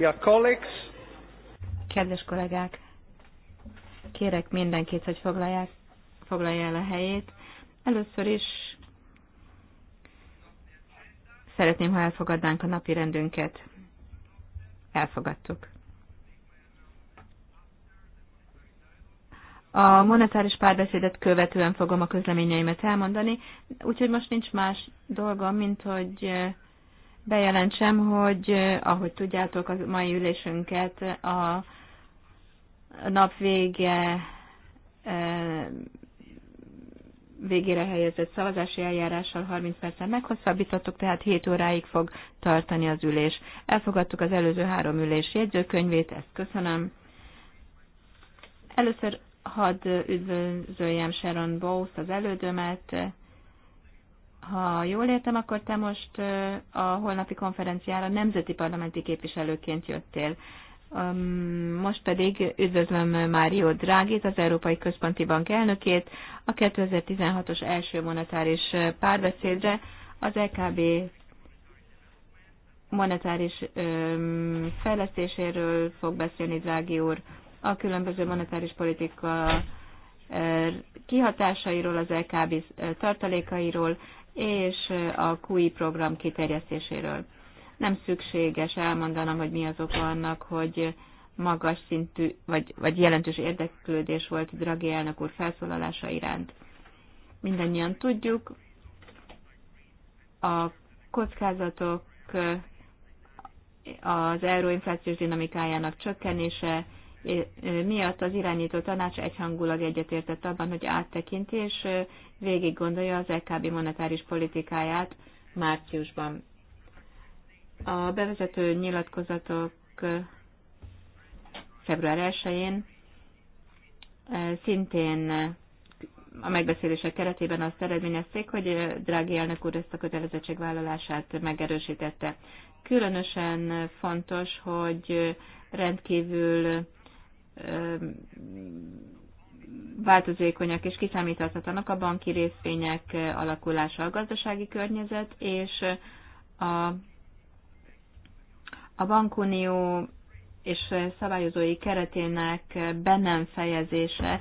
Dear colleagues, Kedves kollégák, kérek mindenkit, hogy foglalják, foglalja el a helyét. Először is szeretném, ha elfogadnánk a napi rendünket. Elfogadtuk. A monetáris párbeszédet követően fogom a közleményeimet elmondani, úgyhogy most nincs más dolga, mint hogy bejelentsem, hogy eh, ahogy tudjátok, a mai ülésünket a nap vége eh, végére helyezett szavazási eljárással 30 perccel meghosszabbítottuk, tehát 7 óráig fog tartani az ülés. Elfogadtuk az előző három ülés jegyzőkönyvét, ezt köszönöm. Először hadd üdvözöljem Sharon Bowes, az elődömet, ha jól értem, akkor te most a holnapi konferenciára nemzeti parlamenti képviselőként jöttél. Most pedig üdvözlöm Mário Drágit, az Európai Központi Bank elnökét, a 2016-os első monetáris párbeszédre az EKB monetáris fejlesztéséről fog beszélni Drági úr, a különböző monetáris politika kihatásairól, az LKB e tartalékairól, és a QI program kiterjesztéséről. Nem szükséges elmondanom, hogy mi az oka annak, hogy magas szintű, vagy, vagy jelentős érdeklődés volt Dragi elnök úr felszólalása iránt. Mindannyian tudjuk, a kockázatok az euróinflációs dinamikájának csökkenése, miatt az irányító tanács egyhangulag egyetértett abban, hogy áttekinti és végig gondolja az LKB monetáris politikáját márciusban. A bevezető nyilatkozatok február 1-én szintén a megbeszélések keretében azt eredményezték, hogy Drági elnök úr ezt a kötelezettségvállalását megerősítette. Különösen fontos, hogy rendkívül változékonyak és kiszámíthatatlanak a banki részvények alakulása, a gazdasági környezet és a, a bankunió és szabályozói keretének bennem fejezése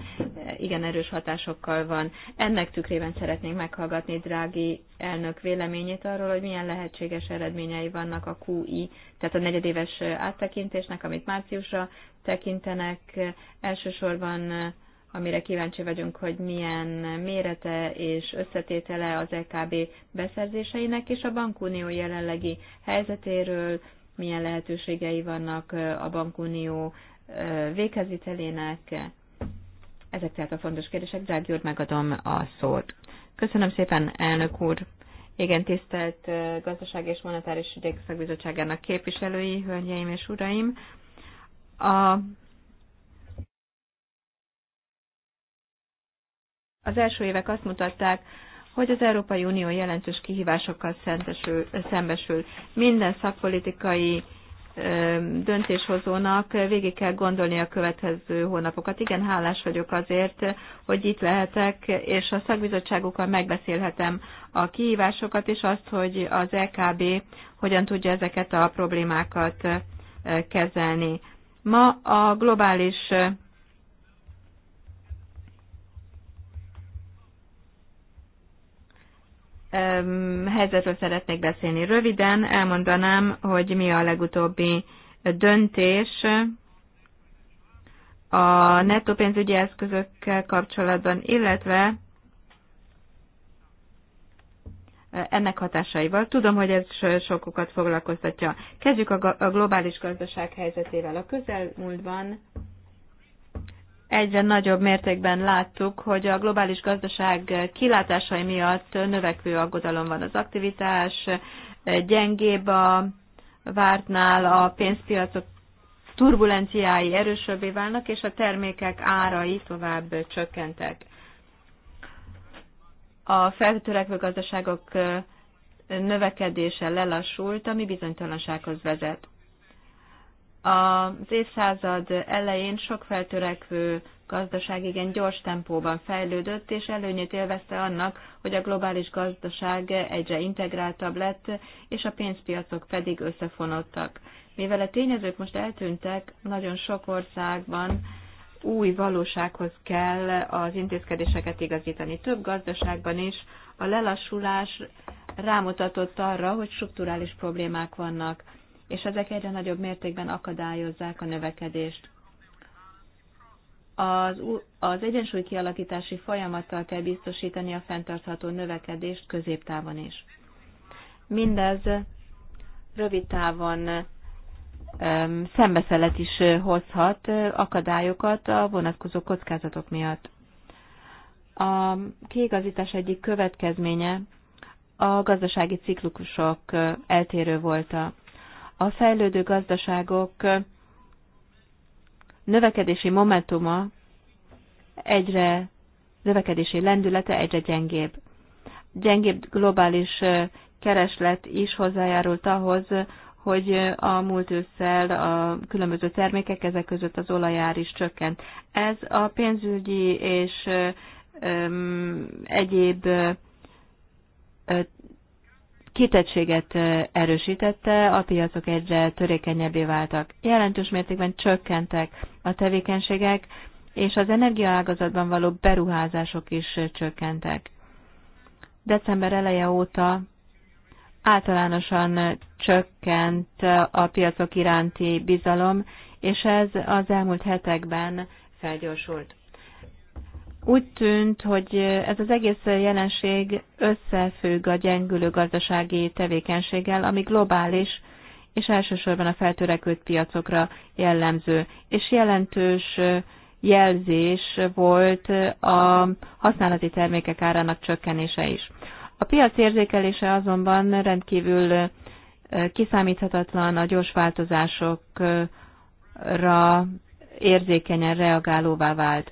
igen erős hatásokkal van. Ennek tükrében szeretnénk meghallgatni drági elnök véleményét arról, hogy milyen lehetséges eredményei vannak a QI, tehát a negyedéves áttekintésnek, amit márciusra tekintenek. Elsősorban amire kíváncsi vagyunk, hogy milyen mérete és összetétele az LKB e beszerzéseinek és a bankunió jelenlegi helyzetéről, milyen lehetőségei vannak a bankunió véghezítelének Ezek tehát a fontos kérdések. Drági úr, megadom a szót. Köszönöm szépen, elnök úr. Igen, tisztelt Gazdaság és Monetáris Ügyek Szakbizottságának képviselői, hölgyeim és uraim. A az első évek azt mutatták, hogy az Európai Unió jelentős kihívásokkal szentesül, szembesül. Minden szakpolitikai döntéshozónak végig kell gondolni a következő hónapokat. Igen, hálás vagyok azért, hogy itt lehetek, és a szakbizottságokkal megbeszélhetem a kihívásokat, és azt, hogy az LKB e hogyan tudja ezeket a problémákat kezelni. Ma a globális helyzetről szeretnék beszélni. Röviden elmondanám, hogy mi a legutóbbi döntés a nettó pénzügyi eszközökkel kapcsolatban, illetve ennek hatásaival. Tudom, hogy ez sokokat foglalkoztatja. Kezdjük a globális gazdaság helyzetével. A közelmúltban egyre nagyobb mértékben láttuk, hogy a globális gazdaság kilátásai miatt növekvő aggodalom van az aktivitás, gyengébb a vártnál a pénzpiacok turbulenciái erősebbé válnak, és a termékek árai tovább csökkentek. A feltörekvő gazdaságok növekedése lelassult, ami bizonytalansághoz vezet. Az évszázad elején sok feltörekvő gazdaság igen gyors tempóban fejlődött, és előnyét élvezte annak, hogy a globális gazdaság egyre integráltabb lett, és a pénzpiacok pedig összefonottak. Mivel a tényezők most eltűntek, nagyon sok országban új valósághoz kell az intézkedéseket igazítani. Több gazdaságban is a lelassulás rámutatott arra, hogy strukturális problémák vannak és ezek egyre nagyobb mértékben akadályozzák a növekedést. Az, az egyensúly kialakítási folyamattal kell biztosítani a fenntartható növekedést középtávon is. Mindez rövid távon szembeszelet is hozhat akadályokat a vonatkozó kockázatok miatt. A kiigazítás egyik következménye a gazdasági ciklusok eltérő volta a fejlődő gazdaságok növekedési momentuma egyre, növekedési lendülete egyre gyengébb. Gyengébb globális kereslet is hozzájárult ahhoz, hogy a múlt ősszel a különböző termékek, ezek között az olajár is csökkent. Ez a pénzügyi és egyéb kitettséget erősítette, a piacok egyre törékenyebbé váltak. Jelentős mértékben csökkentek a tevékenységek, és az energiaágazatban való beruházások is csökkentek. December eleje óta általánosan csökkent a piacok iránti bizalom, és ez az elmúlt hetekben felgyorsult. Úgy tűnt, hogy ez az egész jelenség összefügg a gyengülő gazdasági tevékenységgel, ami globális, és elsősorban a feltörekült piacokra jellemző, és jelentős jelzés volt a használati termékek árának csökkenése is. A piac érzékelése azonban rendkívül kiszámíthatatlan a gyors változásokra érzékenyen reagálóvá vált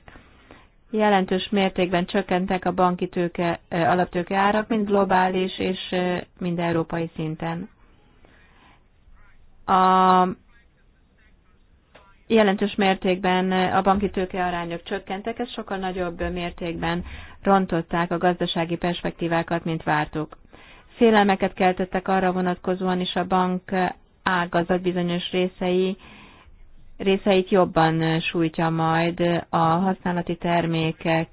jelentős mértékben csökkentek a banki tőke, alaptőke árak, mind globális és mind európai szinten. A jelentős mértékben a banki tőke arányok csökkentek, ez sokkal nagyobb mértékben rontották a gazdasági perspektívákat, mint vártuk. Félelmeket keltettek arra vonatkozóan is a bank ágazat bizonyos részei, részeit jobban sújtja majd a használati termékek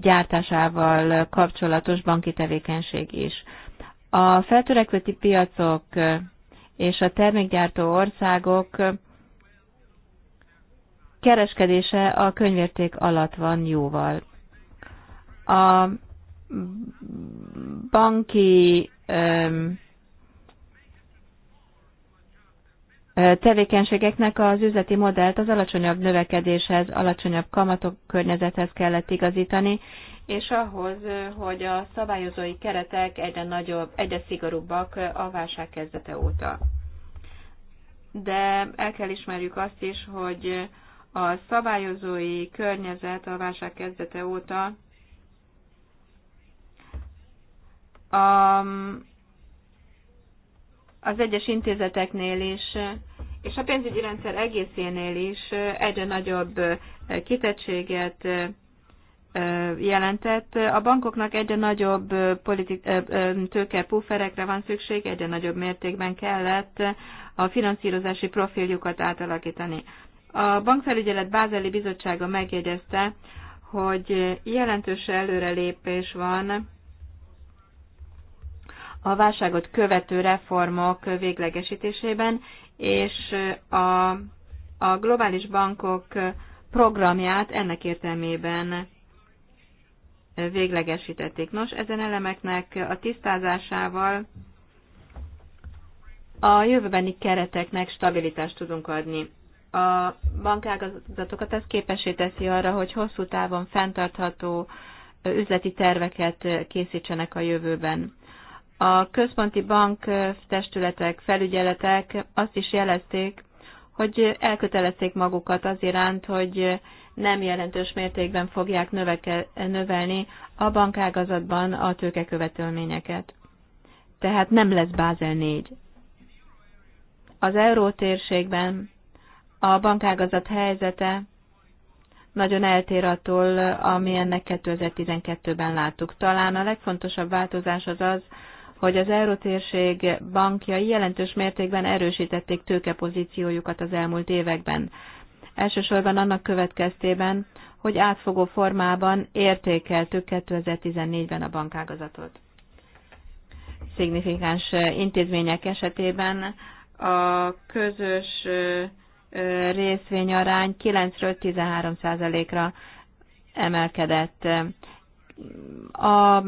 gyártásával kapcsolatos banki tevékenység is. A feltörekvő piacok és a termékgyártó országok kereskedése a könyvérték alatt van jóval. A banki öm, tevékenységeknek az üzleti modellt az alacsonyabb növekedéshez, alacsonyabb kamatok környezethez kellett igazítani, és ahhoz, hogy a szabályozói keretek egyre nagyobb, egyre szigorúbbak a válság kezdete óta. De el kell ismerjük azt is, hogy a szabályozói környezet a válság kezdete óta a, az egyes intézeteknél is és a pénzügyi rendszer egészénél is egyre nagyobb kitettséget jelentett. A bankoknak egyre nagyobb politik, tőkepufferekre van szükség, egyre nagyobb mértékben kellett a finanszírozási profiljukat átalakítani. A bankfelügyelet Bázeli Bizottsága megjegyezte, hogy jelentős előrelépés van a válságot követő reformok véglegesítésében, és a, a globális bankok programját ennek értelmében véglegesítették. Nos, ezen elemeknek a tisztázásával a jövőbeni kereteknek stabilitást tudunk adni. A bankágazatokat ez képesé teszi arra, hogy hosszú távon fenntartható üzleti terveket készítsenek a jövőben. A központi bank testületek, felügyeletek azt is jelezték, hogy elkötelezték magukat az iránt, hogy nem jelentős mértékben fogják növeke, növelni a bankágazatban a tőkekövetelményeket. Tehát nem lesz Bázel 4. Az eurótérségben a bankágazat helyzete nagyon eltér attól, ami ennek 2012-ben láttuk. Talán a legfontosabb változás az az, hogy az eurotérség bankjai jelentős mértékben erősítették tőkepozíciójukat az elmúlt években. Elsősorban annak következtében, hogy átfogó formában értékeltük 2014-ben a bankágazatot. Szignifikáns intézmények esetében a közös részvényarány 9 13%-ra emelkedett a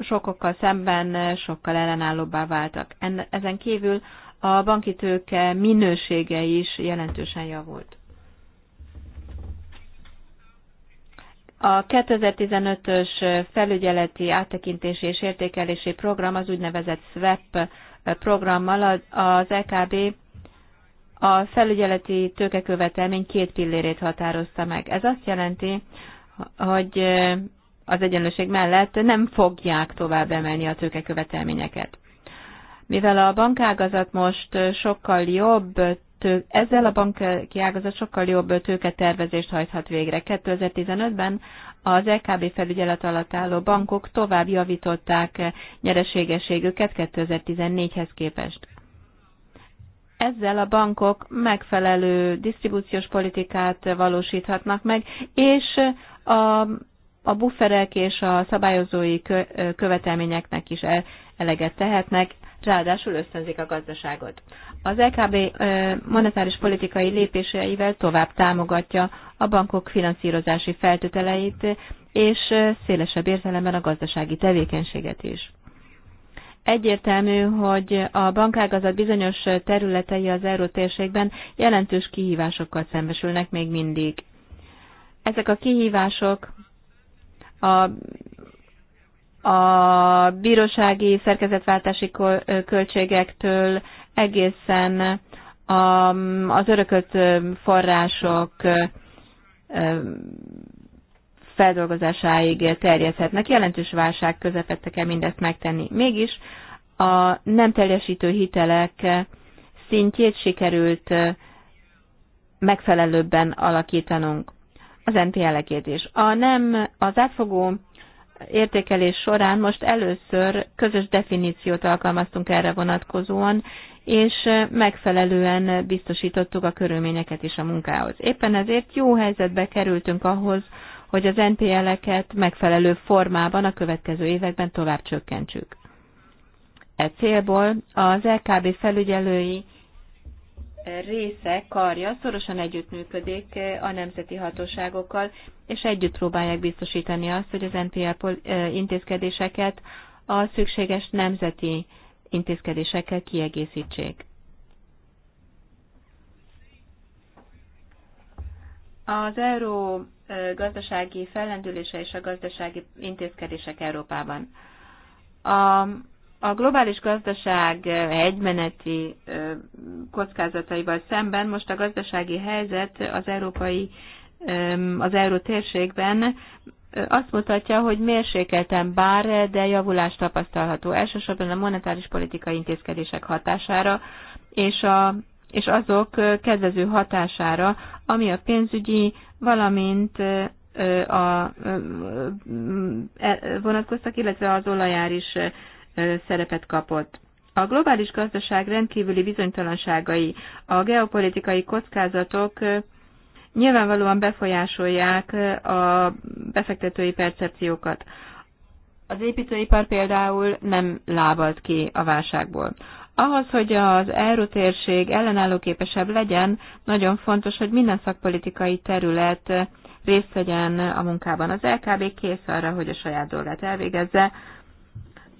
sokokkal szemben sokkal ellenállóbbá váltak. Ezen kívül a banki tőke minősége is jelentősen javult. A 2015-ös felügyeleti áttekintési és értékelési program az úgynevezett SWEP programmal az EKB a felügyeleti tőkekövetelmény két pillérét határozta meg. Ez azt jelenti, hogy az egyenlőség mellett nem fogják tovább emelni a tőkekövetelményeket. Mivel a bankágazat most sokkal jobb, tő, ezzel a banki ágazat sokkal jobb tőketervezést hajthat végre. 2015-ben az LKB felügyelet alatt álló bankok tovább javították nyereségességüket 2014-hez képest. Ezzel a bankok megfelelő disztribúciós politikát valósíthatnak meg, és a a bufferek és a szabályozói követelményeknek is eleget tehetnek, ráadásul ösztönzik a gazdaságot. Az LKB e monetáris politikai lépéseivel tovább támogatja a bankok finanszírozási feltételeit és szélesebb értelemben a gazdasági tevékenységet is. Egyértelmű, hogy a bankágazat bizonyos területei az eurótérségben jelentős kihívásokkal szembesülnek még mindig. Ezek a kihívások a a bírósági szerkezetváltási költségektől egészen a, az örökölt források feldolgozásáig terjedhetnek. Jelentős válság közepette kell mindezt megtenni. Mégis a nem teljesítő hitelek szintjét sikerült megfelelőbben alakítanunk az NPL-ekét is. A nem, az átfogó értékelés során most először közös definíciót alkalmaztunk erre vonatkozóan, és megfelelően biztosítottuk a körülményeket is a munkához. Éppen ezért jó helyzetbe kerültünk ahhoz, hogy az NPL-eket megfelelő formában a következő években tovább csökkentsük. E célból az LKB felügyelői része, karja szorosan együttműködik eh, a nemzeti hatóságokkal, és együtt próbálják biztosítani azt, hogy az NPL eh, intézkedéseket a szükséges nemzeti intézkedésekkel kiegészítsék. Az euró eh, gazdasági fellendülése és a gazdasági intézkedések Európában. A a globális gazdaság egymeneti kockázataival szemben most a gazdasági helyzet az európai, az euró térségben azt mutatja, hogy mérsékelten bár, de javulás tapasztalható elsősorban a monetáris politikai intézkedések hatására, és, a, és azok kedvező hatására, ami a pénzügyi, valamint a, vonatkoztak, illetve az olajár is szerepet kapott. A globális gazdaság rendkívüli bizonytalanságai, a geopolitikai kockázatok nyilvánvalóan befolyásolják a befektetői percepciókat. Az építőipar például nem lábalt ki a válságból. Ahhoz, hogy az eurótérség ellenállóképesebb legyen, nagyon fontos, hogy minden szakpolitikai terület részt vegyen a munkában. Az LKB kész arra, hogy a saját dolgát elvégezze,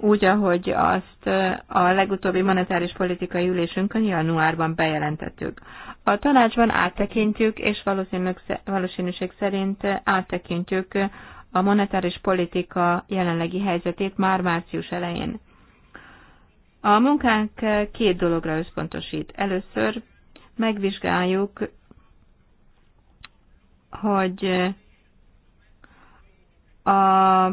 úgy, ahogy azt a legutóbbi monetáris politikai ülésünkön januárban bejelentettük. A tanácsban áttekintjük, és valószínűség szerint áttekintjük a monetáris politika jelenlegi helyzetét már március elején. A munkánk két dologra összpontosít. Először megvizsgáljuk, hogy a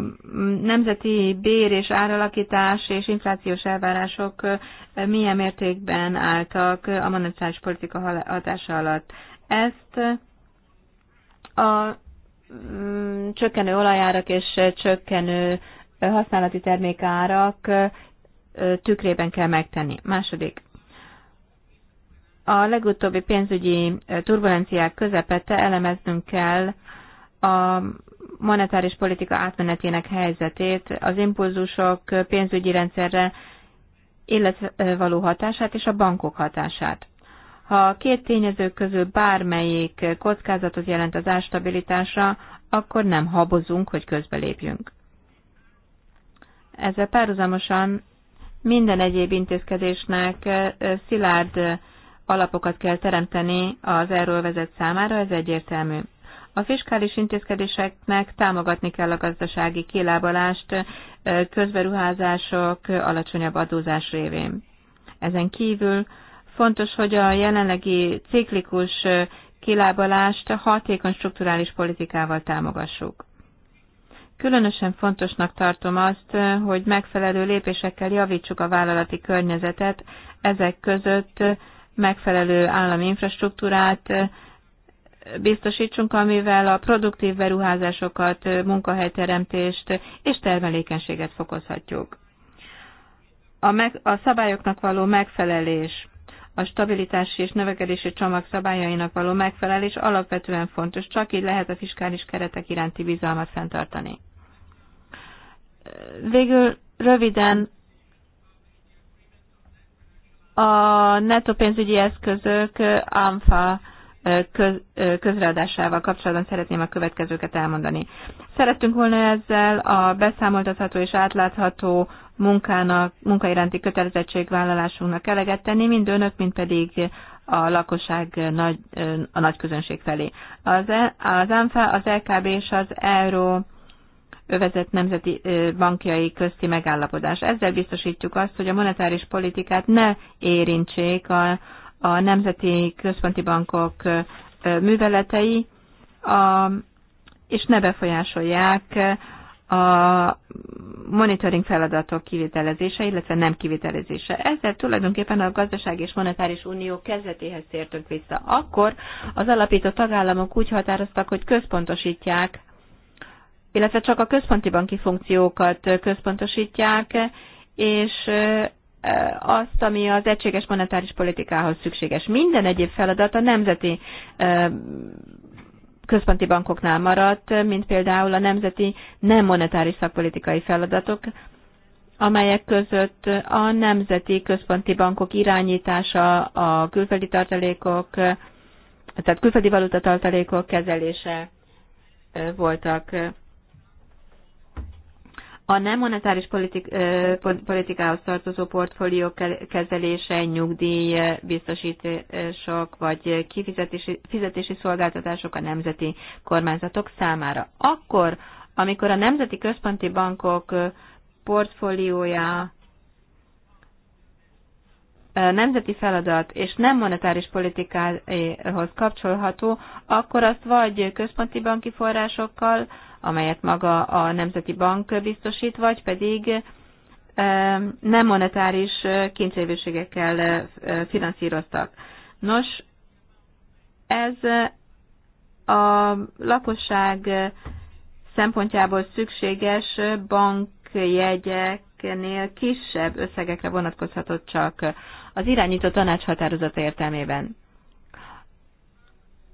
nemzeti bér és áralakítás és inflációs elvárások eh, milyen mértékben álltak a monetáris politika hatása alatt. Ezt eh, a mm, csökkenő olajárak és csökkenő használati termékárak eh, tükrében kell megtenni. Második. A legutóbbi pénzügyi turbulenciák közepette elemeznünk kell a monetáris politika átmenetének helyzetét, az impulzusok pénzügyi rendszerre illetve hatását és a bankok hatását. Ha a két tényező közül bármelyik kockázatot jelent az ástabilitásra, akkor nem habozunk, hogy közbelépjünk. Ezzel párhuzamosan minden egyéb intézkedésnek szilárd alapokat kell teremteni az erről vezet számára, ez egyértelmű. A fiskális intézkedéseknek támogatni kell a gazdasági kilábalást közberuházások alacsonyabb adózás révén. Ezen kívül fontos, hogy a jelenlegi ciklikus kilábalást hatékony strukturális politikával támogassuk. Különösen fontosnak tartom azt, hogy megfelelő lépésekkel javítsuk a vállalati környezetet, ezek között megfelelő állami infrastruktúrát, biztosítsunk, amivel a produktív beruházásokat, munkahelyteremtést és termelékenységet fokozhatjuk. A, meg, a szabályoknak való megfelelés, a stabilitási és növekedési csomag szabályainak való megfelelés alapvetően fontos, csak így lehet a fiskális keretek iránti bizalmat fenntartani. Végül röviden a nettó pénzügyi eszközök AMFA közreadásával kapcsolatban szeretném a következőket elmondani. Szerettünk volna ezzel a beszámoltatható és átlátható munkának, munkairánti kötelezettségvállalásunknak eleget tenni, mind önök, mind pedig a lakosság nagy, a nagy közönség felé. Az, e, az ANFA, az LKB e és az Euró övezett nemzeti bankjai közti megállapodás. Ezzel biztosítjuk azt, hogy a monetáris politikát ne érintsék a, a nemzeti központi bankok műveletei, a, és ne befolyásolják a monitoring feladatok kivitelezése, illetve nem kivitelezése. Ezzel tulajdonképpen a gazdaság és monetáris unió kezdetéhez tértünk vissza. Akkor az alapító tagállamok úgy határoztak, hogy központosítják, illetve csak a központi banki funkciókat központosítják, és azt, ami az egységes monetáris politikához szükséges. Minden egyéb feladat a nemzeti központi bankoknál maradt, mint például a nemzeti nem monetáris szakpolitikai feladatok, amelyek között a nemzeti központi bankok irányítása, a külföldi tartalékok, tehát külföldi valutatartalékok kezelése voltak. A nem monetáris politik, politikához tartozó portfólió kezelése, nyugdíj, biztosítások vagy kifizetési fizetési szolgáltatások a nemzeti kormányzatok számára. Akkor, amikor a nemzeti központi bankok portfóliója nemzeti feladat és nem monetáris politikához kapcsolható, akkor azt vagy központi banki forrásokkal, amelyet maga a Nemzeti Bank biztosít, vagy pedig nem monetáris kintlévőségekkel finanszíroztak. Nos, ez a lakosság szempontjából szükséges bankjegyeknél kisebb összegekre vonatkozhatott csak az irányító tanács határozata értelmében.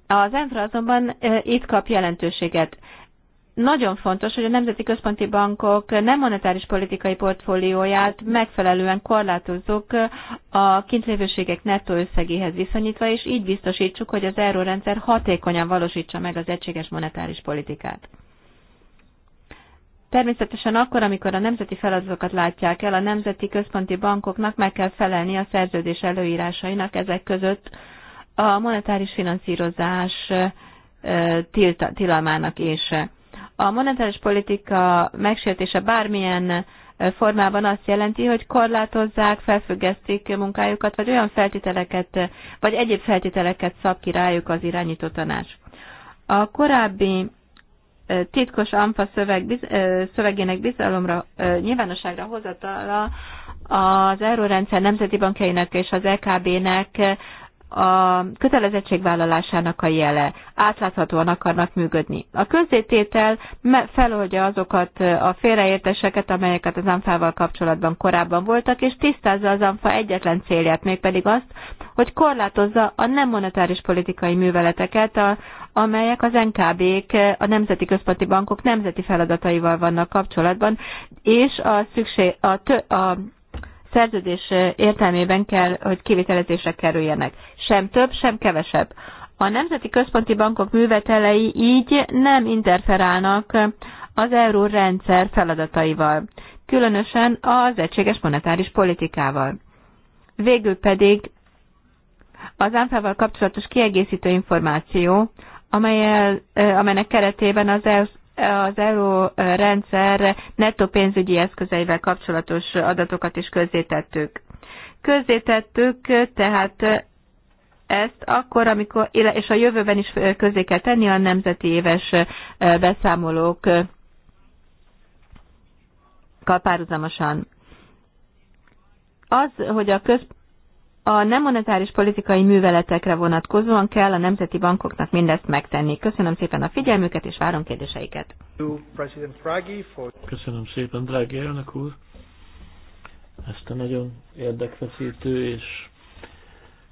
Az ENFRA azonban itt kap jelentőséget nagyon fontos, hogy a nemzeti központi bankok nem monetáris politikai portfólióját megfelelően korlátozzuk a kintlévőségek nettó összegéhez viszonyítva, és így biztosítsuk, hogy az eurórendszer hatékonyan valósítsa meg az egységes monetáris politikát. Természetesen akkor, amikor a nemzeti feladatokat látják el, a nemzeti központi bankoknak meg kell felelni a szerződés előírásainak ezek között a monetáris finanszírozás tilalmának is. A monetáris politika megsértése bármilyen eh, formában azt jelenti, hogy korlátozzák, felfüggesztik munkájukat, vagy olyan feltételeket, eh, vagy egyéb feltételeket szab ki rájuk az irányító tanács. A korábbi eh, titkos AMFA szöveg, szövegének bizalomra, nyilvánosságra hozatala az eurórendszer nemzeti bankjainak és az EKB-nek a kötelezettségvállalásának a jele. Átláthatóan akarnak működni. A közzététel feloldja azokat a félreértéseket, amelyeket az ANFA-val kapcsolatban korábban voltak, és tisztázza az ANFA egyetlen célját, mégpedig azt, hogy korlátozza a nem monetáris politikai műveleteket, a, amelyek az NKB-k, a Nemzeti Központi Bankok nemzeti feladataival vannak kapcsolatban, és a, szükség, a, tö, a szerződés értelmében kell, hogy kivitelezésre kerüljenek. Sem több, sem kevesebb. A nemzeti központi bankok művetelei így nem interferálnak az euró rendszer feladataival, különösen az egységes monetáris politikával. Végül pedig az ANFA-val kapcsolatos kiegészítő információ, amelyel, amelynek keretében az e az euró rendszer nettó pénzügyi eszközeivel kapcsolatos adatokat is közzétettük. Közzétettük, tehát ezt akkor, amikor, és a jövőben is közé kell tenni a nemzeti éves beszámolók párhuzamosan. Az, hogy a köz, a nem monetáris politikai műveletekre vonatkozóan kell a nemzeti bankoknak mindezt megtenni. Köszönöm szépen a figyelmüket, és várom kérdéseiket. Köszönöm szépen, drági elnök úr, ezt a nagyon érdekfeszítő és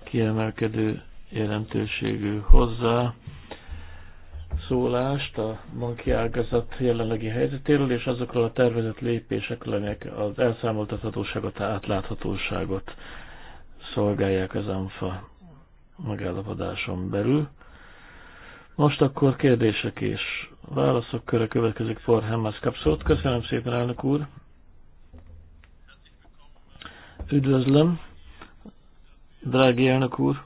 kiemelkedő jelentőségű hozzá szólást a banki ágazat jelenlegi helyzetéről, és azokról a tervezett lépésekről, amelyek az elszámoltathatóságot, átláthatóságot szolgálják az ANFA megállapodáson belül. Most akkor kérdések és válaszok köre következik Forhemmás kapszót. Köszönöm szépen, elnök úr! Üdvözlöm, drági elnök úr!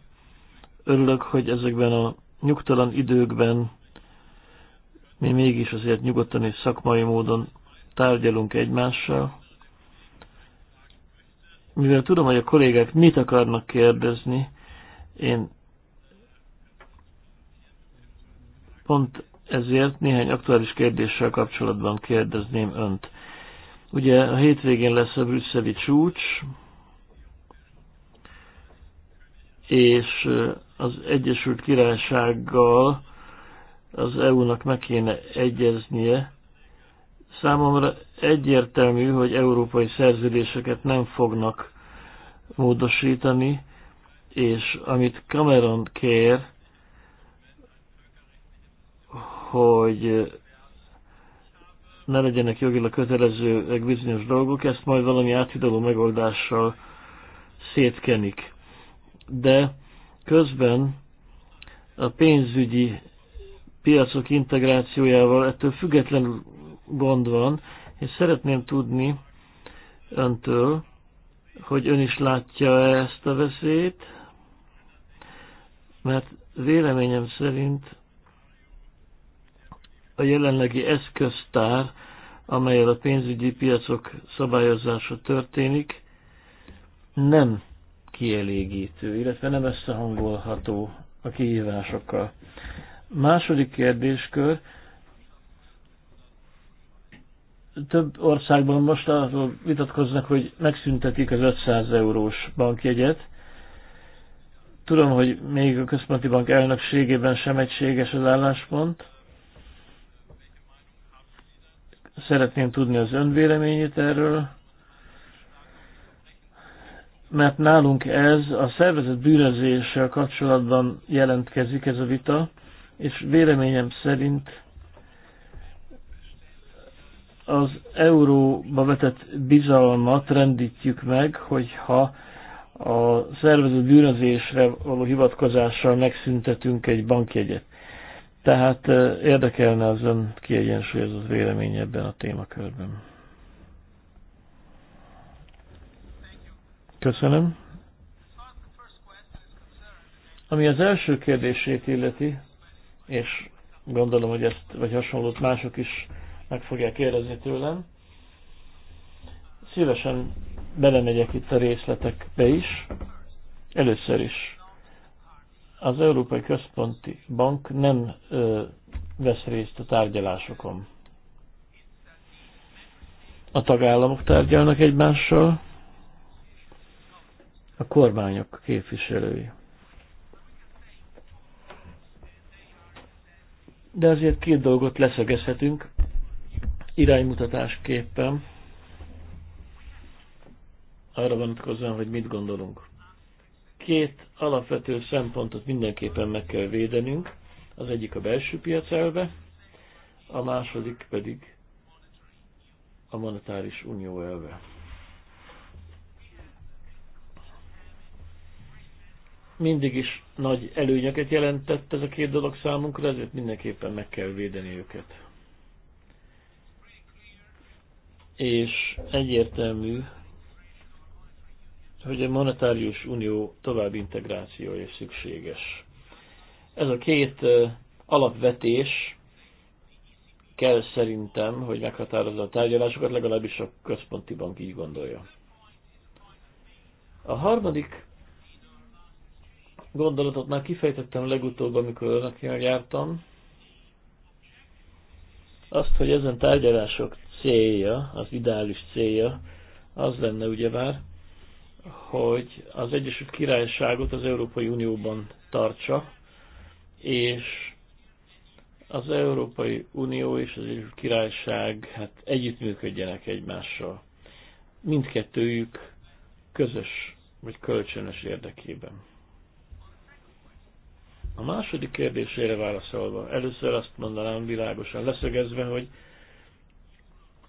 Örülök, hogy ezekben a nyugtalan időkben mi mégis azért nyugodtan és szakmai módon tárgyalunk egymással mivel tudom, hogy a kollégák mit akarnak kérdezni, én pont ezért néhány aktuális kérdéssel kapcsolatban kérdezném önt. Ugye a hétvégén lesz a brüsszeli csúcs, és az Egyesült Királysággal az EU-nak meg kéne egyeznie Számomra egyértelmű, hogy európai szerződéseket nem fognak módosítani, és amit Cameron kér, hogy ne legyenek jogilag kötelezőek bizonyos dolgok, ezt majd valami áthidaló megoldással szétkenik. De közben a pénzügyi piacok integrációjával ettől függetlenül gond van, és szeretném tudni öntől, hogy ön is látja -e ezt a veszélyt, mert véleményem szerint a jelenlegi eszköztár, amelyel a pénzügyi piacok szabályozása történik, nem kielégítő, illetve nem összehangolható a kihívásokkal. Második kérdéskör több országban most arról vitatkoznak, hogy megszüntetik az 500 eurós bankjegyet. Tudom, hogy még a központi bank elnökségében sem egységes az álláspont. Szeretném tudni az önvéleményét erről, mert nálunk ez a szervezet bűnözéssel kapcsolatban jelentkezik ez a vita, és véleményem szerint az euróba vetett bizalmat rendítjük meg, hogyha a szervező bűnözésre való hivatkozással megszüntetünk egy bankjegyet. Tehát érdekelne az ön kiegyensúlyozott vélemény ebben a témakörben. Köszönöm. Ami az első kérdését illeti, és gondolom, hogy ezt vagy hasonlót mások is meg fogják kérdezni tőlem. Szívesen belemegyek itt a részletekbe is. Először is az Európai Központi Bank nem ö, vesz részt a tárgyalásokon. A tagállamok tárgyalnak egymással, a kormányok képviselői. De azért két dolgot leszögezhetünk iránymutatásképpen arra vonatkozóan, hogy mit gondolunk. Két alapvető szempontot mindenképpen meg kell védenünk. Az egyik a belső piac elve, a második pedig a monetáris unió elve. Mindig is nagy előnyöket jelentett ez a két dolog számunkra, ezért mindenképpen meg kell védeni őket. és egyértelmű, hogy a monetárius unió további integrációja is szükséges. Ez a két alapvetés kell szerintem, hogy meghatározza a tárgyalásokat, legalábbis a központi bank így gondolja. A harmadik gondolatot már kifejtettem legutóbb, amikor önöknél jártam, azt, hogy ezen tárgyalások célja, az ideális célja az lenne ugye vár, hogy az Egyesült Királyságot az Európai Unióban tartsa, és az Európai Unió és az Egyesült Királyság hát együttműködjenek egymással. Mindkettőjük közös vagy kölcsönös érdekében. A második kérdésére válaszolva, először azt mondanám világosan leszögezve, hogy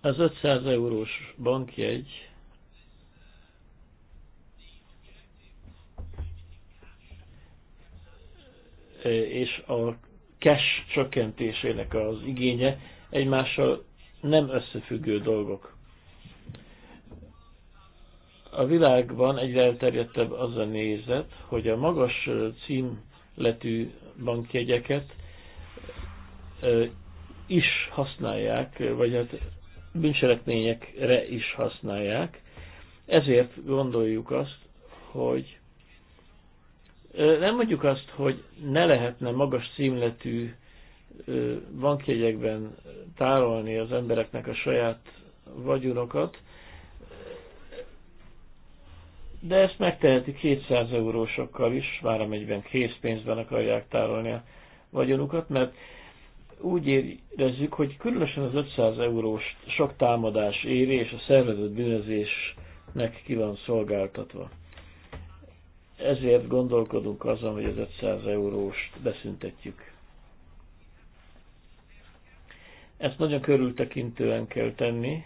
az 500 eurós bankjegy és a cash csökkentésének az igénye egymással nem összefüggő dolgok. A világban egyre elterjedtebb az a nézet, hogy a magas címletű bankjegyeket is használják, vagy hát bűncselekményekre is használják. Ezért gondoljuk azt, hogy nem mondjuk azt, hogy ne lehetne magas címletű bankjegyekben tárolni az embereknek a saját vagyonokat, de ezt megteheti 200 eurósokkal is, már amelyben készpénzben akarják tárolni a vagyonukat, mert úgy érezzük, hogy különösen az 500 eurós sok támadás éri, és a szervezett bűnözésnek ki van szolgáltatva. Ezért gondolkodunk azon, hogy az 500 eurós beszüntetjük. Ezt nagyon körültekintően kell tenni,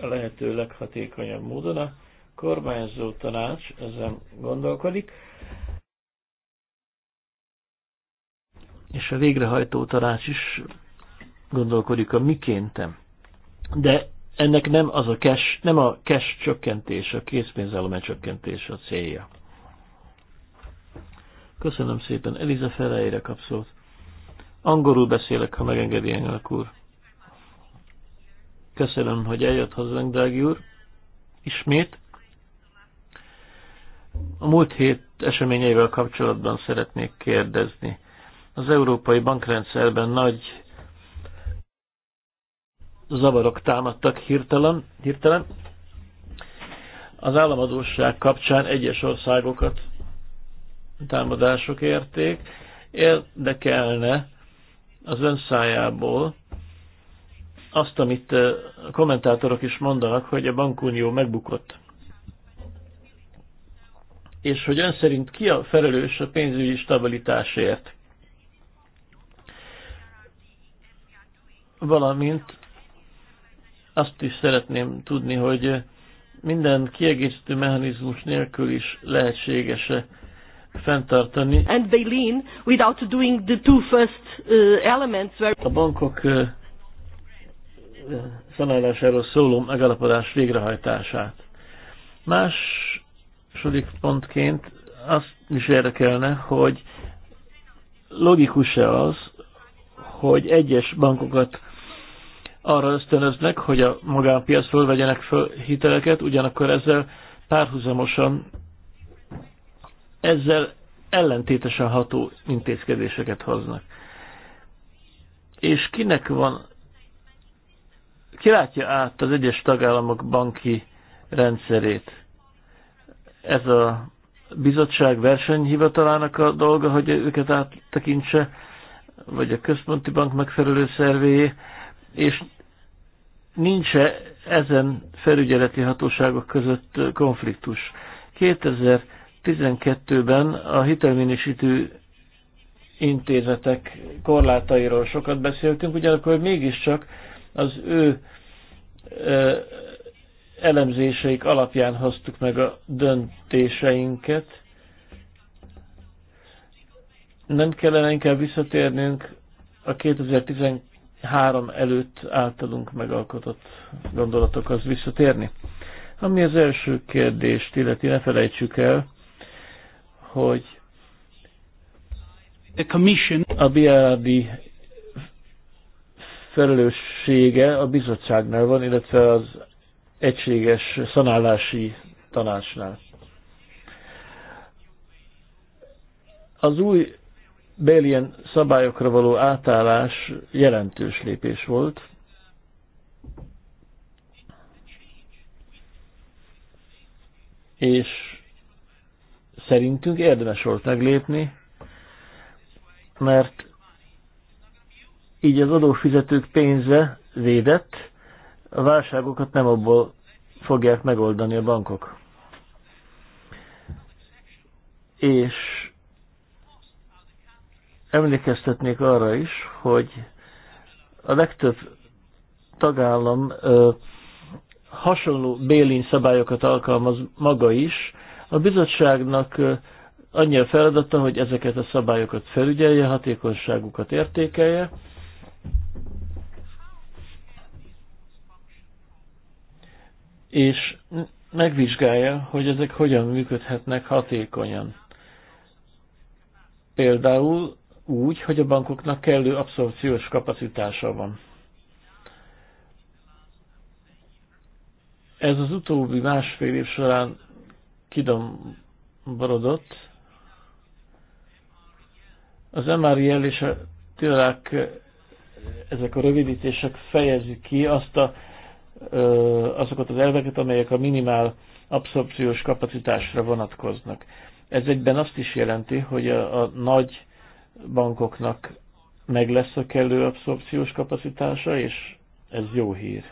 a lehető leghatékonyabb módon. A kormányzó tanács ezen gondolkodik és a végrehajtó tanács is gondolkodik a mikéntem. De ennek nem az a cash, nem a cash csökkentés, a készpénzállomány csökkentés a célja. Köszönöm szépen, Eliza Ferreira kapszót. Angolul beszélek, ha megengedi engem úr. Köszönöm, hogy eljött hozzánk, drági úr. Ismét. A múlt hét eseményeivel kapcsolatban szeretnék kérdezni. Az európai bankrendszerben nagy zavarok támadtak hirtelen, hirtelen. Az államadóság kapcsán egyes országokat támadások érték. Érdekelne az ön szájából azt, amit eh, a kommentátorok is mondanak, hogy a bankunió megbukott. És hogy ön szerint ki a felelős a pénzügyi stabilitásért? valamint azt is szeretném tudni, hogy minden kiegészítő mechanizmus nélkül is lehetséges-e fenntartani. And they lean without doing the two first uh, elements where... A bankok uh, szanálásáról szóló megalapodás végrehajtását. Második pontként azt is érdekelne, hogy logikus-e az, hogy egyes bankokat arra ösztönöznek, hogy a magánpiacról vegyenek föl hiteleket, ugyanakkor ezzel párhuzamosan ezzel ellentétesen ható intézkedéseket hoznak. És kinek van, ki látja át az egyes tagállamok banki rendszerét? Ez a bizottság versenyhivatalának a dolga, hogy őket áttekintse, vagy a központi bank megfelelő szervéjé, és nincs-e ezen felügyeleti hatóságok között konfliktus. 2012-ben a hitelminősítő intézetek korlátairól sokat beszéltünk, ugyanakkor mégiscsak az ő elemzéseik alapján hoztuk meg a döntéseinket. Nem kellene inkább visszatérnünk a 2012 három előtt általunk megalkotott gondolatokhoz visszatérni. Ami az első kérdést illeti, ne felejtsük el, hogy a BRD felelőssége a bizottságnál van, illetve az egységes szanálási tanácsnál. Az új Bélien szabályokra való átállás jelentős lépés volt. És szerintünk érdemes volt meglépni, mert így az adófizetők pénze védett, a válságokat nem abból fogják megoldani a bankok. És emlékeztetnék arra is, hogy a legtöbb tagállam ö, hasonló bélin szabályokat alkalmaz maga is. A bizottságnak ö, annyi a feladata, hogy ezeket a szabályokat felügyelje, hatékonyságukat értékelje. És megvizsgálja, hogy ezek hogyan működhetnek hatékonyan. Például úgy, hogy a bankoknak kellő abszorpciós kapacitása van. Ez az utóbbi másfél év során kidomborodott. Az MRIL és a TILAK ezek a rövidítések fejezik ki azt a, azokat az elveket, amelyek a minimál abszorpciós kapacitásra vonatkoznak. Ez egyben azt is jelenti, hogy a, a nagy bankoknak meg lesz a kellő abszorpciós kapacitása, és ez jó hír.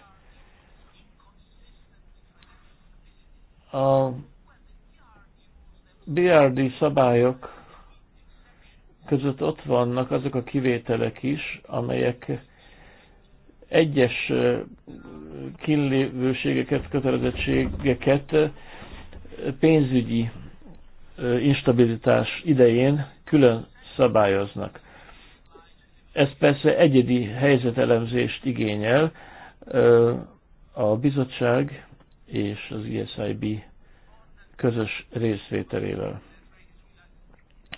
A BRD szabályok között ott vannak azok a kivételek is, amelyek egyes kínlévőségeket, kötelezettségeket pénzügyi instabilitás idején külön szabályoznak. Ez persze egyedi helyzetelemzést igényel. A bizottság és az ISIB közös részvételével.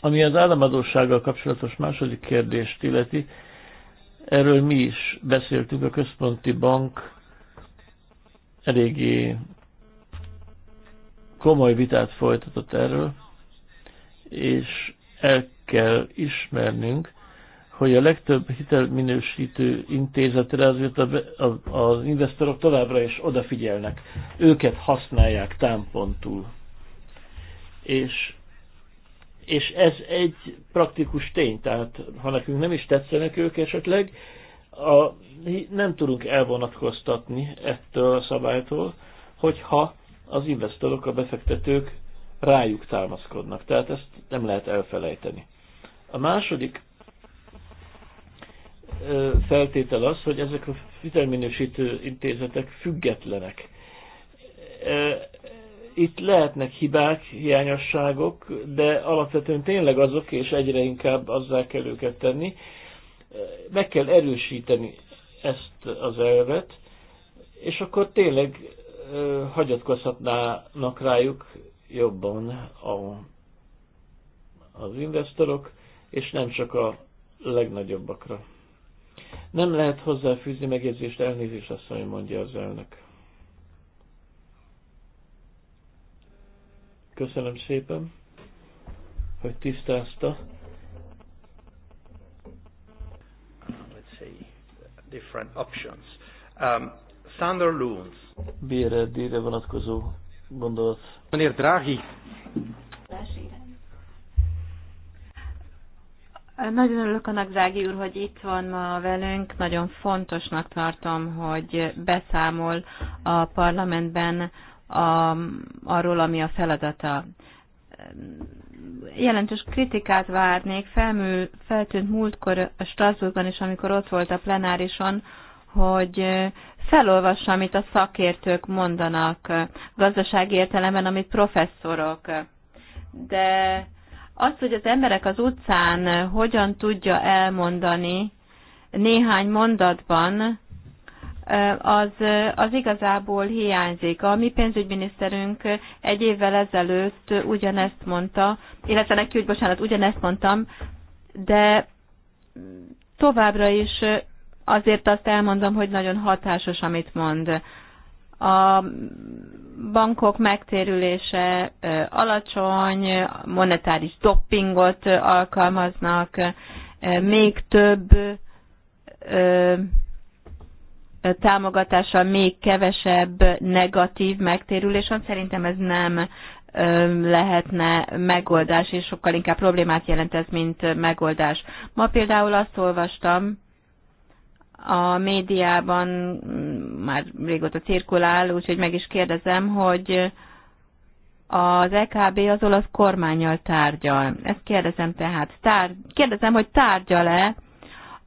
Ami az államadósággal kapcsolatos második kérdést illeti, erről mi is beszéltünk, a központi bank eléggé komoly vitát folytatott erről, és el kell ismernünk, hogy a legtöbb hitelminősítő intézetre azért a, a, az investorok továbbra is odafigyelnek. Őket használják támpontul. És, és ez egy praktikus tény, tehát ha nekünk nem is tetszenek ők esetleg, a, nem tudunk elvonatkoztatni ettől a szabálytól, hogyha az investorok, a befektetők rájuk támaszkodnak. Tehát ezt nem lehet elfelejteni. A második feltétel az, hogy ezek a fizelminősítő intézetek függetlenek. Itt lehetnek hibák, hiányosságok, de alapvetően tényleg azok, és egyre inkább azzá kell őket tenni. Meg kell erősíteni ezt az elvet, és akkor tényleg hagyatkozhatnának rájuk jobban a, az investorok, és nem csak a legnagyobbakra. Nem lehet hozzáfűzni megjegyzést, elnézést hogy mondja az elnök. Köszönöm szépen, hogy tisztázta. Let's say different options. Um, Sander Loons. Bérre, díjra vonatkozó gondolat? Meneer Drági? Nagyon örülök annak, Drági úr, hogy itt van ma velünk. Nagyon fontosnak tartom, hogy beszámol a parlamentben a, arról, ami a feladata. Jelentős kritikát várnék, felmű, feltűnt múltkor a Strasbourgban is, amikor ott volt a plenárison, hogy felolvassa, amit a szakértők mondanak, gazdasági értelemben, amit professzorok. De az, hogy az emberek az utcán hogyan tudja elmondani néhány mondatban, az, az igazából hiányzik. A mi pénzügyminiszterünk egy évvel ezelőtt ugyanezt mondta, illetve neki, hogy bocsánat, ugyanezt mondtam, de továbbra is azért azt elmondom, hogy nagyon hatásos, amit mond. A bankok megtérülése alacsony, monetáris doppingot alkalmaznak, még több támogatással még kevesebb negatív megtérülés van. Szerintem ez nem lehetne megoldás, és sokkal inkább problémát jelent ez, mint megoldás. Ma például azt olvastam, a médiában mm, már régóta cirkulál, úgyhogy meg is kérdezem, hogy az EKB az olasz kormányjal tárgyal. Ezt kérdezem tehát. Tár, kérdezem, hogy tárgyal-e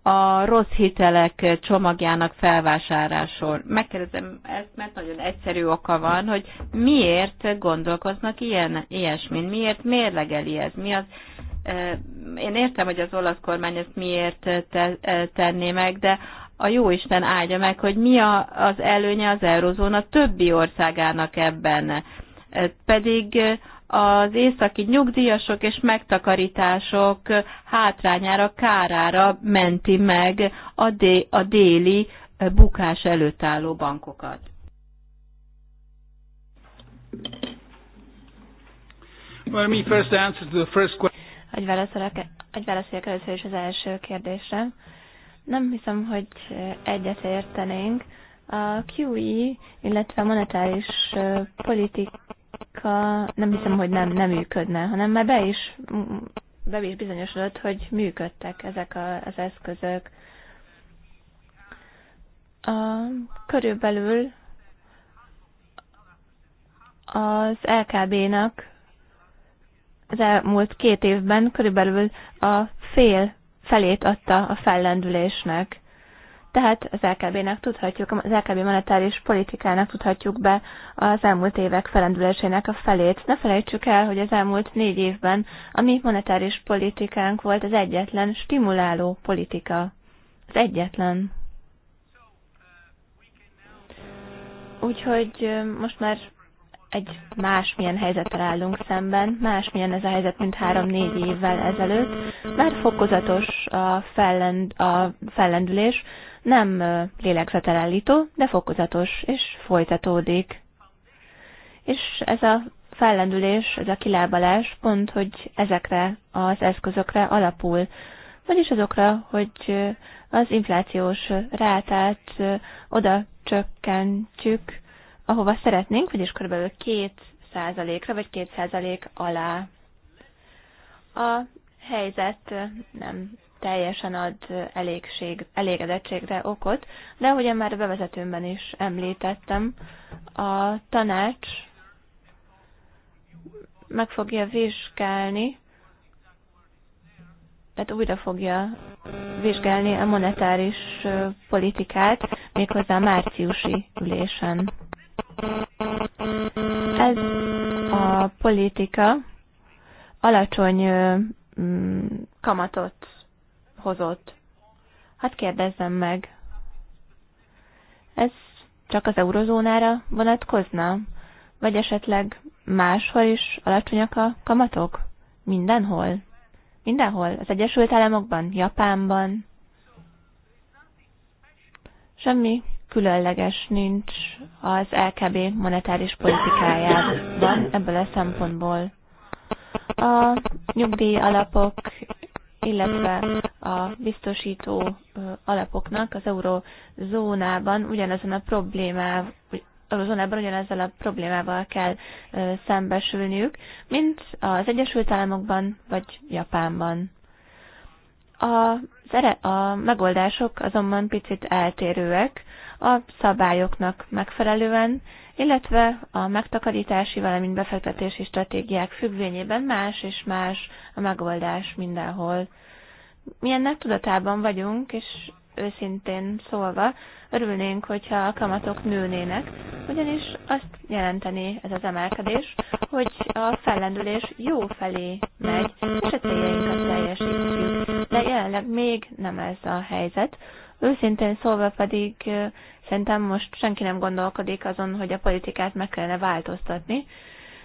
a rossz hitelek csomagjának felvásárásról. Megkérdezem ezt, mert nagyon egyszerű oka van, hogy miért gondolkoznak ilyen, ilyesmin, miért mérlegeli ez, mi az én értem, hogy az olasz kormány ezt miért te, tenné meg, de a jóisten áldja meg, hogy mi a, az előnye az eurozóna többi országának ebben. Pedig az északi nyugdíjasok és megtakarítások hátrányára, kárára menti meg a, dé, a déli bukás előtt álló bankokat. Well, me first answer to the first question hogy válaszoljak, válaszoljak először is az első kérdésre. Nem hiszem, hogy egyet értenénk. A QE, illetve a monetáris politika nem hiszem, hogy nem, nem működne, hanem már be is, be is bizonyosodott, hogy működtek ezek a, az eszközök. A, körülbelül az LKB-nak az elmúlt két évben körülbelül a fél felét adta a fellendülésnek. Tehát az LKB-nek tudhatjuk, az LKB monetáris politikának tudhatjuk be az elmúlt évek felendülésének a felét. Ne felejtsük el, hogy az elmúlt négy évben a mi monetáris politikánk volt az egyetlen stimuláló politika. Az egyetlen. Úgyhogy most már egy másmilyen helyzetre állunk szemben, másmilyen ez a helyzet, mint három-négy évvel ezelőtt. Már fokozatos a, fellend, a fellendülés, nem lélegzetelállító, de fokozatos, és folytatódik. És ez a fellendülés, ez a kilábalás pont, hogy ezekre az eszközökre alapul, vagyis azokra, hogy az inflációs rátát oda csökkentjük, ahova szeretnénk, vagyis kb. 2%-ra vagy 2% alá. A helyzet nem teljesen ad elégség, elégedettségre okot, de ahogyan már a bevezetőmben is említettem, a tanács meg fogja vizsgálni, tehát újra fogja vizsgálni a monetáris politikát, méghozzá a márciusi ülésen. Ez a politika alacsony mm, kamatot hozott. Hát kérdezzem meg. Ez csak az eurozónára vonatkozna? Vagy esetleg máshol is alacsonyak a kamatok? Mindenhol? Mindenhol? Az Egyesült Államokban? Japánban? Semmi különleges nincs az LKB monetáris politikájában ebből a szempontból. A nyugdíj alapok, illetve a biztosító alapoknak az eurozónában ugyanazon a problémával, eurozónában ugyanezzel a problémával kell szembesülniük, mint az Egyesült Államokban vagy Japánban. A, a megoldások azonban picit eltérőek a szabályoknak megfelelően, illetve a megtakarítási, valamint befektetési stratégiák függvényében más és más a megoldás mindenhol. Mi ennek tudatában vagyunk, és őszintén szólva, örülnénk, hogyha a kamatok nőnének, ugyanis azt jelenteni ez az emelkedés, hogy a fellendülés jó felé megy, és a céljainkat teljesítjük. De jelenleg még nem ez a helyzet, Őszintén szólva pedig szerintem most senki nem gondolkodik azon, hogy a politikát meg kellene változtatni,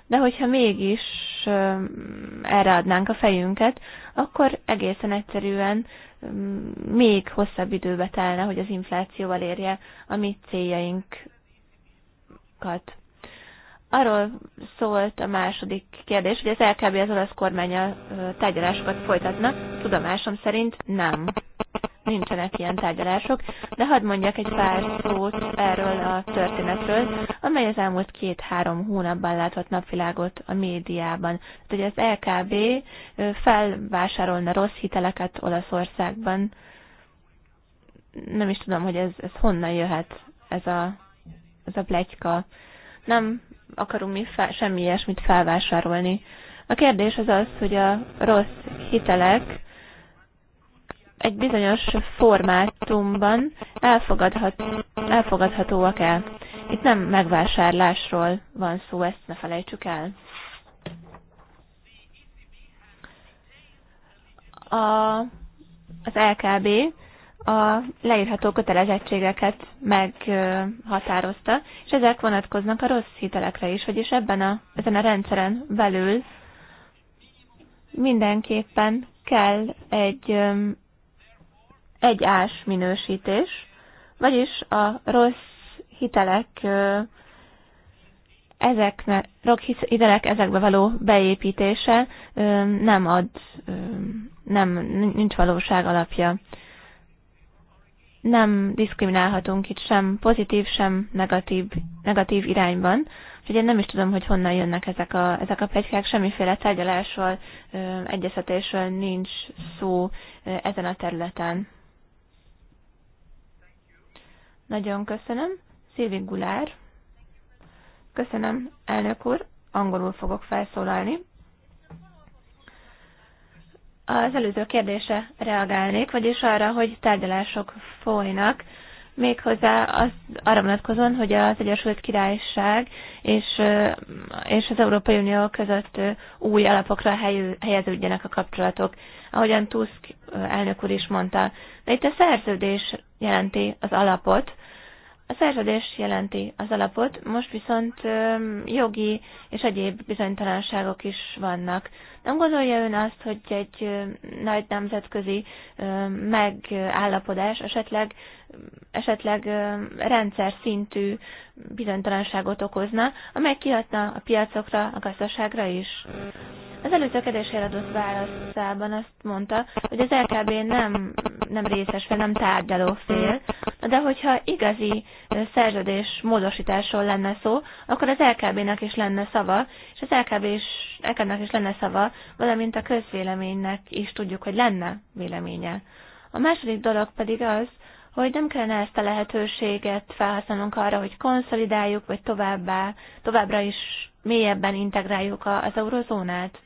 de hogyha mégis erre adnánk a fejünket, akkor egészen egyszerűen még hosszabb időbe telne, hogy az inflációval érje a mi céljainkat arról szólt a második kérdés, hogy az LKB az olasz kormánya tárgyalásokat folytatnak. Tudomásom szerint nem. Nincsenek ilyen tárgyalások, de hadd mondjak egy pár szót erről a történetről, amely az elmúlt két-három hónapban látott napvilágot a médiában. Tehát, hogy az LKB felvásárolna rossz hiteleket Olaszországban. Nem is tudom, hogy ez, ez honnan jöhet ez a, ez a plegyka. Nem akarunk mi fel, semmi ilyesmit felvásárolni. A kérdés az az, hogy a rossz hitelek egy bizonyos formátumban elfogadhat, elfogadhatóak-e. Itt nem megvásárlásról van szó, ezt ne felejtsük el. A, az LKB a leírható kötelezettségeket meghatározta, és ezek vonatkoznak a rossz hitelekre is, vagyis ebben a, ezen a rendszeren belül mindenképpen kell egy egy ás minősítés, vagyis a rossz hitelek ezeknek, rossz hitelek ezekbe való beépítése nem ad, nem, nincs valóság alapja nem diszkriminálhatunk itt sem pozitív, sem negatív, negatív irányban. Úgyhogy én nem is tudom, hogy honnan jönnek ezek a, ezek a pegykák, semmiféle tárgyalásról, egyeztetésről nincs szó ezen a területen. Nagyon köszönöm. Szilvi Gulár. Köszönöm, elnök úr. Angolul fogok felszólalni. Az előző kérdése reagálnék, vagyis arra, hogy tárgyalások folynak, méghozzá az, arra vonatkozóan, hogy az Egyesült Királyság és, és az Európai Unió között új alapokra helyeződjenek a kapcsolatok, ahogyan Tusk elnök úr is mondta. De itt a szerződés jelenti az alapot, a szerződés jelenti az alapot, most viszont jogi és egyéb bizonytalanságok is vannak. Nem gondolja ön azt, hogy egy nagy nemzetközi megállapodás esetleg esetleg rendszer szintű bizonytalanságot okozna, amely kihatna a piacokra, a gazdaságra is. Az előző kérdésére adott válaszában azt mondta, hogy az LKB nem, nem részes fel, nem tárgyaló fél, de hogyha igazi szerződés módosításról lenne szó, akkor az LKB-nek is lenne szava, és az LKB is, lkb is lenne szava, valamint a közvéleménynek is tudjuk, hogy lenne véleménye. A második dolog pedig az, hogy nem kellene ezt a lehetőséget felhasználnunk arra, hogy konszolidáljuk, vagy továbbá, továbbra is mélyebben integráljuk az eurozónát?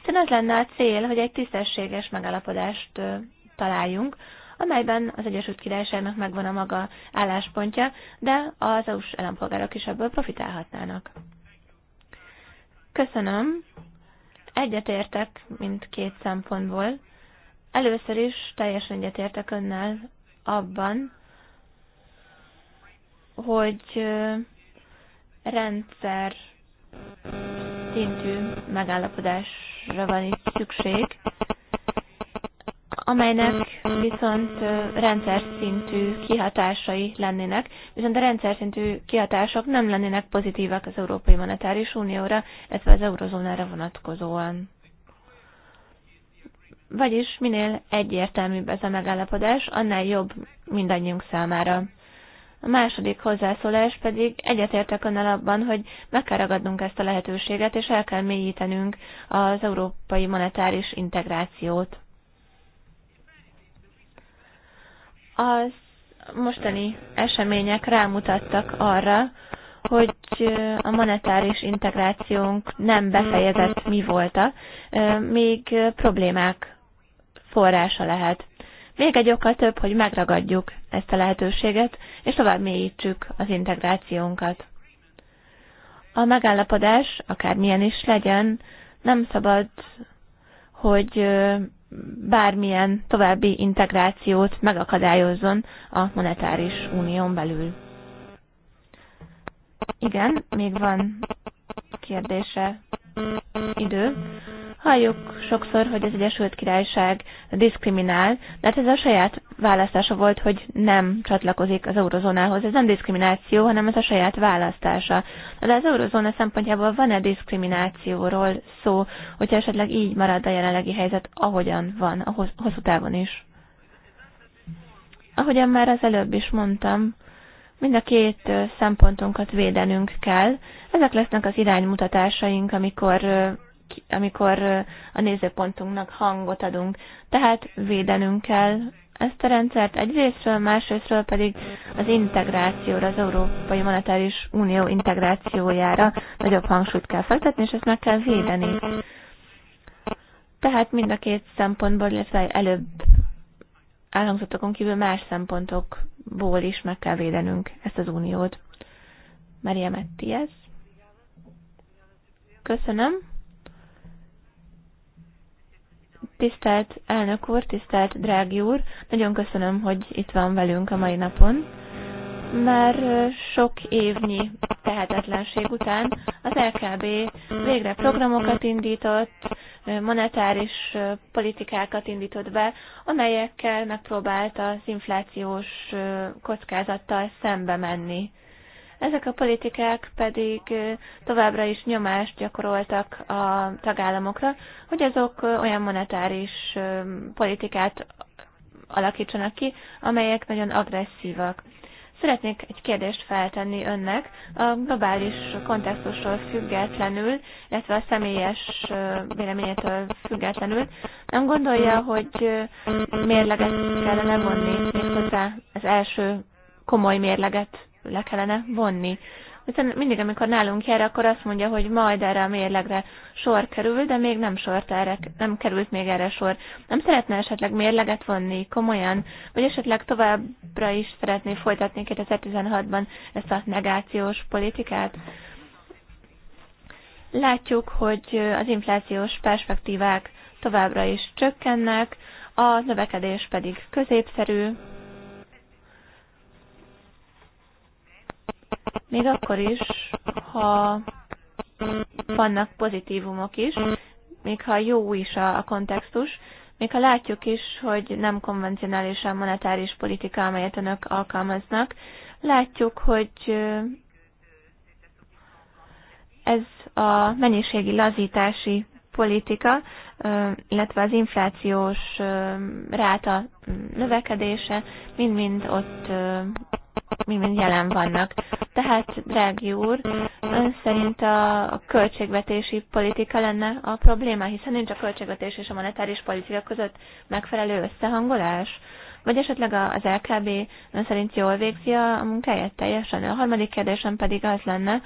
Hiszen az lenne a cél, hogy egy tisztességes megállapodást találjunk, amelyben az Egyesült Királyságnak megvan a maga álláspontja, de az EU-s állampolgárok is ebből profitálhatnának. Köszönöm. Egyetértek, mint két szempontból. Először is teljesen egyetértek önnel abban, hogy rendszer szintű megállapodásra van itt szükség, amelynek viszont rendszer szintű kihatásai lennének, viszont a rendszer szintű kihatások nem lennének pozitívak az Európai Monetáris Unióra, illetve az Eurozónára vonatkozóan. Vagyis minél egyértelműbb ez a megállapodás, annál jobb mindannyiunk számára. A második hozzászólás pedig egyetértek önnel abban, hogy meg kell ragadnunk ezt a lehetőséget, és el kell mélyítenünk az európai monetáris integrációt. Az mostani események rámutattak arra, hogy a monetáris integrációnk nem befejezett mi volta, még problémák forrása lehet. Még egy okkal több, hogy megragadjuk ezt a lehetőséget, és tovább mélyítsük az integrációnkat. A megállapodás, akármilyen is legyen, nem szabad, hogy bármilyen további integrációt megakadályozzon a monetáris unión belül. Igen, még van kérdése idő. Halljuk sokszor, hogy az Egyesült Királyság diszkriminál, de hát ez a saját választása volt, hogy nem csatlakozik az eurozónához. Ez nem diszkrimináció, hanem ez a saját választása. De az eurozóna szempontjából van-e diszkriminációról szó, hogyha esetleg így marad a jelenlegi helyzet, ahogyan van, a hosszú távon is? Ahogyan már az előbb is mondtam, mind a két szempontunkat védenünk kell. Ezek lesznek az iránymutatásaink, amikor amikor a nézőpontunknak hangot adunk. Tehát védenünk kell ezt a rendszert egyrésztről, másrésztről pedig az integrációra, az Európai Monetáris Unió integrációjára nagyobb hangsúlyt kell fektetni, és ezt meg kell védeni. Tehát mind a két szempontból, illetve előbb elhangzottakon kívül más szempontokból is meg kell védenünk ezt az uniót. Maria Mattias. Köszönöm. Tisztelt elnök úr, tisztelt drági úr, nagyon köszönöm, hogy itt van velünk a mai napon. Már sok évnyi tehetetlenség után az LKB végre programokat indított, monetáris politikákat indított be, amelyekkel megpróbált az inflációs kockázattal szembe menni. Ezek a politikák pedig továbbra is nyomást gyakoroltak a tagállamokra, hogy azok olyan monetáris politikát alakítsanak ki, amelyek nagyon agresszívak. Szeretnék egy kérdést feltenni önnek a globális kontextusról függetlenül, illetve a személyes véleményétől függetlenül. Nem gondolja, hogy mérleget kellene vonni méghozzá az első komoly mérleget le kellene vonni. Hiszen mindig, amikor nálunk jár, akkor azt mondja, hogy majd erre a mérlegre sor kerül, de még nem, sort erre, nem került még erre sor. Nem szeretne esetleg mérleget vonni komolyan, vagy esetleg továbbra is szeretné folytatni 2016-ban ezt a negációs politikát? Látjuk, hogy az inflációs perspektívák továbbra is csökkennek, a növekedés pedig középszerű, Még akkor is, ha vannak pozitívumok is, még ha jó is a, a kontextus, még ha látjuk is, hogy nem konvencionális a monetáris politika, amelyet önök alkalmaznak, látjuk, hogy ez a mennyiségi lazítási politika, illetve az inflációs ráta növekedése mind-mind ott mind jelen vannak. Tehát, drági úr, ön szerint a költségvetési politika lenne a probléma, hiszen nincs a költségvetés és a monetáris politika között megfelelő összehangolás? Vagy esetleg az LKB ön szerint jól végzi a munkáját teljesen? A harmadik kérdésem pedig az lenne,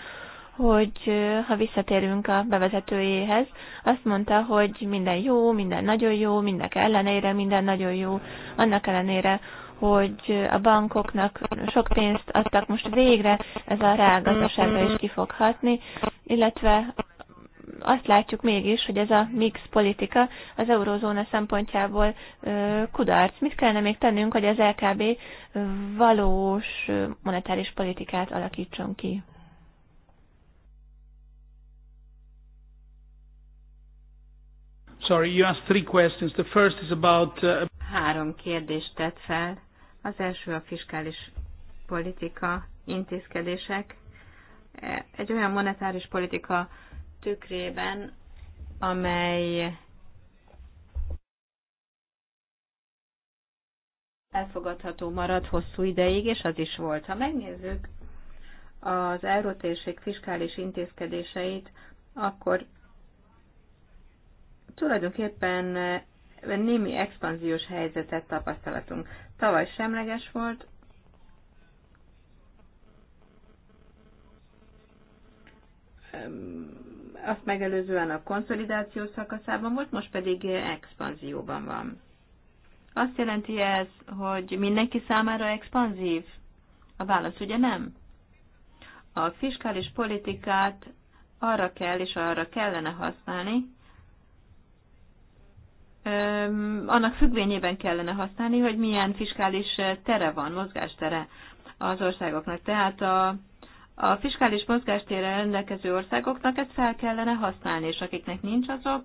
hogy ha visszatérünk a bevezetőjéhez, azt mondta, hogy minden jó, minden nagyon jó, mindek ellenére minden nagyon jó, annak ellenére, hogy a bankoknak sok pénzt adtak most végre, ez a reálgazdaságra is kifoghatni, illetve azt látjuk mégis, hogy ez a mix politika az eurozóna szempontjából kudarc. Mit kellene még tennünk, hogy az LKB valós monetáris politikát alakítson ki? Sorry, you asked three questions. The first is about... Uh... Három kérdést tett fel. Az első a fiskális politika intézkedések. Egy olyan monetáris politika tükrében, amely elfogadható marad hosszú ideig, és az is volt. Ha megnézzük az eurótérség fiskális intézkedéseit, akkor tulajdonképpen némi expanziós helyzetet tapasztalatunk. Tavaly semleges volt. Azt megelőzően a konszolidáció szakaszában volt, most pedig expanzióban van. Azt jelenti ez, hogy mindenki számára expanzív? A válasz ugye nem. A fiskális politikát arra kell és arra kellene használni, annak függvényében kellene használni, hogy milyen fiskális tere van, mozgástere az országoknak. Tehát a, a fiskális mozgástére rendelkező országoknak ezt fel kellene használni, és akiknek nincs, azok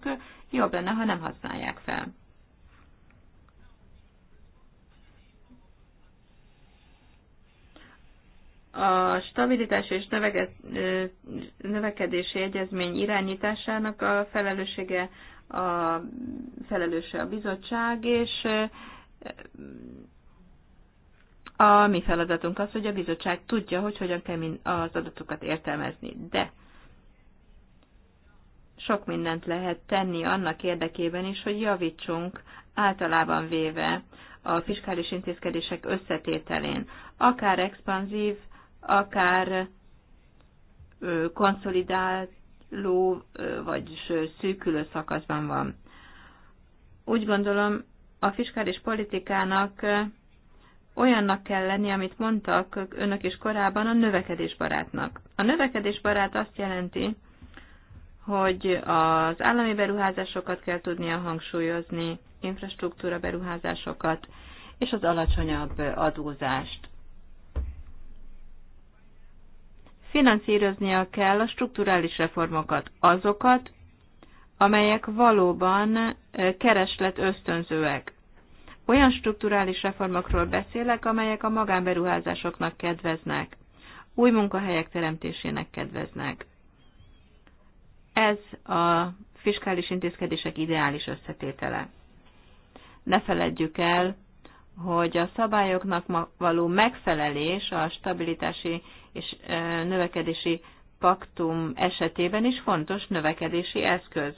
jobb lenne, ha nem használják fel. A stabilitás és növekedési egyezmény irányításának a felelőssége a felelőse a bizottság, és a mi feladatunk az, hogy a bizottság tudja, hogy hogyan kell az adatokat értelmezni. De sok mindent lehet tenni annak érdekében is, hogy javítsunk általában véve a fiskális intézkedések összetételén, akár expanzív, akár konszolidált ló vagy szűkülő szakaszban van. Úgy gondolom, a fiskális politikának olyannak kell lenni, amit mondtak önök is korábban, a növekedésbarátnak. A növekedésbarát azt jelenti, hogy az állami beruházásokat kell tudnia hangsúlyozni, infrastruktúra beruházásokat, és az alacsonyabb adózást. finanszíroznia kell a strukturális reformokat, azokat, amelyek valóban kereslet ösztönzőek. Olyan strukturális reformokról beszélek, amelyek a magánberuházásoknak kedveznek, új munkahelyek teremtésének kedveznek. Ez a fiskális intézkedések ideális összetétele. Ne feledjük el, hogy a szabályoknak való megfelelés a stabilitási és növekedési paktum esetében is fontos növekedési eszköz.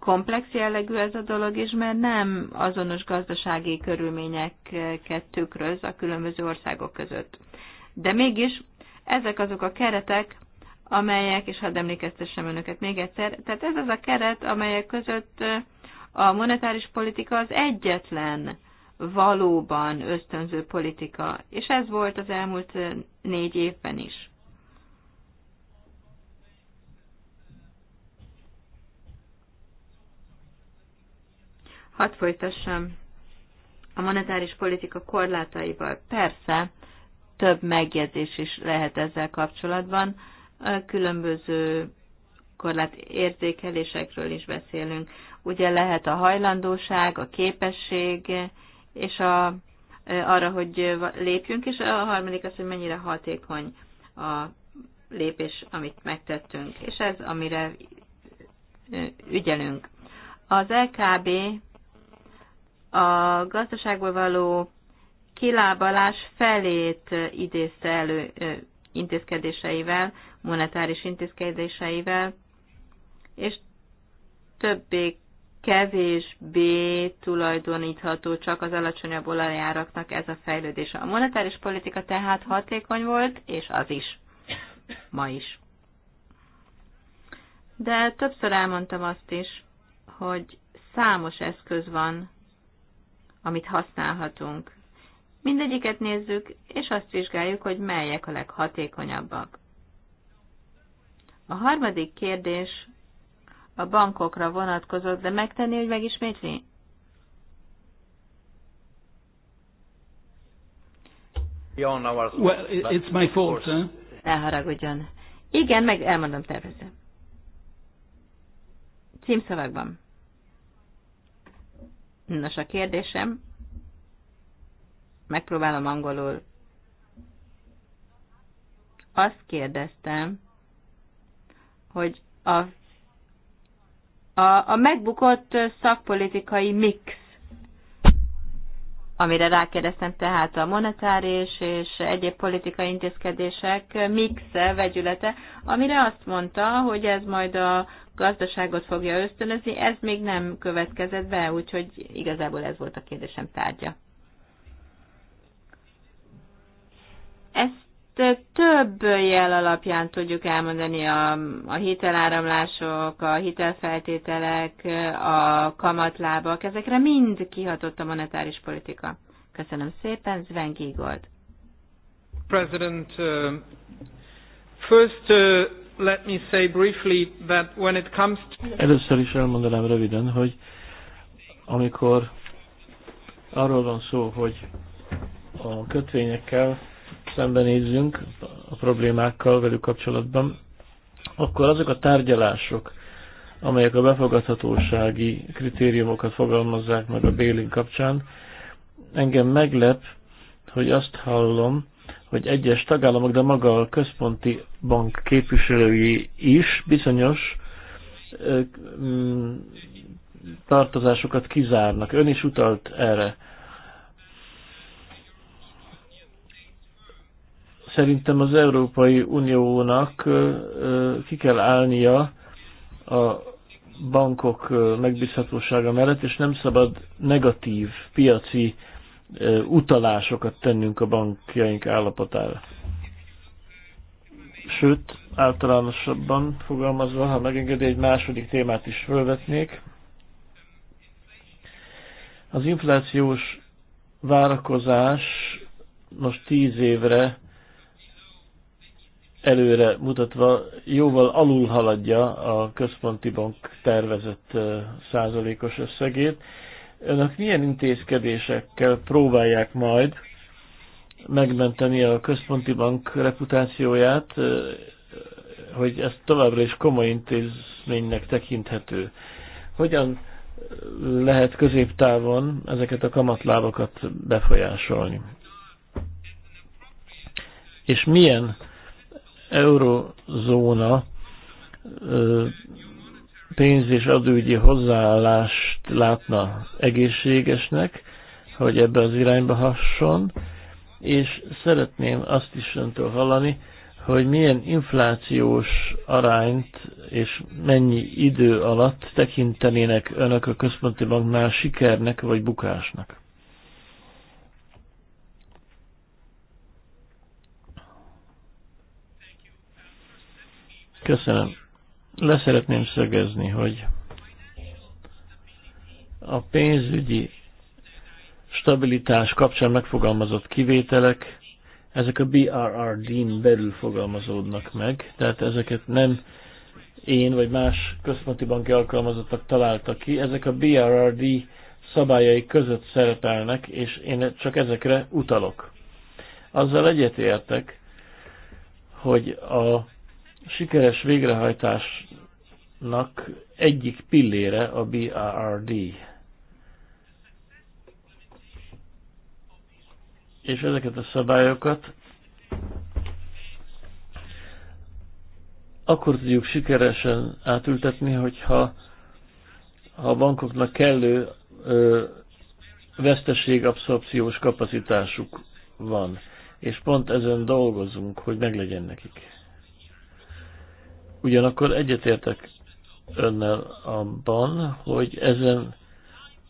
Komplex jellegű ez a dolog is, mert nem azonos gazdasági körülményeket tükröz a különböző országok között. De mégis ezek azok a keretek, amelyek, és hadd emlékeztessem önöket még egyszer, tehát ez az a keret, amelyek között a monetáris politika az egyetlen valóban ösztönző politika, és ez volt az elmúlt eh, négy évben is. Hadd folytassam a monetáris politika korlátaival. Persze, több megjegyzés is lehet ezzel kapcsolatban. Különböző korlát érzékelésekről is beszélünk. Ugye lehet a hajlandóság, a képesség, és a, arra, hogy lépjünk, és a harmadik az, hogy mennyire hatékony a lépés, amit megtettünk, és ez, amire ügyelünk. Az LKB a gazdaságból való kilábalás felét idézte elő intézkedéseivel, monetáris intézkedéseivel, és többé kevésbé tulajdonítható csak az alacsonyabb olajáraknak ez a fejlődés. A monetáris politika tehát hatékony volt, és az is. Ma is. De többször elmondtam azt is, hogy számos eszköz van, amit használhatunk. Mindegyiket nézzük, és azt vizsgáljuk, hogy melyek a leghatékonyabbak. A harmadik kérdés a bankokra vonatkozott, de megtenni, hogy megismétli? Well, it's my fault, huh? Ne haragudjon. Igen, meg elmondom tervezem. Címszavakban. Nos, a kérdésem. Megpróbálom angolul. Azt kérdeztem, hogy a a, a megbukott szakpolitikai mix, amire rákérdeztem, tehát a monetáris és egyéb politikai intézkedések mixe, vegyülete, amire azt mondta, hogy ez majd a gazdaságot fogja ösztönözni, ez még nem következett be, úgyhogy igazából ez volt a kérdésem tárgya. Ezt több jel alapján tudjuk elmondani a, a hiteláramlások, a hitelfeltételek, a kamatlábak, ezekre mind kihatott a monetáris politika. Köszönöm szépen, Sven Giegold. President, uh, first uh, let me say briefly that when it comes to... Először is elmondanám röviden, hogy amikor arról van szó, hogy a kötvényekkel szembenézzünk a problémákkal velük kapcsolatban, akkor azok a tárgyalások, amelyek a befogadhatósági kritériumokat fogalmazzák meg a Bélin kapcsán, engem meglep, hogy azt hallom, hogy egyes tagállamok, de maga a központi bank képviselői is bizonyos tartozásokat kizárnak. Ön is utalt erre. Szerintem az Európai Uniónak ki kell állnia a bankok megbízhatósága mellett, és nem szabad negatív piaci utalásokat tennünk a bankjaink állapotára. Sőt, általánosabban fogalmazva, ha megengedi, egy második témát is fölvetnék. Az inflációs várakozás most tíz évre előre mutatva jóval alul haladja a központi bank tervezett százalékos összegét. Önök milyen intézkedésekkel próbálják majd megmenteni a központi bank reputációját, hogy ez továbbra is komoly intézménynek tekinthető. Hogyan lehet középtávon ezeket a kamatlábakat befolyásolni? És milyen eurozóna pénz- és adóügyi hozzáállást látna egészségesnek, hogy ebbe az irányba hasson, és szeretném azt is öntől hallani, hogy milyen inflációs arányt és mennyi idő alatt tekintenének önök a központi banknál sikernek vagy bukásnak. Köszönöm. Leszeretném szögezni, hogy a pénzügyi stabilitás kapcsán megfogalmazott kivételek, ezek a BRRD-n belül fogalmazódnak meg, tehát ezeket nem én vagy más központi banki alkalmazottak találtak ki, ezek a BRRD szabályai között szerepelnek, és én csak ezekre utalok. Azzal egyetértek, hogy a sikeres végrehajtásnak egyik pillére a BRD. És ezeket a szabályokat akkor tudjuk sikeresen átültetni, hogyha ha a bankoknak kellő ö, veszteségabszorpciós kapacitásuk van. És pont ezen dolgozunk, hogy meglegyen nekik. Ugyanakkor egyetértek önnel abban, hogy ezen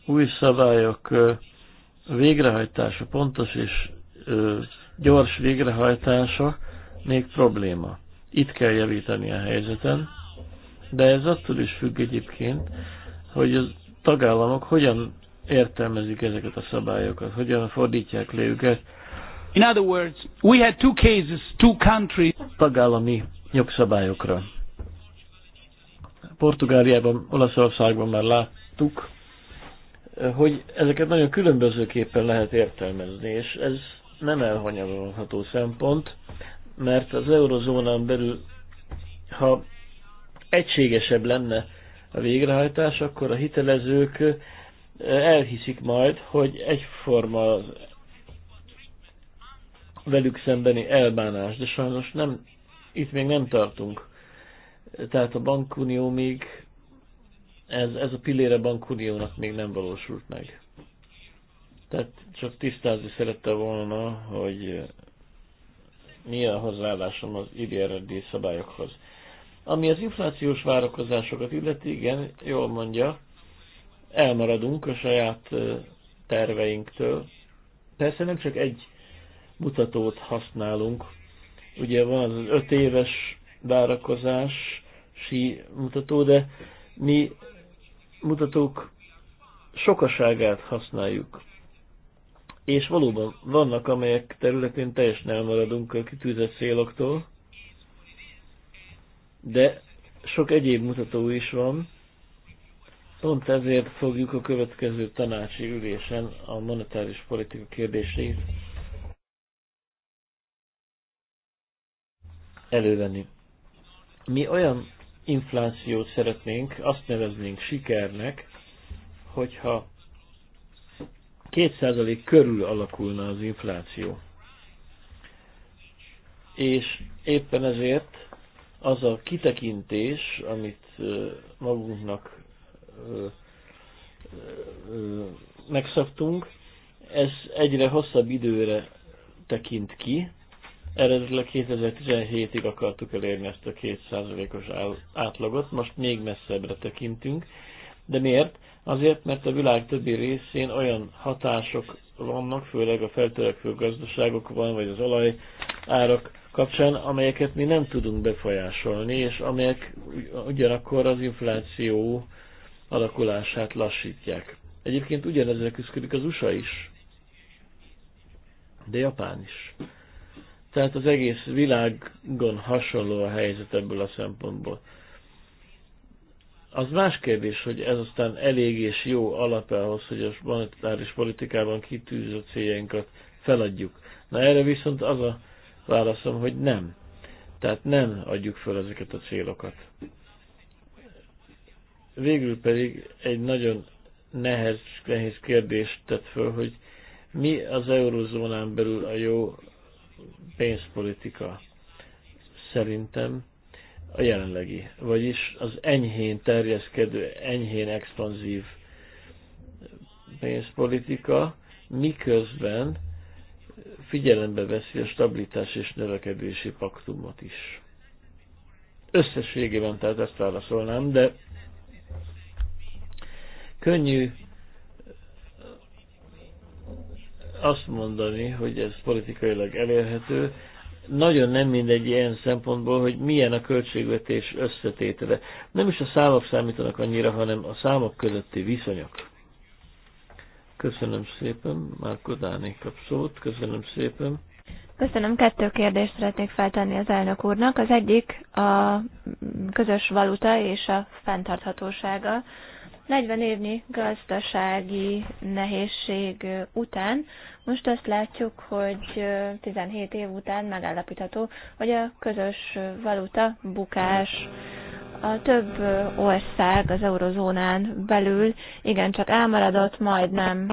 új szabályok végrehajtása, pontos és gyors végrehajtása még probléma. Itt kell javítani a helyzeten, de ez attól is függ egyébként, hogy a tagállamok hogyan értelmezik ezeket a szabályokat, hogyan fordítják le őket. In other words, we had two cases, two countries. Tagállami jogszabályokra Portugáliában, Olaszországban már láttuk, hogy ezeket nagyon különbözőképpen lehet értelmezni, és ez nem elhanyagolható szempont, mert az eurozónán belül, ha egységesebb lenne a végrehajtás, akkor a hitelezők eh, elhiszik majd, hogy egyforma velük szembeni elbánás, de sajnos nem, itt még nem tartunk. Tehát a bankunió még, ez, ez a pillére bankuniónak még nem valósult meg. Tehát csak tisztázni szerette volna, hogy mi a hozzáállásom az IBRD szabályokhoz. Ami az inflációs várakozásokat illeti, igen, jól mondja, elmaradunk a saját terveinktől. Persze nem csak egy mutatót használunk. Ugye van az öt éves várakozás, GDP mutató, de mi mutatók sokaságát használjuk. És valóban vannak, amelyek területén teljesen elmaradunk a kitűzett széloktól, de sok egyéb mutató is van. Pont ezért fogjuk a következő tanácsi ülésen a monetáris politika kérdését elővenni. Mi olyan inflációt szeretnénk, azt neveznénk sikernek, hogyha 2% körül alakulna az infláció. És éppen ezért az a kitekintés, amit magunknak megszabtunk, ez egyre hosszabb időre tekint ki, Eredetileg 2017-ig akartuk elérni ezt a 2%-os átlagot, most még messzebbre tekintünk. De miért? Azért, mert a világ többi részén olyan hatások vannak, főleg a feltörekvő gazdaságokban, vagy az olaj árak kapcsán, amelyeket mi nem tudunk befolyásolni, és amelyek ugyanakkor az infláció alakulását lassítják. Egyébként ugyanezzel küzdik az USA is, de Japán is. Tehát az egész világon hasonló a helyzet ebből a szempontból. Az más kérdés, hogy ez aztán elég és jó alap ahhoz, hogy a monetáris politikában kitűzött céljainkat feladjuk. Na erre viszont az a válaszom, hogy nem. Tehát nem adjuk fel ezeket a célokat. Végül pedig egy nagyon nehéz, nehéz kérdést tett föl, hogy mi az eurozónán belül a jó pénzpolitika szerintem a jelenlegi, vagyis az enyhén terjeszkedő, enyhén expanzív pénzpolitika, miközben figyelembe veszi a stabilitás és növekedési paktumot is. Összességében tehát ezt válaszolnám, de könnyű azt mondani, hogy ez politikailag elérhető, nagyon nem mindegy ilyen szempontból, hogy milyen a költségvetés összetétele. Nem is a számok számítanak annyira, hanem a számok közötti viszonyok. Köszönöm szépen, Márko Dáné kap szót, köszönöm szépen. Köszönöm, kettő kérdést szeretnék feltenni az elnök úrnak. Az egyik a közös valuta és a fenntarthatósága. 40 évnyi gazdasági nehézség után most azt látjuk, hogy 17 év után megállapítható, hogy a közös valuta bukás a több ország az eurozónán belül igencsak elmaradott, majdnem,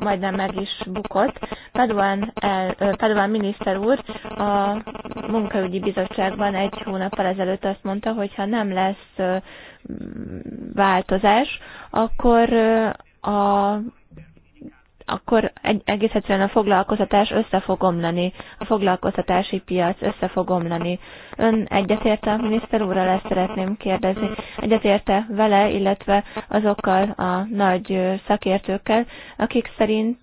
majdnem meg is bukott. Paduan, el, Paduan miniszter úr a munkaügyi bizottságban egy hónappal ezelőtt azt mondta, hogy ha nem lesz változás, akkor a akkor egész egyszerűen a foglalkoztatás össze fog omlani, a foglalkoztatási piac össze fog omlani. Ön egyetérte a miniszter úrral, ezt szeretném kérdezni. Egyetérte vele, illetve azokkal a nagy szakértőkkel, akik szerint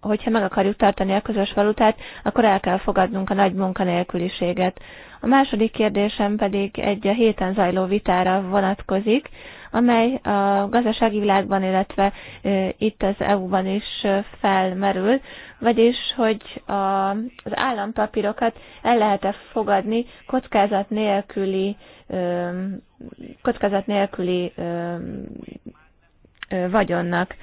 hogyha meg akarjuk tartani a közös valutát, akkor el kell fogadnunk a nagy munkanélküliséget. A második kérdésem pedig egy a héten zajló vitára vonatkozik, amely a gazdasági világban, illetve itt az EU-ban is felmerül, vagyis, hogy az állampapírokat el lehet-e fogadni kockázat nélküli, kockázat nélküli vagyonnak.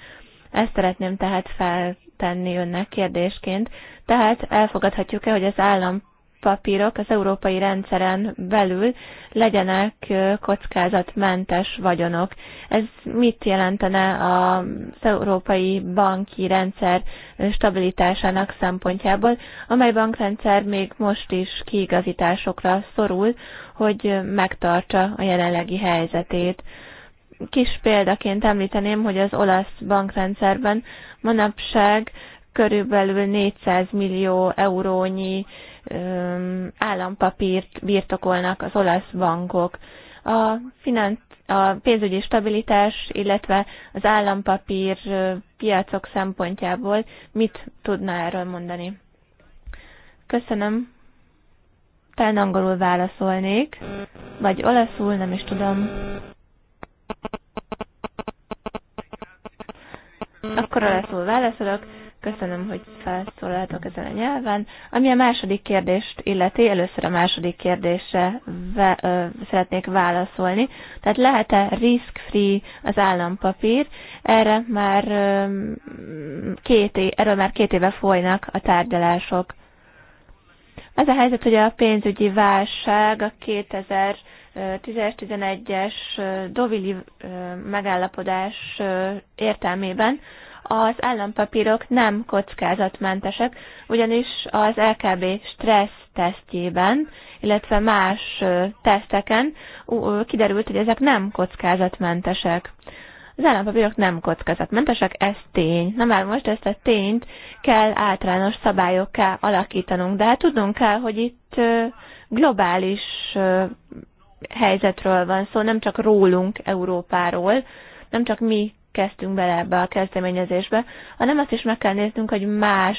Ezt szeretném tehát feltenni önnek kérdésként. Tehát elfogadhatjuk-e, hogy az állam papírok az európai rendszeren belül legyenek kockázatmentes vagyonok. Ez mit jelentene az európai banki rendszer stabilitásának szempontjából, amely bankrendszer még most is kiigazításokra szorul, hogy megtartsa a jelenlegi helyzetét. Kis példaként említeném, hogy az olasz bankrendszerben manapság körülbelül 400 millió eurónyi állampapírt birtokolnak az olasz bankok. A, financ, a pénzügyi stabilitás, illetve az állampapír piacok szempontjából mit tudná erről mondani? Köszönöm. Talán angolul válaszolnék, vagy olaszul, nem is tudom. Akkor olaszul válaszolok. Köszönöm, hogy felszólaltok ezen a nyelven. Ami a második kérdést illeti, először a második kérdésre ve, ö, szeretnék válaszolni. Tehát lehet-e risk-free az állampapír? Erre már, ö, két é, erről már két éve folynak a tárgyalások. Az a helyzet, hogy a pénzügyi válság a 2000 10-11-es dovili megállapodás értelmében az állampapírok nem kockázatmentesek, ugyanis az LKB stressz tesztjében, illetve más teszteken kiderült, hogy ezek nem kockázatmentesek. Az állampapírok nem kockázatmentesek, ez tény. Na már most ezt a tényt kell általános szabályokká alakítanunk, de hát tudnunk kell, hogy itt globális helyzetről van szó, nem csak rólunk Európáról, nem csak mi kezdtünk bele ebbe a kezdeményezésbe, hanem azt is meg kell néznünk, hogy más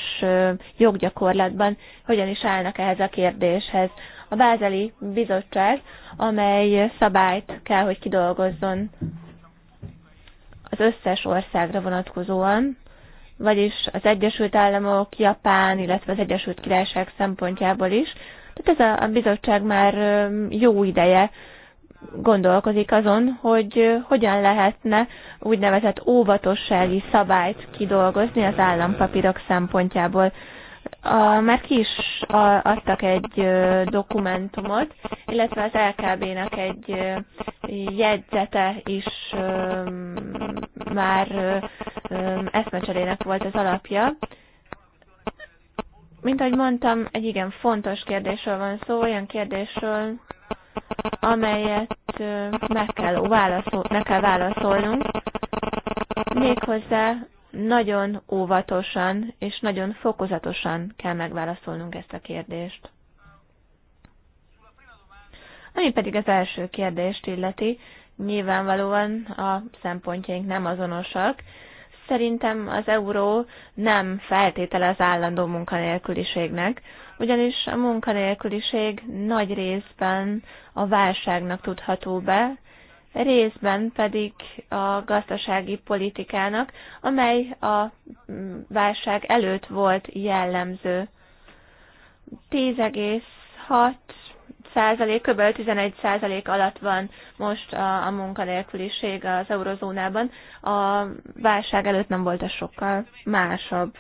joggyakorlatban hogyan is állnak ehhez a kérdéshez. A Bázeli Bizottság, amely szabályt kell, hogy kidolgozzon az összes országra vonatkozóan, vagyis az Egyesült Államok, Japán, illetve az Egyesült Királyság szempontjából is. Tehát ez a bizottság már jó ideje gondolkozik azon, hogy hogyan lehetne úgynevezett óvatossági szabályt kidolgozni az állampapírok szempontjából. A, már ki is adtak egy dokumentumot, illetve az lkb nek egy jegyzete is már eszmecserének volt az alapja. Mint ahogy mondtam, egy igen fontos kérdésről van szó, olyan kérdésről, amelyet meg kell, válaszol, meg kell válaszolnunk, méghozzá nagyon óvatosan és nagyon fokozatosan kell megválaszolnunk ezt a kérdést. Ami pedig az első kérdést illeti, nyilvánvalóan a szempontjaink nem azonosak. Szerintem az euró nem feltétele az állandó munkanélküliségnek ugyanis a munkanélküliség nagy részben a válságnak tudható be, részben pedig a gazdasági politikának, amely a válság előtt volt jellemző. 10,6 százalék, kb. 11 százalék alatt van most a, a munkanélküliség az eurozónában. A válság előtt nem volt a sokkal másabb.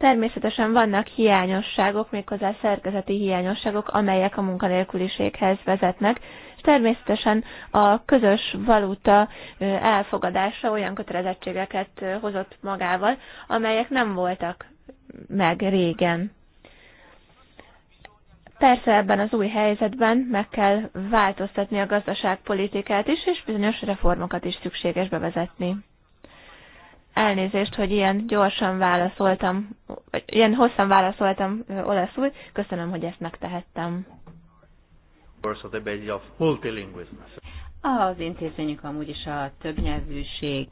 Természetesen vannak hiányosságok, méghozzá szerkezeti hiányosságok, amelyek a munkanélküliséghez vezetnek, és természetesen a közös valuta elfogadása olyan kötelezettségeket hozott magával, amelyek nem voltak meg régen. Persze ebben az új helyzetben meg kell változtatni a gazdaságpolitikát is, és bizonyos reformokat is szükséges bevezetni. Elnézést, hogy ilyen gyorsan válaszoltam, vagy ilyen hosszan válaszoltam olaszul. Köszönöm, hogy ezt megtehettem. Az intézményük amúgy is a többnyelvűség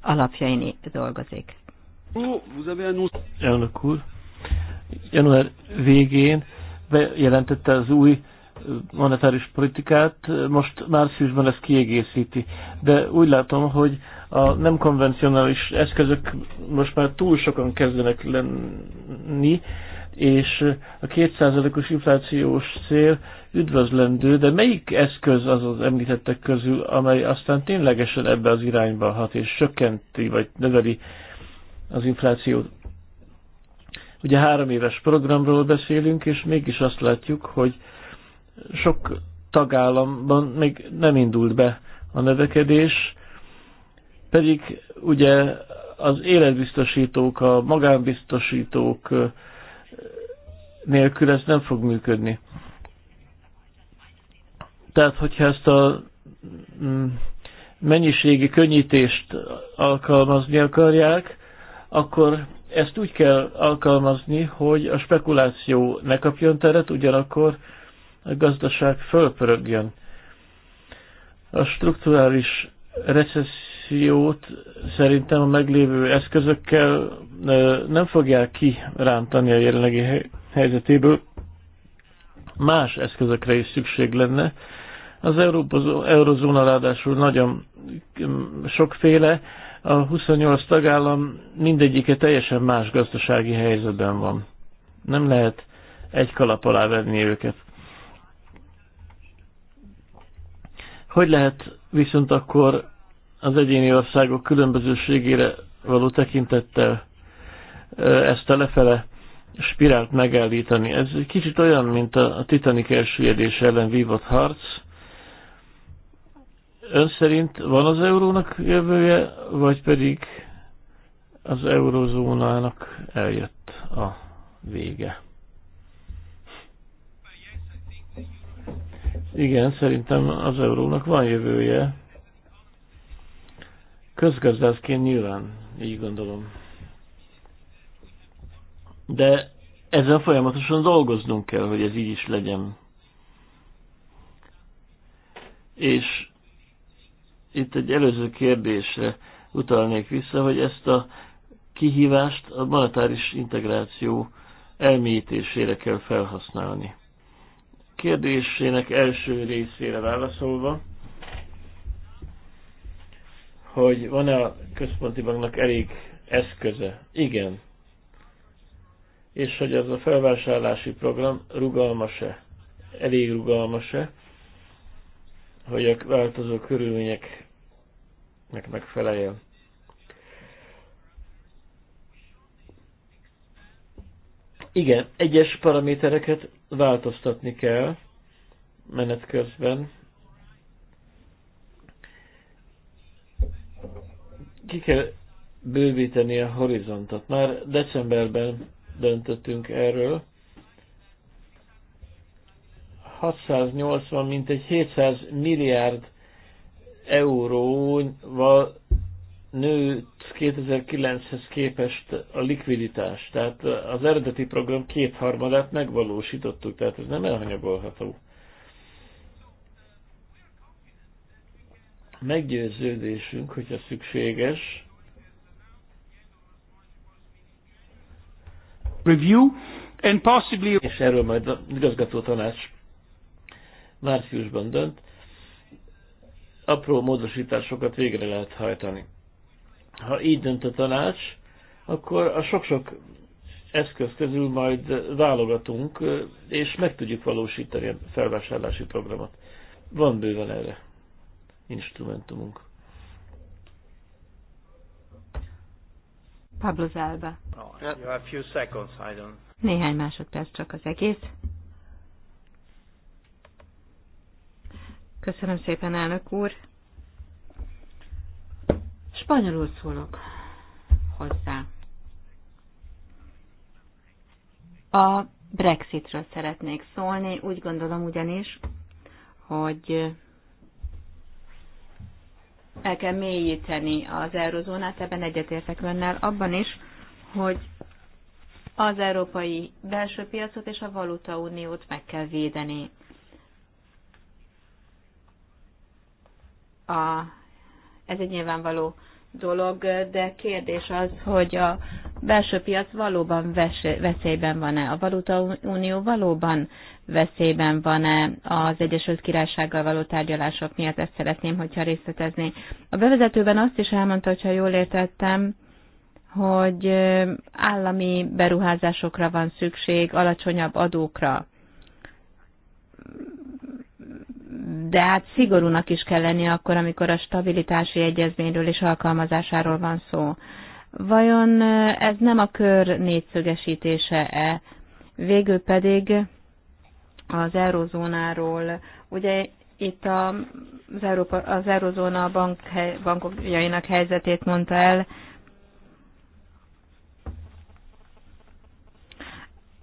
alapjain dolgozik. Elnök úr, január végén bejelentette az új monetáris politikát, most márciusban ezt kiegészíti. De úgy látom, hogy a nem konvencionális eszközök most már túl sokan kezdenek lenni, és a kétszázalékos inflációs cél üdvözlendő, de melyik eszköz az az említettek közül, amely aztán ténylegesen ebbe az irányba hat, és csökkenti vagy növeli az inflációt? Ugye három éves programról beszélünk, és mégis azt látjuk, hogy sok tagállamban még nem indult be a növekedés, pedig ugye az életbiztosítók, a magánbiztosítók nélkül ez nem fog működni. Tehát, hogyha ezt a mm, mennyiségi könnyítést alkalmazni akarják, akkor ezt úgy kell alkalmazni, hogy a spekuláció ne kapjon teret, ugyanakkor a gazdaság fölpörögjön. A strukturális recessziót szerintem a meglévő eszközökkel nem fogják kirántani a jelenlegi helyzetéből. Más eszközökre is szükség lenne. Az eurozóna ráadásul nagyon sokféle, a 28 tagállam mindegyike teljesen más gazdasági helyzetben van. Nem lehet egy kalap alá venni őket. Hogy lehet viszont akkor az egyéni országok különbözőségére való tekintettel ezt a lefele spirált megállítani. Ez egy kicsit olyan, mint a Titanic elsüllyedése ellen vívott harc. Ön szerint van az eurónak jövője, vagy pedig az eurozónának eljött a vége? Igen, szerintem az eurónak van jövője. Közgazdászként nyilván, így gondolom. De ezzel folyamatosan dolgoznunk kell, hogy ez így is legyen. És itt egy előző kérdésre utalnék vissza, hogy ezt a kihívást a monetáris integráció elmélyítésére kell felhasználni kérdésének első részére válaszolva, hogy van-e a központi banknak elég eszköze? Igen. És hogy az a felvásárlási program rugalmas-e? Elég rugalmas-e? Hogy a változó körülményeknek megfeleljen. Igen, egyes paramétereket változtatni kell menet közben. Ki kell bővíteni a horizontot. Már decemberben döntöttünk erről. 680, egy 700 milliárd euróval nőtt 2009-hez képest a likviditás. Tehát az eredeti program kétharmadát megvalósítottuk, tehát ez nem elhanyagolható. Meggyőződésünk, hogyha szükséges, review and possibly és erről majd a igazgató tanács márciusban dönt, apró módosításokat végre lehet hajtani ha így dönt a tanács, akkor a sok-sok eszköz közül majd válogatunk, és meg tudjuk valósítani a felvásárlási programot. Van bőven erre instrumentumunk. Pablo Zálba. Oh, Néhány másodperc csak az egész. Köszönöm szépen, elnök úr. Spanyolul szólok hozzá. A Brexitről szeretnék szólni, úgy gondolom ugyanis, hogy el kell mélyíteni az eurozónát, ebben egyetértek önnel, abban is, hogy az európai belső piacot és a valutauniót meg kell védeni. A ez egy nyilvánvaló dolog, de kérdés az, hogy a belső piac valóban veszélyben van-e, a valuta unió valóban veszélyben van-e az Egyesült Királysággal való tárgyalások miatt, ezt szeretném, hogyha részletezni. A bevezetőben azt is elmondta, hogyha jól értettem, hogy állami beruházásokra van szükség, alacsonyabb adókra de hát szigorúnak is kell lenni akkor, amikor a stabilitási egyezményről és alkalmazásáról van szó. Vajon ez nem a kör négyszögesítése-e? Végül pedig az eurozónáról, ugye itt a, az, Európa, az eurozóna bank, bankjainak helyzetét mondta el,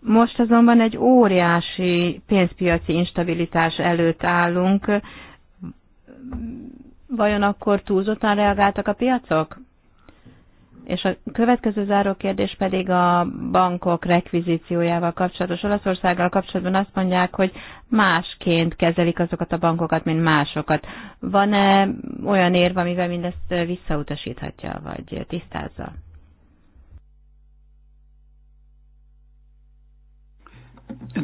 Most azonban egy óriási pénzpiaci instabilitás előtt állunk. Vajon akkor túlzottan reagáltak a piacok? És a következő záró kérdés pedig a bankok rekvizíciójával kapcsolatos. Olaszországgal kapcsolatban azt mondják, hogy másként kezelik azokat a bankokat, mint másokat. Van-e olyan érv, amivel mindezt visszautasíthatja, vagy tisztázza?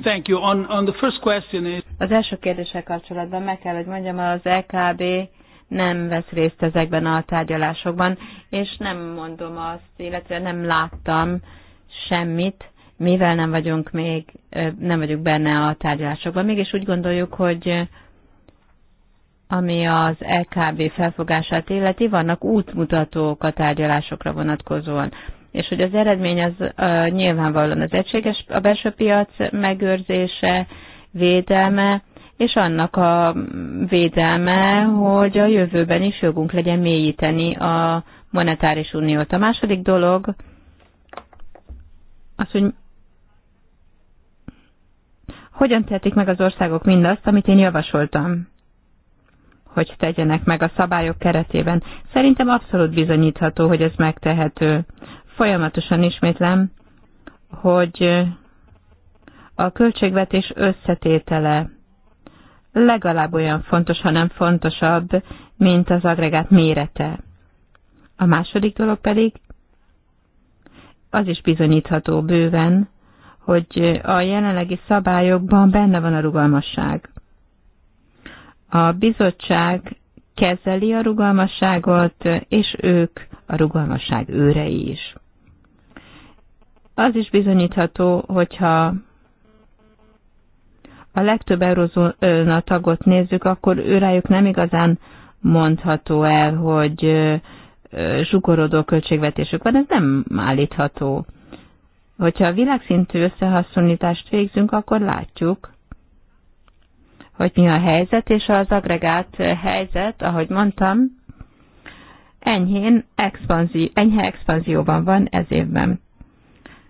Thank you. On, on the first question is... Az első kérdéssel kapcsolatban meg kell, hogy mondjam, az LKB e nem vesz részt ezekben a tárgyalásokban, és nem mondom azt, illetve nem láttam semmit, mivel nem vagyunk még, nem vagyunk benne a tárgyalásokban. Mégis úgy gondoljuk, hogy ami az LKB e felfogását illeti, vannak útmutatók a tárgyalásokra vonatkozóan és hogy az eredmény az uh, nyilvánvalóan az egységes, a belső piac megőrzése, védelme, és annak a védelme, hogy a jövőben is jogunk legyen mélyíteni a monetáris uniót. A második dolog az, hogy hogyan tehetik meg az országok mindazt, amit én javasoltam hogy tegyenek meg a szabályok keretében. Szerintem abszolút bizonyítható, hogy ez megtehető folyamatosan ismétlem, hogy a költségvetés összetétele legalább olyan fontos, hanem fontosabb, mint az agregát mérete. A második dolog pedig az is bizonyítható bőven, hogy a jelenlegi szabályokban benne van a rugalmasság. A bizottság kezeli a rugalmasságot, és ők a rugalmasság őrei is. Az is bizonyítható, hogyha a legtöbb eurozóna tagot nézzük, akkor őrájuk nem igazán mondható el, hogy zsugorodó költségvetésük van, ez nem állítható. Hogyha a világszintű összehasonlítást végzünk, akkor látjuk, hogy mi a helyzet, és az agregált helyzet, ahogy mondtam, enyhén expanzi, enyhe expanzióban van ez évben.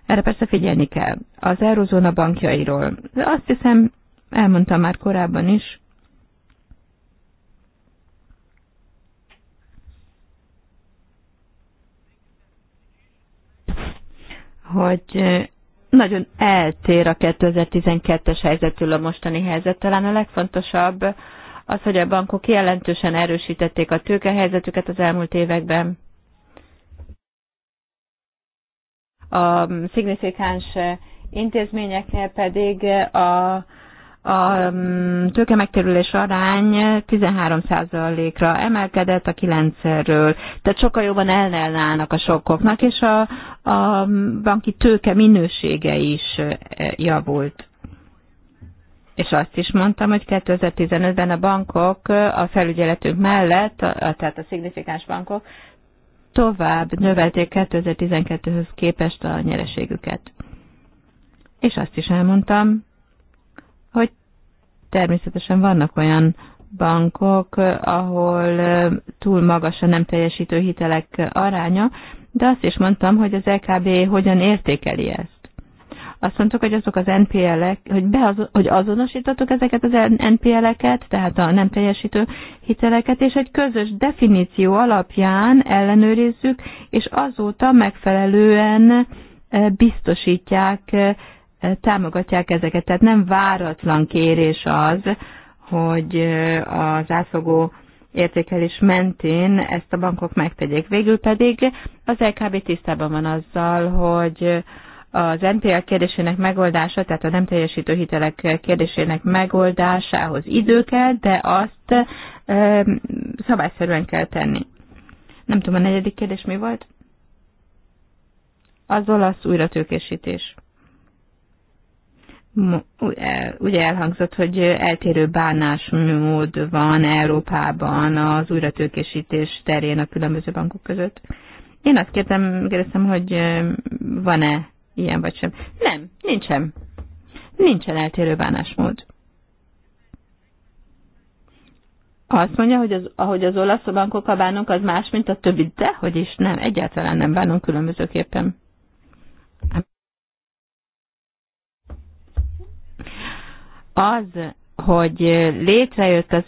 Erre persze figyelni kell. Az Eurozóna bankjairól. De azt hiszem, elmondtam már korábban is, hogy nagyon eltér a 2012-es helyzetül a mostani helyzet. Talán a legfontosabb az, hogy a bankok jelentősen erősítették a tőkehelyzetüket az elmúlt években. a szignifikáns intézményeknél pedig a, a mm, tőke megkerülés arány 13%-ra emelkedett a 9-ről, tehát sokkal jobban ellenállnak a sokkoknak, és a, a banki tőke minősége is e, javult. És azt is mondtam, hogy 2015-ben a bankok a felügyeletünk mellett, tehát a szignifikáns bankok tovább növelték 2012-höz képest a nyereségüket. És azt is elmondtam, hogy természetesen vannak olyan bankok, ahol túl magas a nem teljesítő hitelek aránya, de azt is mondtam, hogy az LKB e hogyan értékeli ezt. Azt mondtuk, hogy azok az NPL-ek, hogy, beazo- hogy azonosítottuk ezeket az NPL-eket, tehát a nem teljesítő hiteleket, és egy közös definíció alapján ellenőrizzük, és azóta megfelelően e, biztosítják, e, e, támogatják ezeket. Tehát nem váratlan kérés az, hogy az átfogó értékelés mentén ezt a bankok megtegyék. Végül pedig az LKB tisztában van azzal, hogy az NPL kérdésének megoldása, tehát a nem teljesítő hitelek kérdésének megoldásához idő kell, de azt e, szabályszerűen kell tenni. Nem tudom, a negyedik kérdés mi volt? Az olasz újratőkésítés. Ugye elhangzott, hogy eltérő bánásmód van Európában az újratőkésítés terén a különböző bankok között. Én azt kérdem, kérdeztem, hogy van-e ilyen vagy sem. Nem, nincsen. Nincsen eltérő bánásmód. Azt mondja, hogy az, ahogy az olasz a bánunk, az más, mint a többi, de hogy is nem, egyáltalán nem bánunk különbözőképpen. Az, hogy létrejött az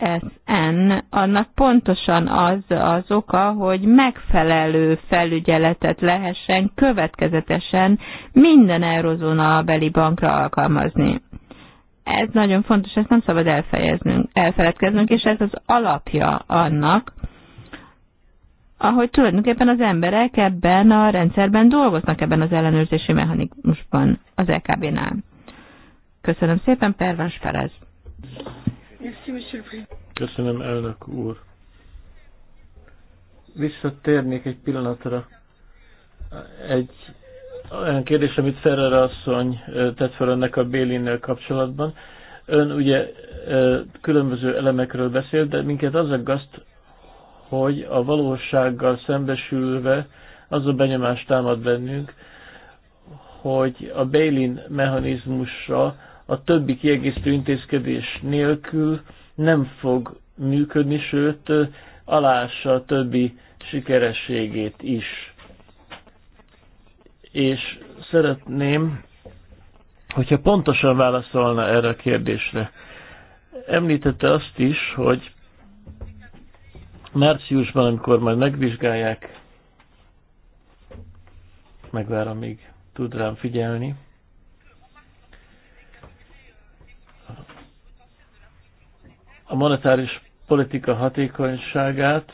SN, annak pontosan az az oka, hogy megfelelő felügyeletet lehessen következetesen minden eurozóna beli bankra alkalmazni. Ez nagyon fontos, ezt nem szabad elfejeznünk, elfeledkeznünk, és ez az alapja annak, ahogy tulajdonképpen az emberek ebben a rendszerben dolgoznak, ebben az ellenőrzési mechanizmusban, az LKB-nál. E Köszönöm szépen, Pervans Ferez. Köszönöm, elnök úr. Visszatérnék egy pillanatra egy olyan kérdés, amit Ferrer asszony tett fel önnek a Bélinnel kapcsolatban. Ön ugye különböző elemekről beszélt, de minket az aggaszt, hogy a valósággal szembesülve az a benyomást támad bennünk, hogy a Bélin mechanizmusra a többi kiegészítő intézkedés nélkül nem fog működni, sőt, alássa a többi sikerességét is. És szeretném, hogyha pontosan válaszolna erre a kérdésre. Említette azt is, hogy márciusban, amikor majd megvizsgálják, megvárom, még tud rám figyelni, a monetáris politika hatékonyságát,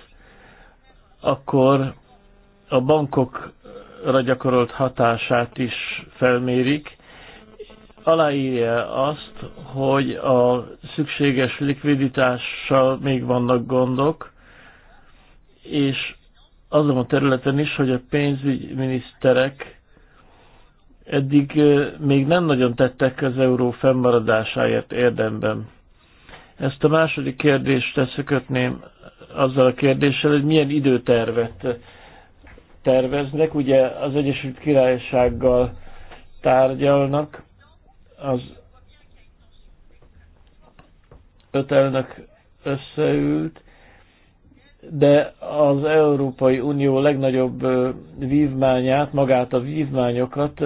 akkor a bankokra gyakorolt hatását is felmérik, aláírja azt, hogy a szükséges likviditással még vannak gondok, és azon a területen is, hogy a pénzügyminiszterek eddig még nem nagyon tettek az euró fennmaradásáért érdemben. Ezt a második kérdést összekötném azzal a kérdéssel, hogy milyen időtervet terveznek. Ugye az Egyesült Királysággal tárgyalnak, az öt elnök összeült, de az Európai Unió legnagyobb vívmányát, magát a vívmányokat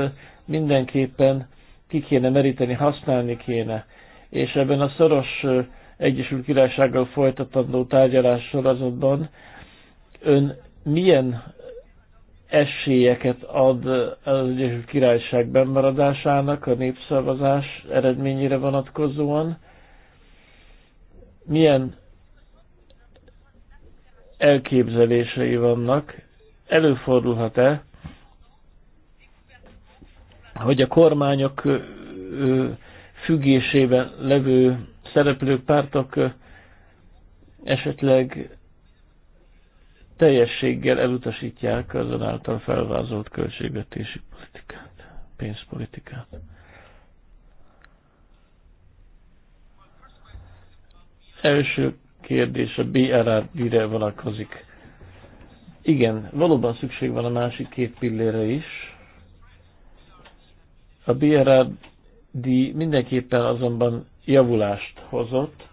mindenképpen ki kéne meríteni, használni kéne. És ebben a szoros Egyesült Királysággal folytatandó tárgyalás sorozatban ön milyen esélyeket ad az Egyesült Királyság bennmaradásának a népszavazás eredményére vonatkozóan? Milyen elképzelései vannak? Előfordulhat-e, hogy a kormányok függésében levő szereplők, pártok esetleg teljességgel elutasítják az felvázolt költségvetési politikát, pénzpolitikát. Első kérdés a brr re vonatkozik. Igen, valóban szükség van a másik két pillére is. A BRRD mindenképpen azonban javulást hozott,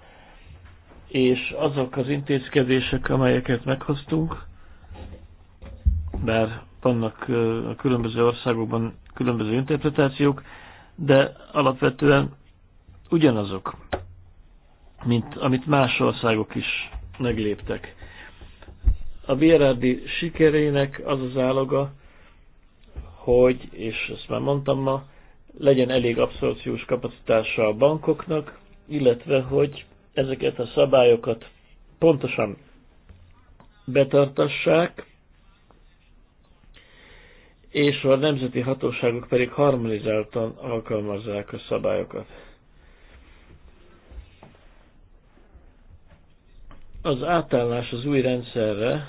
és azok az intézkedések, amelyeket meghoztunk, bár vannak a különböző országokban különböző interpretációk, de alapvetően ugyanazok, mint amit más országok is megléptek. A BRRD sikerének az az áloga, hogy, és ezt már mondtam ma, legyen elég abszorciós kapacitása a bankoknak, illetve hogy ezeket a szabályokat pontosan betartassák, és a nemzeti hatóságok pedig harmonizáltan alkalmazzák a szabályokat. Az átállás az új rendszerre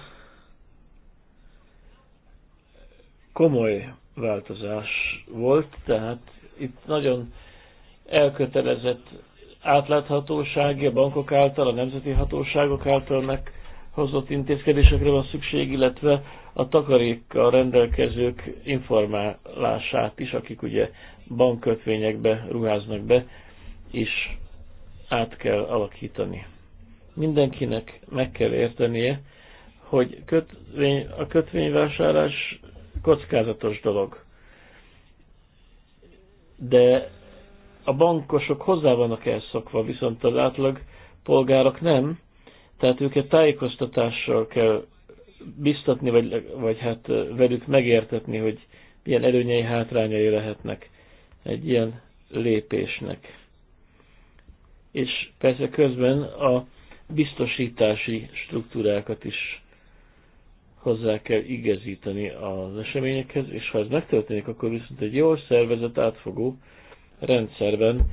komoly változás volt, tehát itt nagyon elkötelezett átláthatósági a bankok által, a nemzeti hatóságok által meghozott intézkedésekre van szükség, illetve a takarékkal rendelkezők informálását is, akik ugye bankkötvényekbe ruháznak be, is át kell alakítani. Mindenkinek meg kell értenie, hogy kötvény, a kötvényvásárlás kockázatos dolog de a bankosok hozzá vannak elszokva, viszont az átlag polgárok nem, tehát őket tájékoztatással kell biztatni, vagy, vagy hát velük megértetni, hogy milyen előnyei, hátrányai lehetnek egy ilyen lépésnek. És persze közben a biztosítási struktúrákat is hozzá kell igazítani az eseményekhez, és ha ez megtörténik, akkor viszont egy jól szervezett, átfogó rendszerben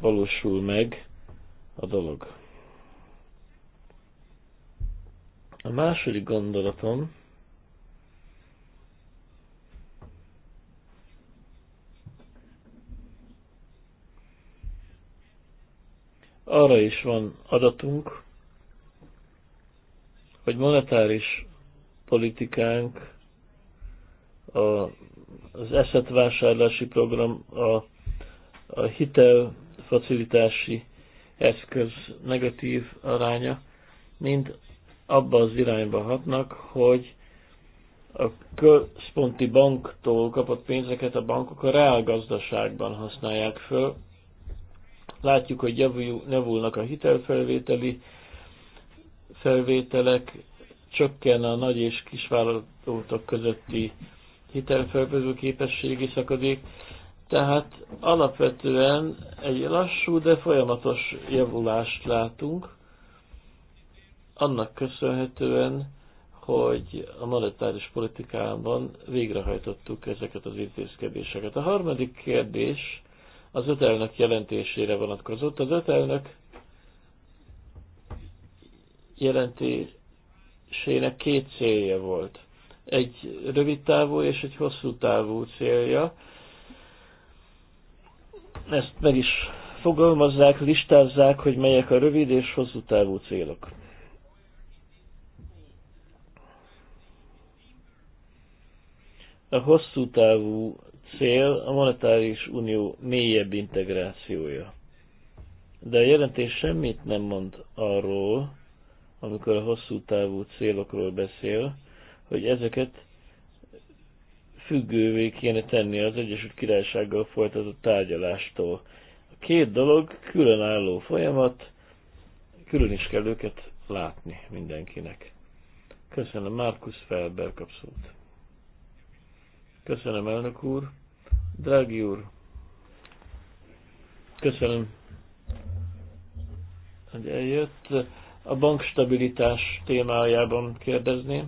valósul meg a dolog. A második gondolatom, arra is van adatunk, hogy monetáris politikánk, a, az eszetvásárlási program, a, a hitelfacilitási eszköz negatív aránya mind abba az irányba hatnak, hogy a központi banktól kapott pénzeket a bankok a reálgazdaságban használják föl. Látjuk, hogy javul, javulnak a hitelfelvételi felvételek, csökken a nagy és kisvállalatok közötti hitelfelvező képességi szakadék. Tehát alapvetően egy lassú, de folyamatos javulást látunk, annak köszönhetően, hogy a monetáris politikában végrehajtottuk ezeket az intézkedéseket. A harmadik kérdés az ötelnök jelentésére vonatkozott. Az ötelnök jelentés sének két célja volt. Egy rövid távú és egy hosszú távú célja. Ezt meg is fogalmazzák, listázzák, hogy melyek a rövid és hosszú távú célok. A hosszú távú cél a monetáris unió mélyebb integrációja. De a jelentés semmit nem mond arról, amikor a hosszú távú célokról beszél, hogy ezeket függővé kéne tenni az Egyesült Királysággal folytatott tárgyalástól. A két dolog különálló folyamat, külön is kell őket látni mindenkinek. Köszönöm, Márkusz Felber kapszót. Köszönöm, elnök úr. Drági úr, köszönöm, hogy eljött a bankstabilitás témájában kérdezni.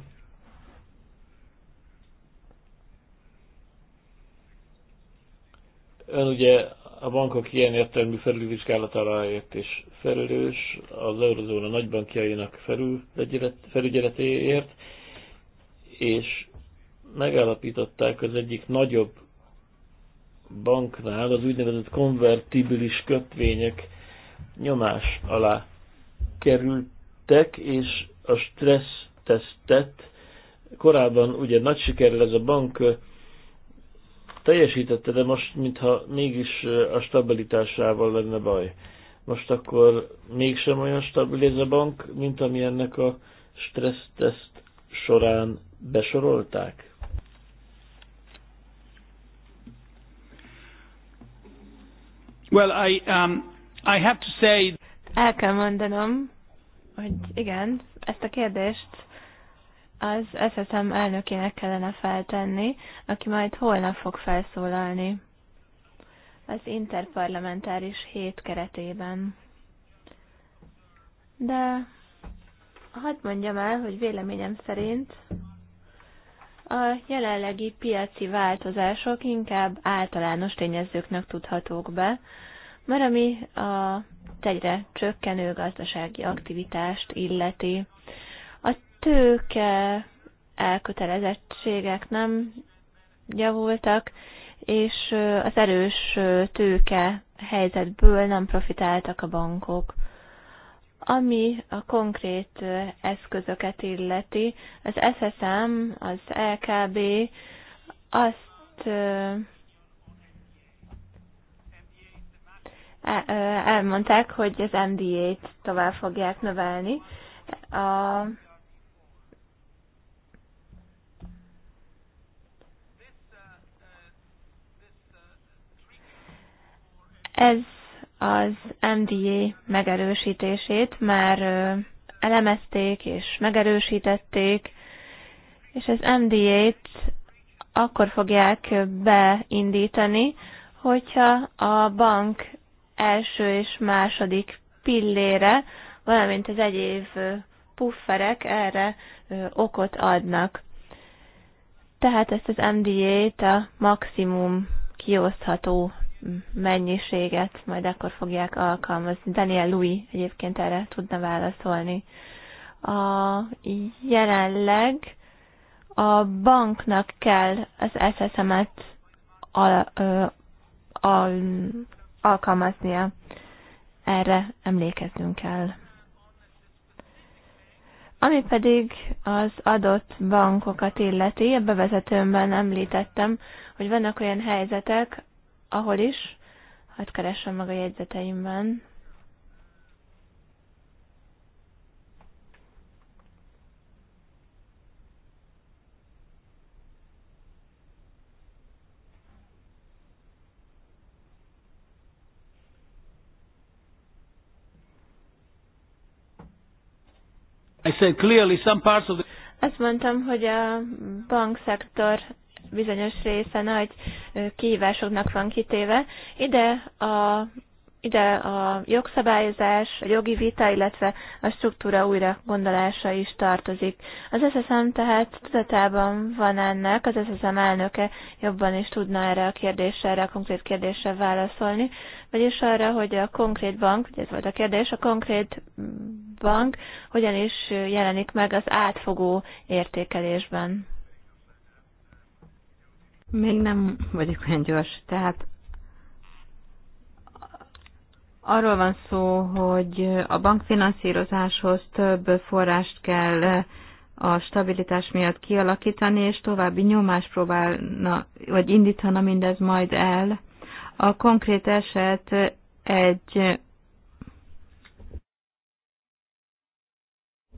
Ön ugye a bankok ilyen értelmű felülvizsgálatára is és felelős, az eurozóna nagybankjainak felügyeletéért, és megállapították az egyik nagyobb banknál az úgynevezett konvertibilis kötvények nyomás alá kerültek, és a stressz tesztet korábban ugye nagy sikerrel ez a bank teljesítette, de most mintha mégis a stabilitásával lenne baj. Most akkor mégsem olyan stabil ez a bank, mint ami ennek a teszt során besorolták? Well, I, um, I have to say el kell mondanom, hogy igen, ezt a kérdést az SSM elnökének kellene feltenni, aki majd holnap fog felszólalni az interparlamentáris hét keretében. De hadd mondjam el, hogy véleményem szerint a jelenlegi piaci változások inkább általános tényezőknek tudhatók be, mert ami a egyre csökkenő gazdasági aktivitást illeti. A tőke elkötelezettségek nem javultak, és az erős tőke helyzetből nem profitáltak a bankok. Ami a konkrét eszközöket illeti, az SSM, az LKB azt elmondták, hogy az MDA-t tovább fogják növelni. A Ez az MDA megerősítését már elemezték és megerősítették, és az MDA-t akkor fogják beindítani, hogyha a bank első és második pillére, valamint az egyéb pufferek erre okot adnak. Tehát ezt az MDA-t a maximum kiosztható mennyiséget majd akkor fogják alkalmazni. Daniel Louis egyébként erre tudna válaszolni. A jelenleg a banknak kell az SSM-et al, alkalmaznia. Erre emlékeznünk kell. Ami pedig az adott bankokat illeti, a bevezetőmben említettem, hogy vannak olyan helyzetek, ahol is, hát keresem meg a jegyzeteimben, I said clearly some parts of the... Azt mondtam, hogy a bankszektor bizonyos része nagy kihívásoknak van kitéve. Ide a ide a jogszabályozás, a jogi vita, illetve a struktúra újra gondolása is tartozik. Az SSM tehát tudatában van ennek, az SSM elnöke jobban is tudna erre a kérdésre, erre a konkrét kérdésre válaszolni, vagyis arra, hogy a konkrét bank, ugye ez volt a kérdés, a konkrét bank hogyan is jelenik meg az átfogó értékelésben. Még nem vagyok olyan gyors, tehát Arról van szó, hogy a bankfinanszírozáshoz több forrást kell eh, a stabilitás miatt kialakítani, és további nyomás próbálna, vagy indítana mindez majd el. A konkrét eset egy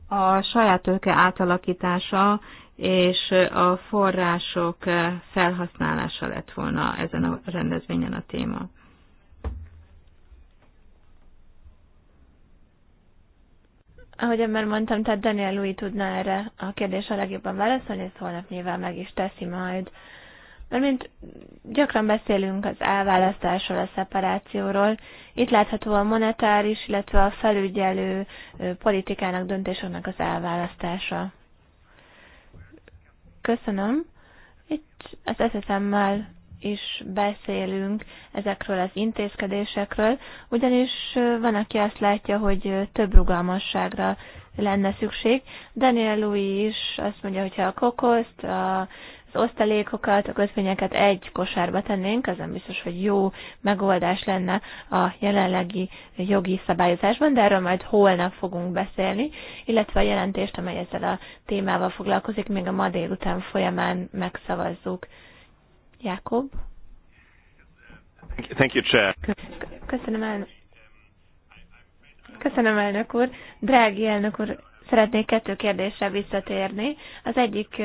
a saját tőke átalakítása és a források eh, felhasználása lett volna ezen a rendezvényen a téma. Ahogy már mondtam, tehát Daniel Louis tudna erre a kérdésre legjobban válaszolni, ezt holnap nyilván meg is teszi majd. Mert mint gyakran beszélünk az elválasztásról, a szeparációról, itt látható a monetáris, illetve a felügyelő politikának, döntésoknak az elválasztása. Köszönöm. Itt az eszemmel is beszélünk ezekről az intézkedésekről, ugyanis van, aki azt látja, hogy több rugalmasságra lenne szükség. Daniel Louis is azt mondja, hogyha a kokoszt, a az osztalékokat, a közvényeket egy kosárba tennénk, az nem biztos, hogy jó megoldás lenne a jelenlegi jogi szabályozásban, de erről majd holnap fogunk beszélni, illetve a jelentést, amely ezzel a témával foglalkozik, még a ma délután folyamán megszavazzuk. Jakob. Thank you, Chair. Köszönöm, elnök. Köszönöm, elnök úr. Drági elnök úr, szeretnék kettő kérdésre visszatérni. Az egyik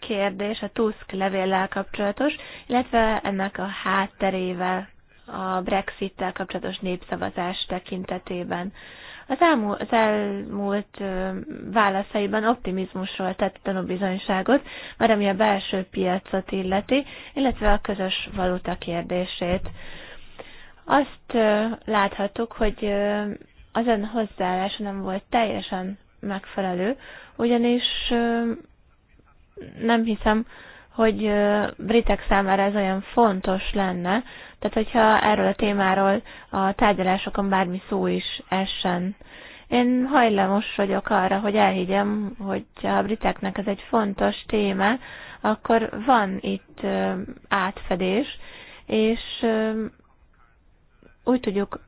kérdés a Tusk levéllel kapcsolatos, illetve ennek a hátterével a Brexit-tel kapcsolatos népszavazás tekintetében. Az, elmú, az elmúlt válaszaiban optimizmusról tett tanúbizonyságot, már ami a belső piacot illeti, illetve a közös valuta kérdését. Azt láthattuk, hogy az ön hozzáállása nem volt teljesen megfelelő, ugyanis nem hiszem, hogy britek számára ez olyan fontos lenne, tehát, hogyha erről a témáról a tárgyalásokon bármi szó is essen. Én hajlamos vagyok arra, hogy elhiggyem, hogy a briteknek ez egy fontos téma, akkor van itt átfedés, és úgy tudjuk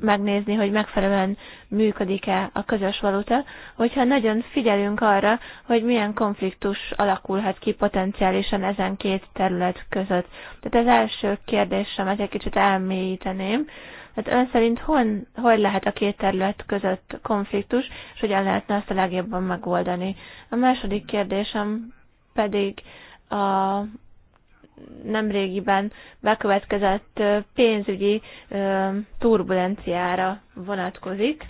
megnézni, hogy megfelelően működik-e a közös valuta, hogyha nagyon figyelünk arra, hogy milyen konfliktus alakulhat ki potenciálisan ezen két terület között. Tehát az első kérdésemet egy kicsit elmélyíteném. Tehát ön szerint hon, hogy lehet a két terület között konfliktus, és hogyan lehetne ezt a legjobban megoldani? A második kérdésem pedig a nemrégiben bekövetkezett pénzügyi turbulenciára vonatkozik.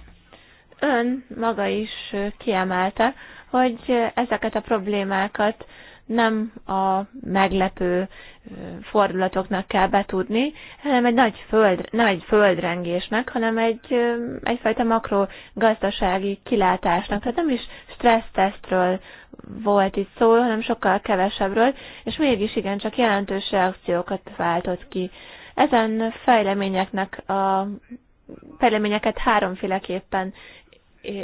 Ön maga is kiemelte, hogy ezeket a problémákat nem a meglepő fordulatoknak kell betudni, hanem egy nagy föld, nem egy földrengésnek, hanem egy, egyfajta makrogazdasági kilátásnak. Tehát nem is stressztesztről volt itt szó, hanem sokkal kevesebbről, és mégis csak jelentős reakciókat váltott ki. Ezen fejleményeknek a fejleményeket háromféleképpen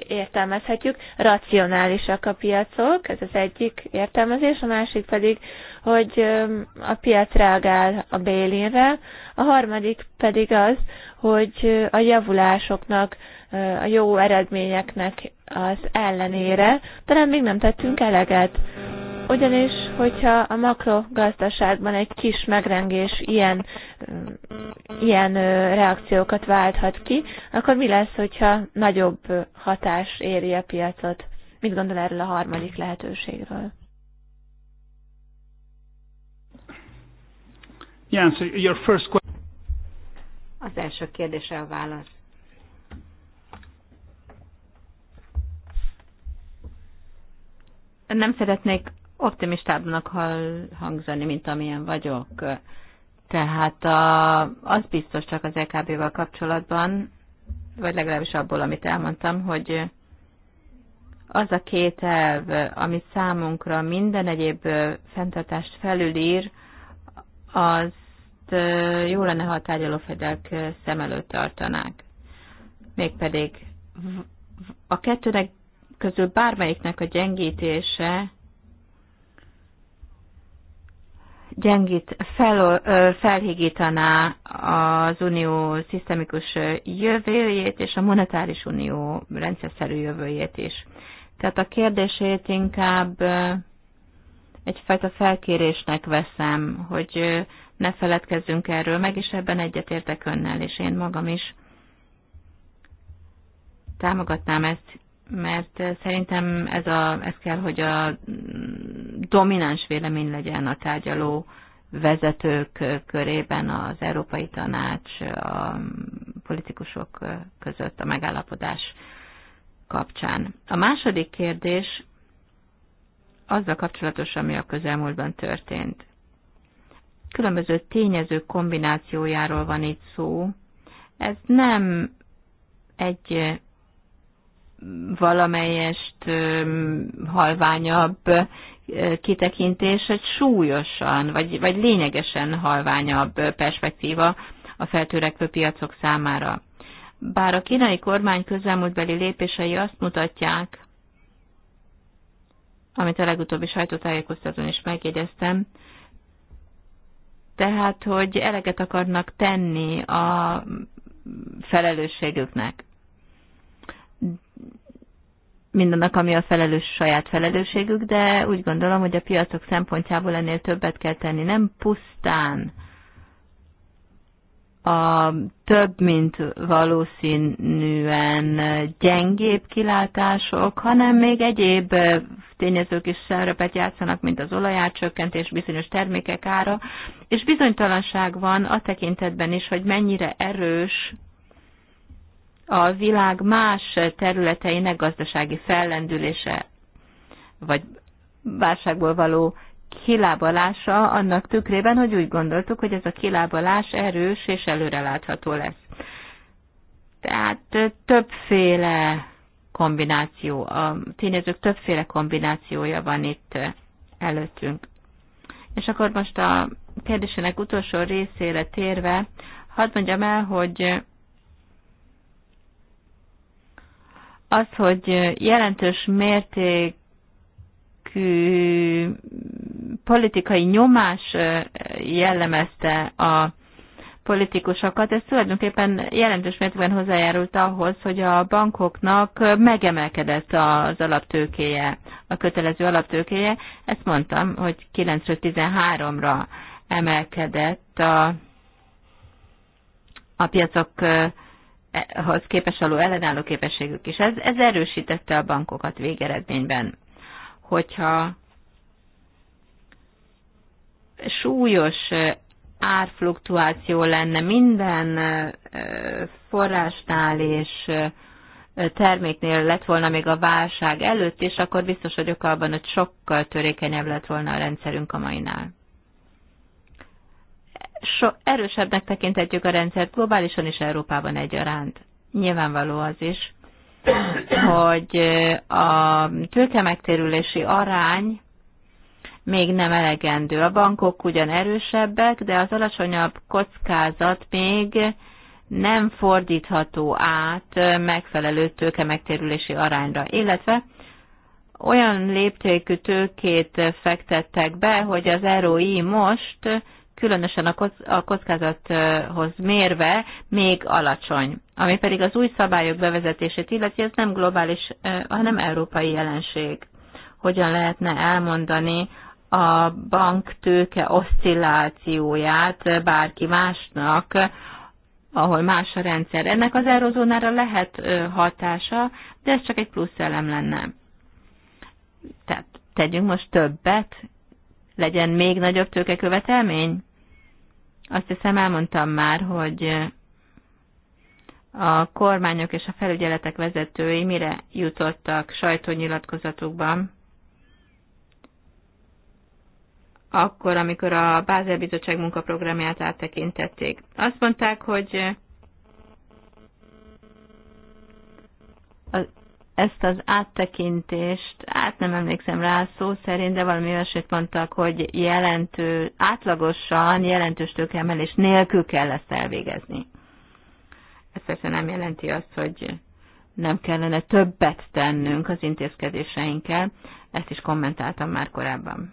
értelmezhetjük. Racionálisak a piacok, ez az egyik értelmezés, a másik pedig, hogy a piac reagál a bélinre, a harmadik pedig az, hogy a javulásoknak a jó eredményeknek az ellenére, talán még nem tettünk eleget. Ugyanis, hogyha a makrogazdaságban egy kis megrengés ilyen, ilyen reakciókat válthat ki, akkor mi lesz, hogyha nagyobb hatás éri a piacot? Mit gondol erről a harmadik lehetőségről? Yeah, so your first question. Az első kérdése a válasz. nem szeretnék optimistábbnak hangzani, mint amilyen vagyok. Tehát a, az biztos csak az EKB-val kapcsolatban, vagy legalábbis abból, amit elmondtam, hogy az a két elv, ami számunkra minden egyéb fenntartást felülír, azt jó lenne, ha a tárgyalófedek szem előtt tartanák. Mégpedig a kettőnek közül bármelyiknek a gyengítése gyengít, fel, felhigítaná az unió szisztemikus jövőjét és a monetáris unió rendszerszerű jövőjét is. Tehát a kérdését inkább egyfajta felkérésnek veszem, hogy ne feledkezzünk erről meg, és ebben egyetértek önnel, és én magam is támogatnám ezt, mert szerintem ez, a, ez kell, hogy a domináns vélemény legyen a tárgyaló vezetők körében az Európai Tanács, a politikusok között a megállapodás kapcsán. A második kérdés azzal kapcsolatos, ami a közelmúltban történt. Különböző tényező kombinációjáról van itt szó. Ez nem egy valamelyest halványabb kitekintés egy súlyosan, vagy, vagy lényegesen halványabb perspektíva a feltörekvő piacok számára. Bár a kínai kormány közelmúltbeli lépései azt mutatják, amit a legutóbbi sajtótájékoztatón is megjegyeztem, tehát, hogy eleget akarnak tenni a felelősségüknek mindannak, ami a felelős saját felelősségük, de úgy gondolom, hogy a piacok szempontjából ennél többet kell tenni. Nem pusztán a több, mint valószínűen gyengébb kilátások, hanem még egyéb tényezők is szerepet játszanak, mint az olajárcsökkentés, bizonyos termékek ára, és bizonytalanság van a tekintetben is, hogy mennyire erős a világ más területeinek gazdasági fellendülése, vagy válságból való kilábalása annak tükrében, hogy úgy gondoltuk, hogy ez a kilábalás erős és előrelátható lesz. Tehát többféle kombináció, a tényezők többféle kombinációja van itt előttünk. És akkor most a kérdésének utolsó részére térve, hadd mondjam el, hogy az, hogy jelentős mértékű politikai nyomás jellemezte a politikusokat, ez tulajdonképpen jelentős mértékben hozzájárult ahhoz, hogy a bankoknak megemelkedett az alaptőkéje, a kötelező alaptőkéje. Ezt mondtam, hogy 9-13-ra emelkedett a, a piacok hoz képes való ellenálló képességük is. Ez, ez erősítette a bankokat végeredményben, hogyha súlyos árfluktuáció lenne minden forrásnál és terméknél lett volna még a válság előtt, és akkor biztos vagyok abban, hogy sokkal törékenyebb lett volna a rendszerünk a mainál so erősebbnek tekintetjük a rendszert globálisan és Európában egyaránt. Nyilvánvaló az is, hogy a tőke megtérülési arány még nem elegendő. A bankok ugyan erősebbek, de az alacsonyabb kockázat még nem fordítható át megfelelő tőke megtérülési arányra, illetve olyan léptékű tőkét fektettek be, hogy az ROI most különösen a, koz, a kockázathoz mérve még alacsony. Ami pedig az új szabályok bevezetését illeti, ez nem globális, hanem európai jelenség. Hogyan lehetne elmondani a banktőke oszcillációját bárki másnak, ahol más a rendszer. Ennek az eurozónára lehet hatása, de ez csak egy plusz elem lenne. Tehát tegyünk most többet, legyen még nagyobb tőkekövetelmény? Azt hiszem elmondtam már, hogy a kormányok és a felügyeletek vezetői mire jutottak sajtónyilatkozatukban, akkor, amikor a Bázel Bizottság munkaprogramját áttekintették. Azt mondták, hogy ezt az áttekintést, át nem emlékszem rá szó szerint, de valami olyasmit mondtak, hogy jelentő, átlagosan jelentős tőkeemelés nélkül kell ezt elvégezni. Ez persze nem jelenti azt, hogy nem kellene többet tennünk az intézkedéseinkkel, ezt is kommentáltam már korábban.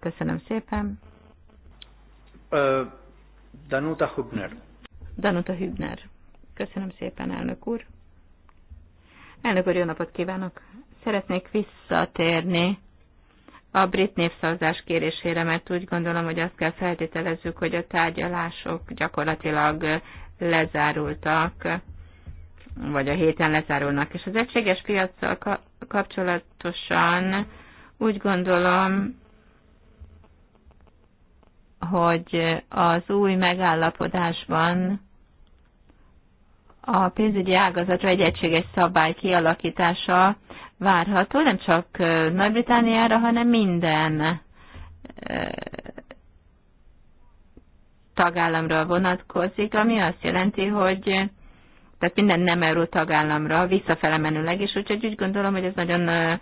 Köszönöm szépen. Uh, Danuta Hubner. Danuta Hübner. Köszönöm szépen, elnök úr. Elnök úr, jó napot kívánok! Szeretnék visszatérni a brit népszavazás kérésére, mert úgy gondolom, hogy azt kell feltételezzük, hogy a tárgyalások gyakorlatilag lezárultak, vagy a héten lezárulnak. És az egységes piacsal kapcsolatosan úgy gondolom, hogy az új megállapodásban a pénzügyi ágazatra egy egységes szabály kialakítása várható, nem csak Nagy-Britániára, hanem minden tagállamra vonatkozik, ami azt jelenti, hogy tehát minden nem euró tagállamra visszafele menőleg is, úgyhogy úgy gondolom, hogy ez nagyon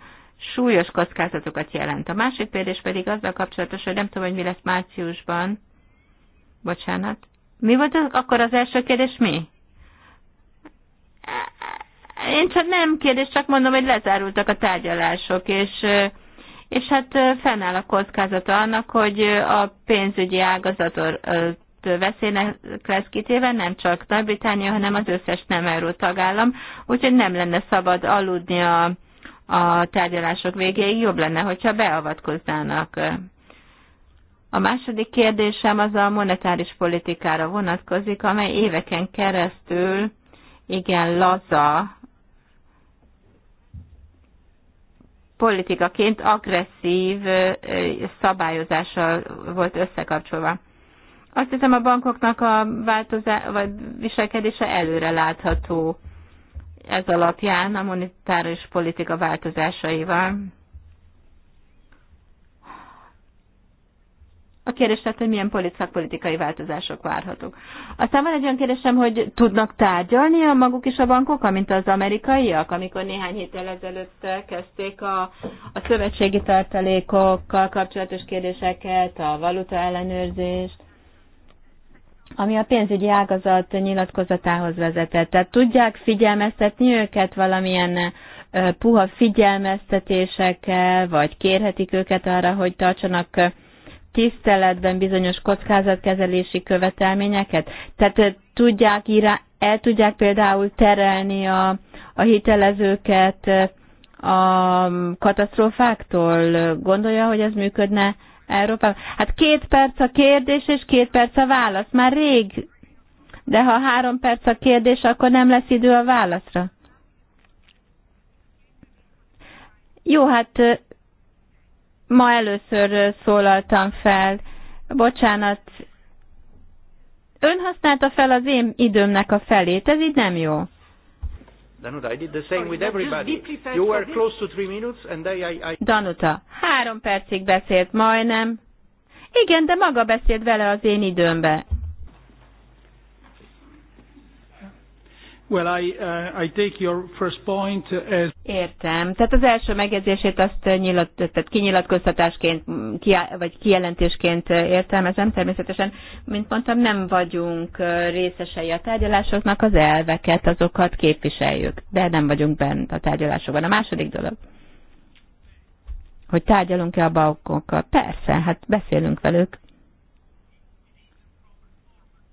súlyos kockázatokat jelent. A másik kérdés pedig azzal kapcsolatos, hogy nem tudom, hogy mi lesz márciusban. Bocsánat. Mi volt az, akkor az első kérdés mi? Én csak nem kérdés, csak mondom, hogy lezárultak a tárgyalások, és és hát fennáll a kockázata annak, hogy a pénzügyi ágazatot veszélynek lesz kitéve nem csak Nagy-Britannia, hanem az összes nem euró tagállam, úgyhogy nem lenne szabad aludni a, a tárgyalások végéig, jobb lenne, hogyha beavatkoznának. A második kérdésem az a monetáris politikára vonatkozik, amely éveken keresztül igen laza politikaként agresszív szabályozással volt összekapcsolva. Azt hiszem a bankoknak a változás, vagy viselkedése előre látható ez alapján a monetáris politika változásaival. A kérdés tehát, hogy milyen szakpolitikai változások várhatók. Aztán van egy olyan kérdésem, hogy tudnak tárgyalni a maguk is a bankok, amint az amerikaiak, amikor néhány héttel ezelőtt kezdték a, a szövetségi tartalékokkal kapcsolatos kérdéseket, a valuta ellenőrzést, ami a pénzügyi ágazat nyilatkozatához vezetett. Tehát tudják figyelmeztetni őket valamilyen puha figyelmeztetésekkel, vagy kérhetik őket arra, hogy tartsanak tiszteletben bizonyos kockázatkezelési követelményeket? Tehát tudják irá, el tudják például terelni a, a hitelezőket a katasztrófáktól? Gondolja, hogy ez működne Európában? Hát két perc a kérdés, és két perc a válasz. Már rég. De ha három perc a kérdés, akkor nem lesz idő a válaszra. Jó, hát Ma először szólaltam fel. Bocsánat, ön használta fel az én időmnek a felét, ez így nem jó. Danuta, három percig beszélt majdnem. Igen, de maga beszélt vele az én időmbe. Well, I, uh, I take your first point as... Értem. Tehát az első megjegyzését azt nyilat, tehát kinyilatkoztatásként kiá, vagy kijelentésként értelmezem természetesen. Mint mondtam, nem vagyunk részesei a tárgyalásoknak, az elveket, azokat képviseljük, de nem vagyunk bent a tárgyalásokban. A második dolog, hogy tárgyalunk-e a balkokkal. Persze, hát beszélünk velük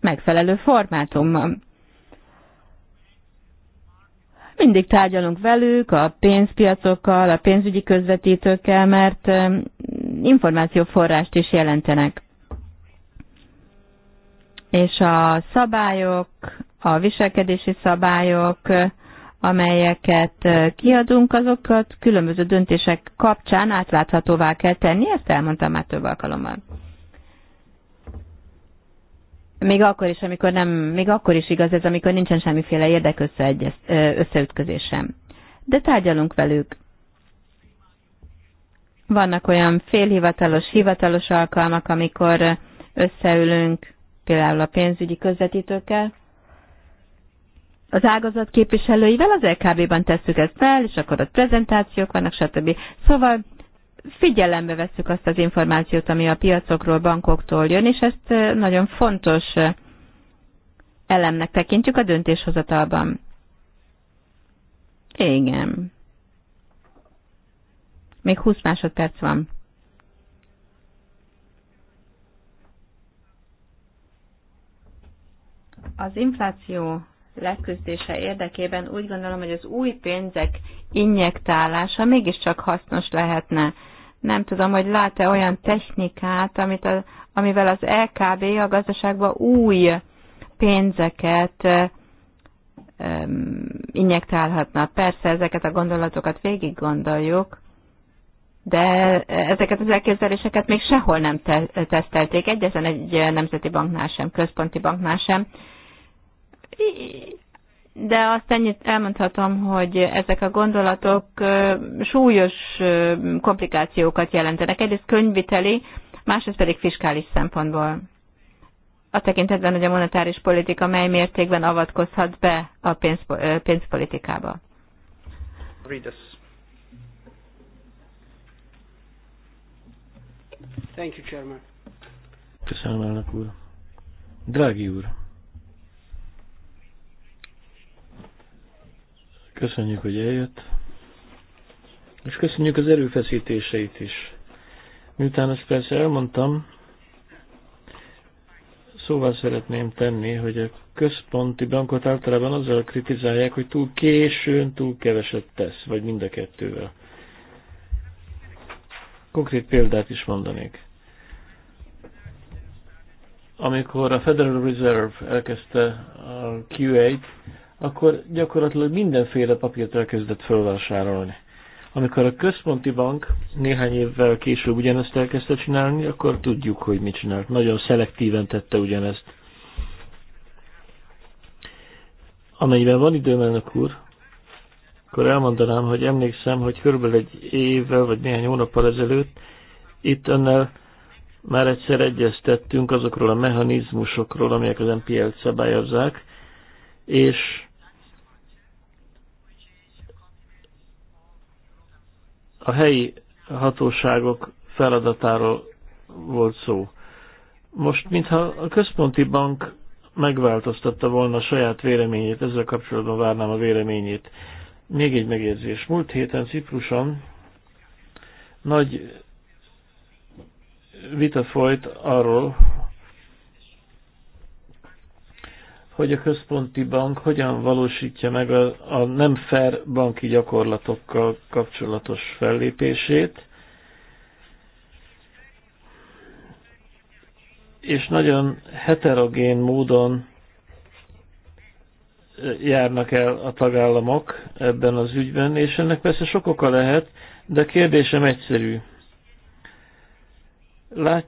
megfelelő formátumban mindig tárgyalunk velük, a pénzpiacokkal, a pénzügyi közvetítőkkel, mert információforrást is jelentenek. És a szabályok, a viselkedési szabályok, amelyeket eh, kiadunk, azokat különböző döntések kapcsán átláthatóvá kell tenni, ezt elmondtam már több alkalommal. Még akkor is, amikor nem, még akkor is igaz ez, amikor nincsen semmiféle érdek összeütközés sem. De tárgyalunk velük. Vannak olyan félhivatalos, hivatalos alkalmak, amikor összeülünk, például a pénzügyi közvetítőkkel, az ágazat képviselőivel az LKB-ban tesszük ezt fel, és akkor ott prezentációk vannak, stb. Szóval figyelembe veszük azt az információt, ami a piacokról, bankoktól jön, és ezt nagyon fontos elemnek tekintjük a döntéshozatalban. Igen. Még 20 másodperc van. Az infláció leküzdése érdekében úgy gondolom, hogy az új pénzek injektálása mégiscsak hasznos lehetne nem tudom, hogy lát-e olyan technikát, amit a, amivel az LKB a gazdaságban új pénzeket injektálhatna. Persze ezeket a gondolatokat végig gondoljuk, de ezeket az elképzeléseket még sehol nem te- tesztelték, egyetlen egy nemzeti banknál sem, központi banknál sem de azt ennyit elmondhatom, hogy ezek a gondolatok súlyos komplikációkat jelentenek. Egyrészt könyviteli, másrészt pedig fiskális szempontból. A tekintetben, hogy a monetáris politika mely mértékben avatkozhat be a pénz, pénzpolitikába. Thank you, Chairman. Köszönöm, elnök úr. Drági úr, Köszönjük, hogy eljött. És köszönjük az erőfeszítéseit is. Miután ezt persze elmondtam, szóval szeretném tenni, hogy a központi bankot általában azzal kritizálják, hogy túl későn túl keveset tesz, vagy mind a kettővel. Konkrét példát is mondanék. Amikor a Federal Reserve elkezdte a QA-t, akkor gyakorlatilag mindenféle papírt elkezdett fölvásárolni. Amikor a központi bank néhány évvel később ugyanezt elkezdte csinálni, akkor tudjuk, hogy mit csinált. Nagyon szelektíven tette ugyanezt. Amennyiben van időm, elnök úr, akkor elmondanám, hogy emlékszem, hogy körülbelül egy évvel vagy néhány hónappal ezelőtt itt önnel már egyszer egyeztettünk azokról a mechanizmusokról, amelyek az MPL-t szabályozzák, és a helyi hatóságok feladatáról volt szó. Most, mintha a központi bank megváltoztatta volna a saját véleményét, ezzel kapcsolatban várnám a véleményét. Még egy megérzés, Múlt héten Cipruson nagy vita folyt arról, hogy a központi bank hogyan valósítja meg a, a nem fair banki gyakorlatokkal kapcsolatos fellépését, és nagyon heterogén módon járnak el a tagállamok ebben az ügyben, és ennek persze sok oka lehet, de kérdésem egyszerű. Lát,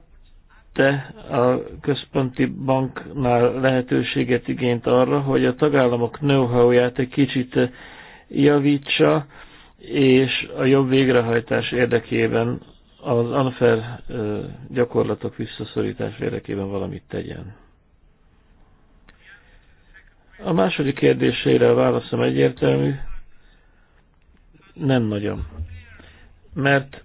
említette a központi banknál lehetőséget igényt arra, hogy a tagállamok know-how-ját egy kicsit javítsa, és a jobb végrehajtás érdekében, az unfair gyakorlatok visszaszorítás érdekében valamit tegyen. A második kérdésére a válaszom egyértelmű, nem nagyon. Mert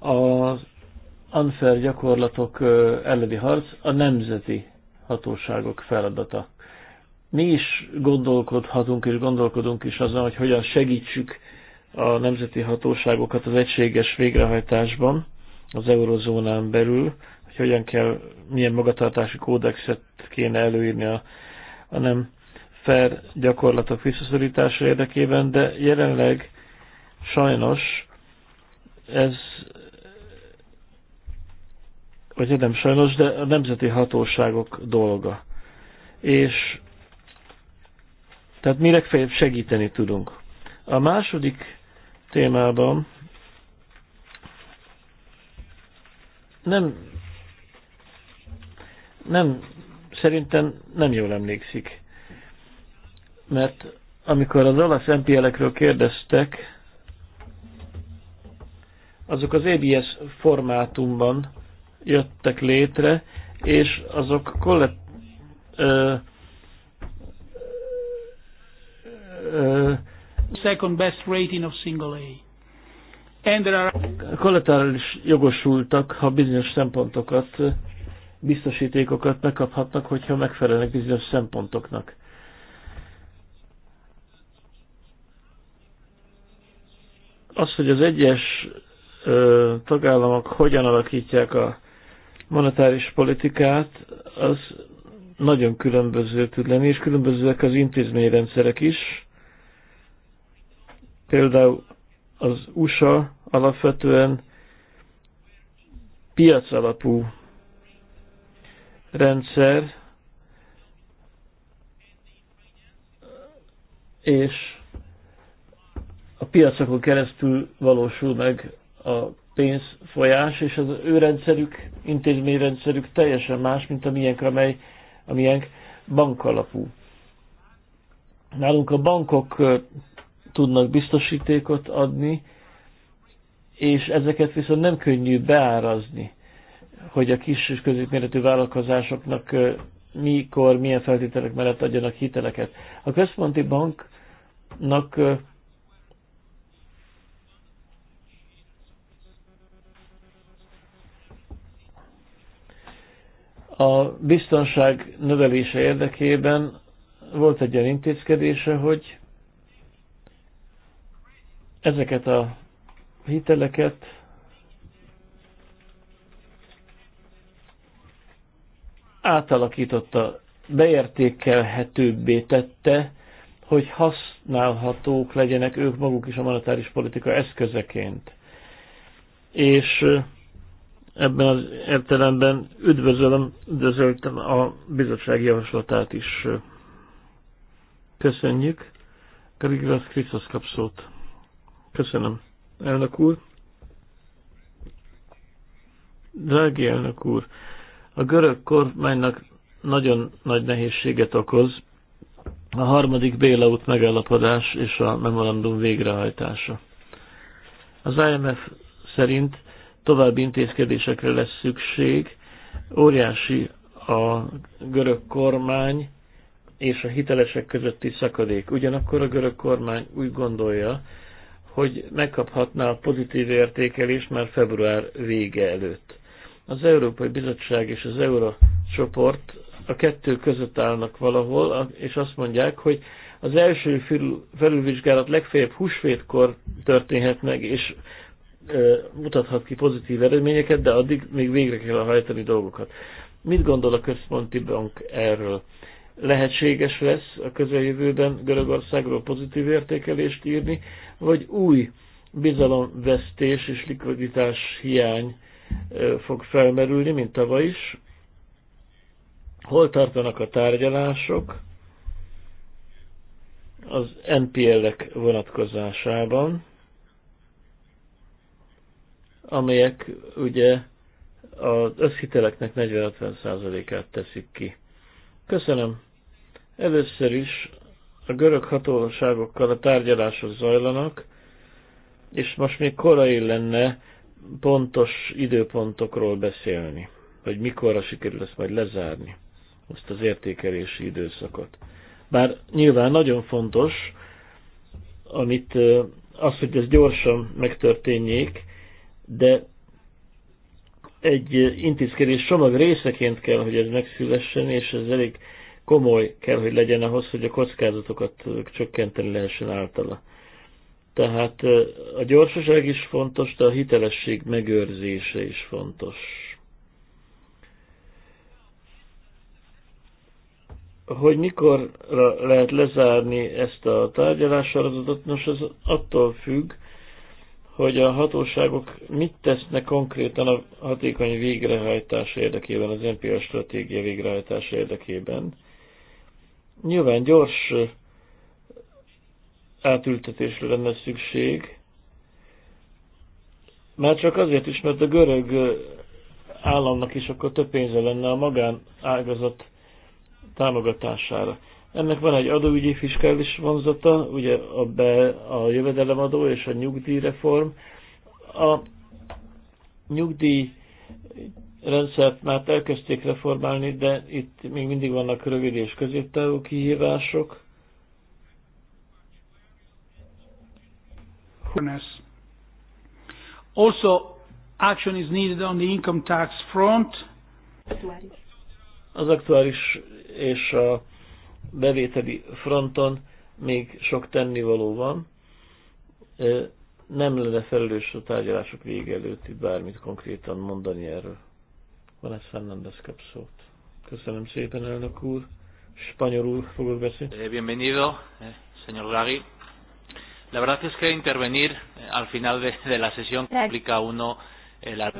Az unfair gyakorlatok elleni harc a nemzeti hatóságok feladata. Mi is gondolkodhatunk és gondolkodunk is azon, hogy hogyan segítsük a nemzeti hatóságokat az egységes végrehajtásban az eurozónán belül, hogy hogyan kell, milyen magatartási kódexet kéne előírni a, a nem fair gyakorlatok visszaszorítása érdekében, de jelenleg sajnos ez vagy nem sajnos, de a nemzeti hatóságok dolga. És tehát mi legfeljebb segíteni tudunk. A második témában nem, nem, szerintem nem jól emlékszik. Mert amikor az olasz MPL-ekről kérdeztek, azok az ABS formátumban jöttek létre, és azok kollet, ö, ö, second best rating of single A. And there are... Kollaterális jogosultak, ha bizonyos szempontokat, biztosítékokat megkaphatnak, hogyha megfelelnek bizonyos szempontoknak. Az, hogy az egyes ö, tagállamok hogyan alakítják a monetáris politikát, az nagyon különböző tud lenni, és különbözőek az intézményrendszerek is. Például az USA alapvetően piac alapú rendszer, és a piacokon keresztül valósul meg a pénzfolyás, és az ő rendszerük, intézményrendszerük teljesen más, mint a miénk, amely a miénk bankalapú. Nálunk a bankok tudnak biztosítékot adni, és ezeket viszont nem könnyű beárazni, hogy a kis és középméretű vállalkozásoknak mikor, milyen feltételek mellett adjanak hiteleket. A központi banknak A biztonság növelése érdekében volt egy olyan intézkedése, hogy ezeket a hiteleket átalakította, beértékelhetőbbé tette, hogy használhatók legyenek ők maguk is a monetáris politika eszközeként. És ebben az értelemben üdvözölöm, üdvözöltem a bizottság javaslatát is. Köszönjük. Karigrasz Krisztus kap szót. Köszönöm. Elnök úr. Drági elnök úr, a görög kormánynak nagyon nagy nehézséget okoz a harmadik bélaút megállapodás és a memorandum végrehajtása. Az IMF szerint további intézkedésekre lesz szükség. Óriási a görög kormány és a hitelesek közötti szakadék. Ugyanakkor a görög kormány úgy gondolja, hogy megkaphatná a pozitív értékelést már február vége előtt. Az Európai Bizottság és az Eurocsoport a kettő között állnak valahol, és azt mondják, hogy az első felülvizsgálat legfeljebb húsvétkor történhet meg, és mutathat ki pozitív eredményeket, de addig még végre kell hajtani dolgokat. Mit gondol a központi bank erről? Lehetséges lesz a közeljövőben Görögországról pozitív értékelést írni, vagy új bizalomvesztés és likviditás hiány fog felmerülni, mint tavaly is? Hol tartanak a tárgyalások az NPL-ek vonatkozásában? amelyek ugye az összhiteleknek 40-50%-át teszik ki. Köszönöm. Először is a görög hatóságokkal a tárgyalások zajlanak, és most még korai lenne pontos időpontokról beszélni, hogy mikorra sikerül ezt majd lezárni, azt az értékelési időszakot. Bár nyilván nagyon fontos, amit az, hogy ez gyorsan megtörténjék, de egy intézkedés csomag részeként kell, hogy ez megszülessen, és ez elég komoly kell, hogy legyen ahhoz, hogy a kockázatokat csökkenteni lehessen általa. Tehát a gyorsaság is fontos, de a hitelesség megőrzése is fontos. Hogy mikor lehet lezárni ezt a tárgyalássorozatot, nos, az attól függ, hogy a hatóságok mit tesznek konkrétan a hatékony végrehajtás érdekében, az NPA stratégia végrehajtás érdekében. Nyilván gyors átültetésre lenne szükség, már csak azért is, mert a görög államnak is akkor több pénze lenne a magánágazat támogatására. Ennek van egy adóügyi fiskális vonzata, ugye a, be, a jövedelemadó és a nyugdíjreform. A nyugdíj rendszert már elkezdték reformálni, de itt még mindig vannak rövid és középtávú kihívások. Also, action is needed on the income tax front. Az aktuális és a bevételi fronton még sok tennivaló van. Nem lenne felelős a tárgyalások vége előtt itt bármit konkrétan mondani erről. Van ez Fernandez kap szót. Köszönöm szépen, elnök úr. Spanyolul fogok beszélni. Eh, bienvenido, eh, señor Draghi. La verdad es que intervenir eh, al final de, de la sesión complica uno el...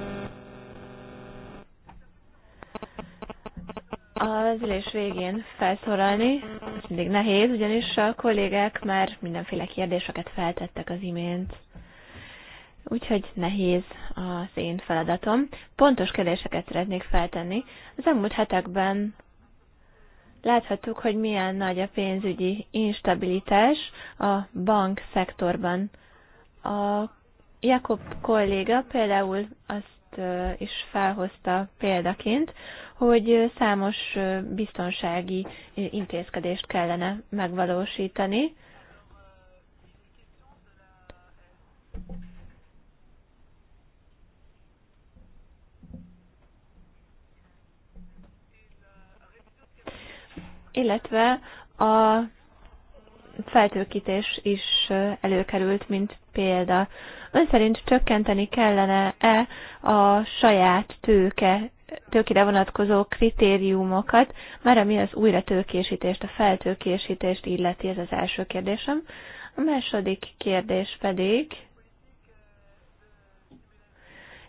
az ülés végén felszólalni, ez mindig nehéz, ugyanis a kollégák már mindenféle kérdéseket feltettek az imént. Úgyhogy nehéz az én feladatom. Pontos kérdéseket szeretnék feltenni. Az elmúlt hetekben láthattuk, hogy milyen nagy a pénzügyi instabilitás a bank szektorban. A Jakob kolléga például azt is felhozta példaként, hogy számos biztonsági intézkedést kellene megvalósítani. Illetve a feltőkítés is előkerült, mint példa. Ön szerint csökkenteni kellene-e a saját tőke tőkére vonatkozó kritériumokat, már ami az újra tőkésítést, a feltőkésítést illeti, ez az első kérdésem. A második kérdés pedig,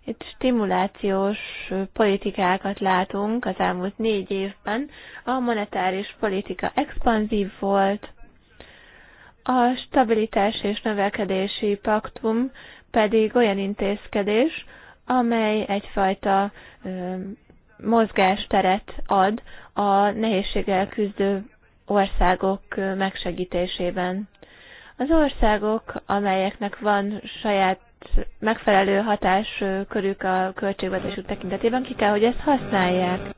itt stimulációs politikákat látunk az elmúlt négy évben. A monetáris politika expanzív volt, a stabilitás és növekedési paktum pedig olyan intézkedés, amely egyfajta mozgásteret ad a nehézséggel küzdő országok megsegítésében. Az országok, amelyeknek van saját megfelelő hatáskörük a költségvetésük tekintetében, ki kell, hogy ezt használják.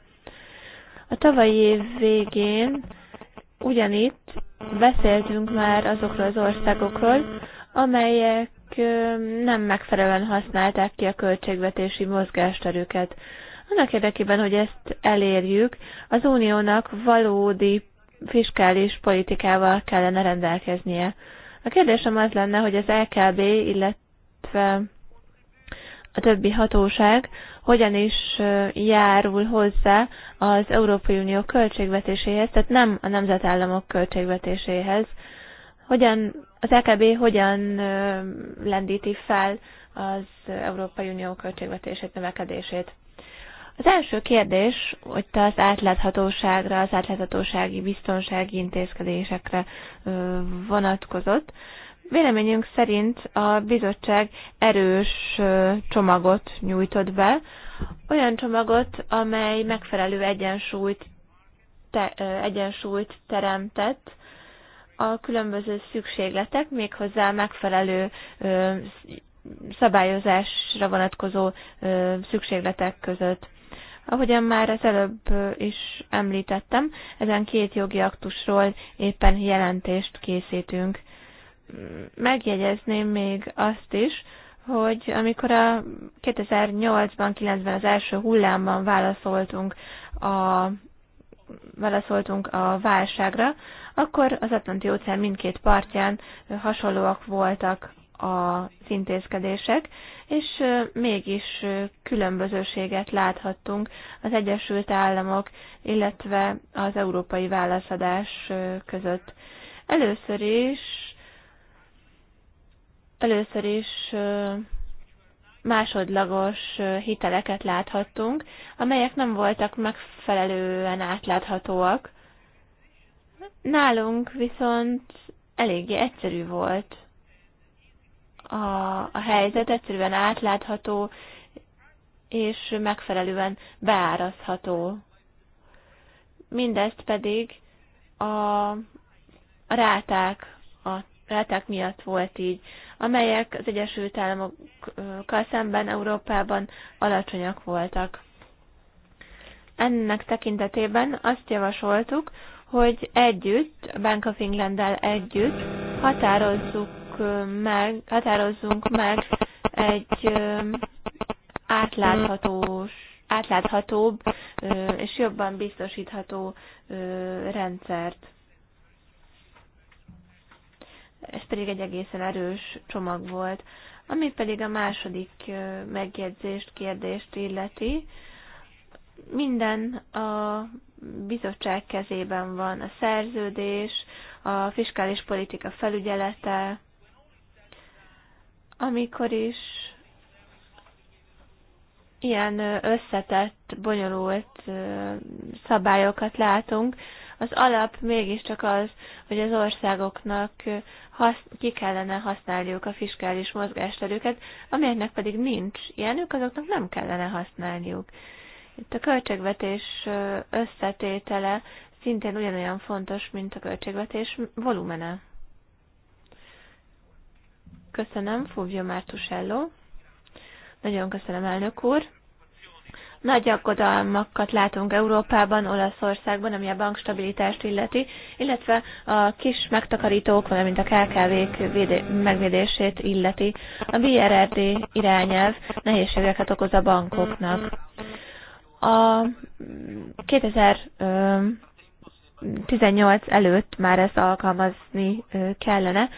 A tavalyi év végén ugyanitt beszéltünk már azokról az országokról, amelyek nem megfelelően használták ki a költségvetési mozgásterüket. Annak érdekében, hogy ezt elérjük, az uniónak valódi fiskális politikával kellene rendelkeznie. A kérdésem az lenne, hogy az LKB, illetve a többi hatóság hogyan is járul hozzá az Európai Unió költségvetéséhez, tehát nem a nemzetállamok költségvetéséhez, hogyan, az LKB hogyan lendíti fel az Európai Unió költségvetését, növekedését. Az első kérdés, hogy te az átláthatóságra, az átláthatósági biztonsági intézkedésekre vonatkozott. Véleményünk szerint a bizottság erős csomagot nyújtott be, olyan csomagot, amely megfelelő egyensúlyt, te, egyensúlyt teremtett a különböző szükségletek, méghozzá megfelelő szabályozásra vonatkozó szükségletek között. Ahogyan már az előbb is említettem, ezen két jogi aktusról éppen jelentést készítünk. Megjegyezném még azt is, hogy amikor a 2008-ban, 90 az első hullámban válaszoltunk a, válaszoltunk a válságra, akkor az Atlanti óceán mindkét partján hasonlóak voltak az intézkedések, és mégis különbözőséget láthattunk az Egyesült Államok, illetve az európai válaszadás között. Először is először is másodlagos hiteleket láthattunk, amelyek nem voltak megfelelően átláthatóak, Nálunk viszont eléggé egyszerű volt a, a helyzet, egyszerűen átlátható és megfelelően beárazható. Mindezt pedig a, a ráták, a ráták miatt volt így, amelyek az Egyesült Államokkal szemben Európában alacsonyak voltak. Ennek tekintetében azt javasoltuk, hogy együtt, a Bank of england együtt határozzuk meg, határozzunk meg egy átláthatós, átláthatóbb és jobban biztosítható rendszert. Ez pedig egy egészen erős csomag volt. Ami pedig a második megjegyzést, kérdést illeti, minden a bizottság kezében van a szerződés, a fiskális politika felügyelete, amikor is ilyen összetett, bonyolult szabályokat látunk, az alap mégiscsak az, hogy az országoknak ki kellene használniuk a fiskális mozgásterüket, amelyeknek pedig nincs ilyenük, azoknak nem kellene használniuk. Itt a költségvetés összetétele szintén ugyanolyan fontos, mint a költségvetés volumene. Köszönöm, Fulvio Mártusello. Nagyon köszönöm, elnök úr. Nagy aggodalmakat látunk Európában, Olaszországban, ami a bankstabilitást illeti, illetve a kis megtakarítók, valamint a KKV-k megvédését illeti. A BRRD irányelv nehézségeket okoz a bankoknak. A 2018 előtt már ezt alkalmazni kellene,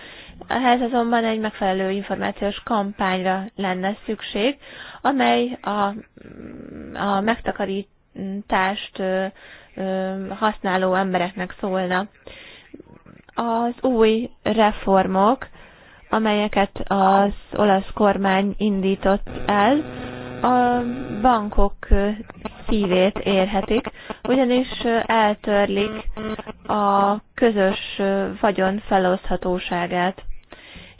ehhez azonban egy megfelelő információs kampányra lenne szükség, amely a, a megtakarítást használó embereknek szólna. Az új reformok, amelyeket az olasz kormány indított el, a bankok szívét érhetik, ugyanis eltörlik a közös vagyon feloszthatóságát.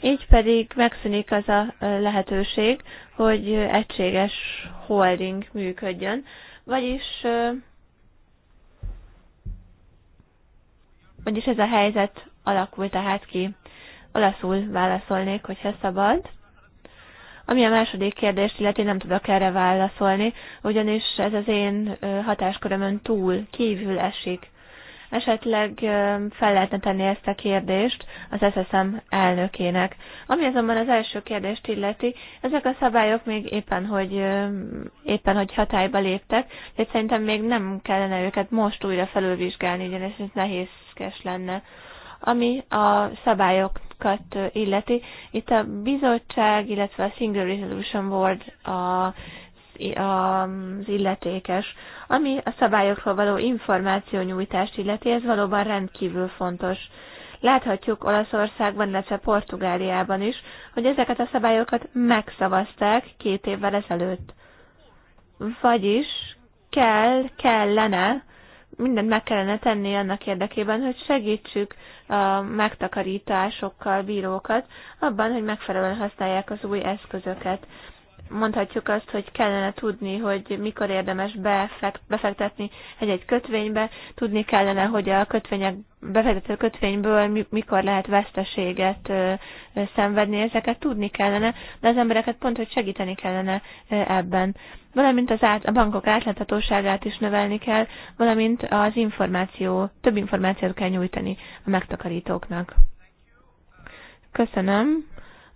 Így pedig megszűnik az a lehetőség, hogy egységes holding működjön, vagyis vagyis ez a helyzet alakult tehát ki. Olaszul válaszolnék, hogyha szabad. Ami a második kérdést illeti, nem tudok erre válaszolni, ugyanis ez az én hatáskörömön túl, kívül esik. Esetleg fel lehetne tenni ezt a kérdést az SSM elnökének. Ami azonban az első kérdést illeti, ezek a szabályok még éppen, hogy, éppen, hogy hatályba léptek, de szerintem még nem kellene őket most újra felülvizsgálni, ugyanis ez nehézkes lenne ami a szabályok alapokat illeti. Itt a bizottság, illetve a Single Resolution Board a az illetékes. Ami a szabályokról való nyújtást illeti, ez valóban rendkívül fontos. Láthatjuk Olaszországban, illetve Portugáliában is, hogy ezeket a szabályokat megszavazták két évvel ezelőtt. Vagyis kell, kellene, mindent meg kellene tenni annak érdekében, hogy segítsük a megtakarításokkal bírókat abban, hogy megfelelően használják az új eszközöket mondhatjuk azt, hogy kellene tudni, hogy mikor érdemes befektetni egy-egy kötvénybe, tudni kellene, hogy a kötvények befektető kötvényből mikor lehet veszteséget szenvedni, ezeket tudni kellene, de az embereket pont, hogy segíteni kellene ebben. Valamint az át, a bankok átláthatóságát is növelni kell, valamint az információ, több információt kell nyújtani a megtakarítóknak. Köszönöm.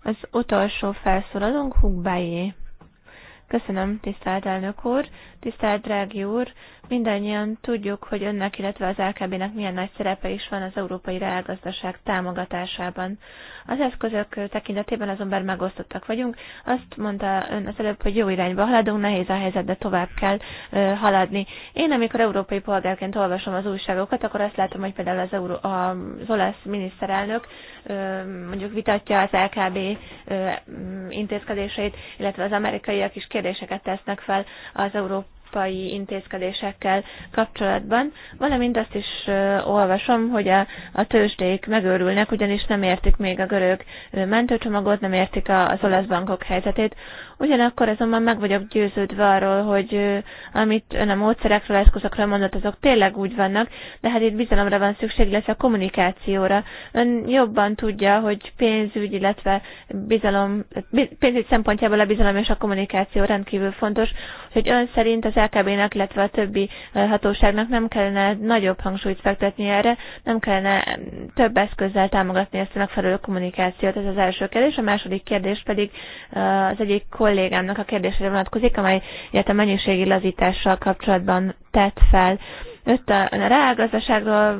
Az utolsó felszólalónk Hugbájé. Köszönöm, tisztelt elnök úr, tisztelt drági úr. Mindannyian tudjuk, hogy önnek, illetve az LKB-nek milyen nagy szerepe is van az európai reálgazdaság támogatásában. Az eszközök tekintetében azonban megosztottak vagyunk. Azt mondta ön az előbb, hogy jó irányba haladunk, nehéz a helyzet, de tovább kell ö, haladni. Én, amikor európai polgárként olvasom az újságokat, akkor azt látom, hogy például az, Euró- az olasz miniszterelnök ö, mondjuk vitatja az LKB ö, intézkedéseit, illetve az amerikaiak is kérdezik, kérdéseket tesznek fel az Európai európai intézkedésekkel kapcsolatban, valamint azt is olvasom, hogy a, a tőzsdék megőrülnek, ugyanis nem értik még a görög mentőcsomagot, nem értik az olasz bankok helyzetét. Ugyanakkor azonban meg vagyok győződve arról, hogy amit ön a módszerekről, eszközökről mondott, azok tényleg úgy vannak, de hát itt bizalomra van szükség lesz a kommunikációra. Ön jobban tudja, hogy pénzügy, illetve bizalom, pénzügy szempontjából a bizalom és a kommunikáció rendkívül fontos, hogy ön szerint az LKB-nak, illetve a többi hatóságnak nem kellene nagyobb hangsúlyt fektetni erre, nem kellene több eszközzel támogatni ezt a megfelelő kommunikációt, ez az első kérdés. A második kérdés pedig az egyik kollégámnak a kérdésére vonatkozik, amely a mennyiségi lazítással kapcsolatban tett fel. Jött a, a reálgazdaságról,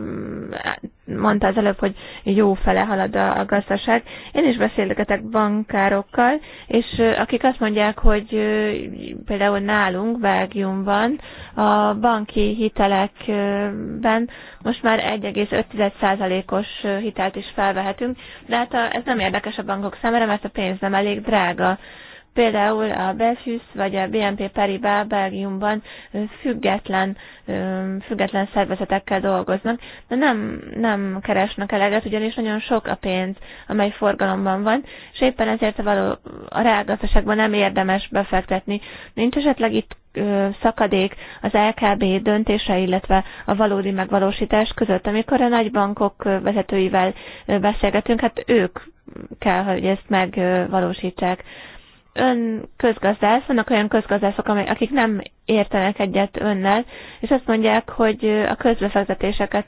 mondta az előbb, hogy jó fele halad a, a gazdaság. Én is beszélgetek bankárokkal, és akik azt mondják, hogy például nálunk, Belgiumban, a banki hitelekben most már 1,5%-os hitelt is felvehetünk, de hát a, ez nem érdekes a bankok számára, mert a pénz nem elég drága Például a Belfűsz vagy a BNP Paribas Belgiumban független, független szervezetekkel dolgoznak, de nem, nem keresnek eleget, ugyanis nagyon sok a pénz, amely forgalomban van, és éppen ezért a, való, a reálgazdaságban nem érdemes befektetni. Nincs esetleg itt szakadék az LKB döntése, illetve a valódi megvalósítás között. Amikor a nagybankok vezetőivel beszélgetünk, hát ők kell, hogy ezt megvalósítsák ön közgazdász, vannak olyan közgazdászok, amely, akik nem értenek egyet önnel, és azt mondják, hogy a közbefektetéseket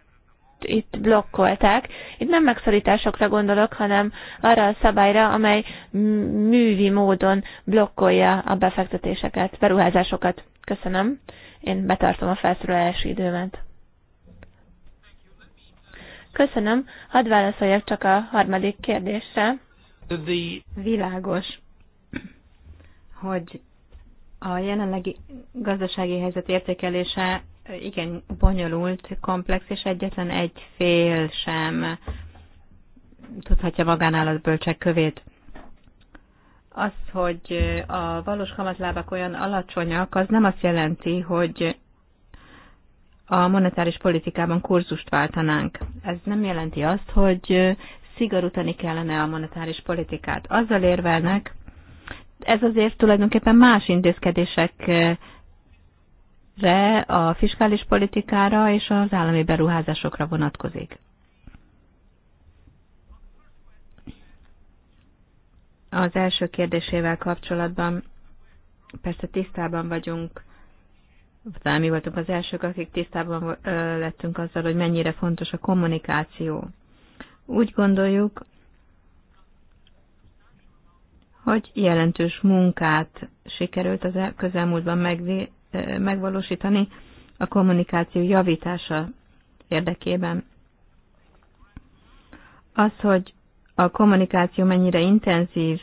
itt blokkolták. Itt nem megszorításokra gondolok, hanem arra a szabályra, amely művi módon blokkolja a befektetéseket, beruházásokat. Köszönöm. Én betartom a felszólalási időmet. Köszönöm. Hadd válaszoljak csak a harmadik kérdésre. The... Világos hogy a jelenlegi gazdasági helyzet értékelése igen bonyolult, komplex, és egyetlen egy fél sem tudhatja az bölcsek kövét. Az, hogy a valós kamatlábak olyan alacsonyak, az nem azt jelenti, hogy a monetáris politikában kurzust váltanánk. Ez nem jelenti azt, hogy szigorítani kellene a monetáris politikát. Azzal érvelnek, ez azért tulajdonképpen más intézkedésekre, a fiskális politikára és az állami beruházásokra vonatkozik. Az első kérdésével kapcsolatban persze tisztában vagyunk, talán mi voltunk az elsők, akik tisztában lettünk azzal, hogy mennyire fontos a kommunikáció. Úgy gondoljuk, hogy jelentős munkát sikerült az közelmúltban megvalósítani a kommunikáció javítása érdekében. Az, hogy a kommunikáció mennyire intenzív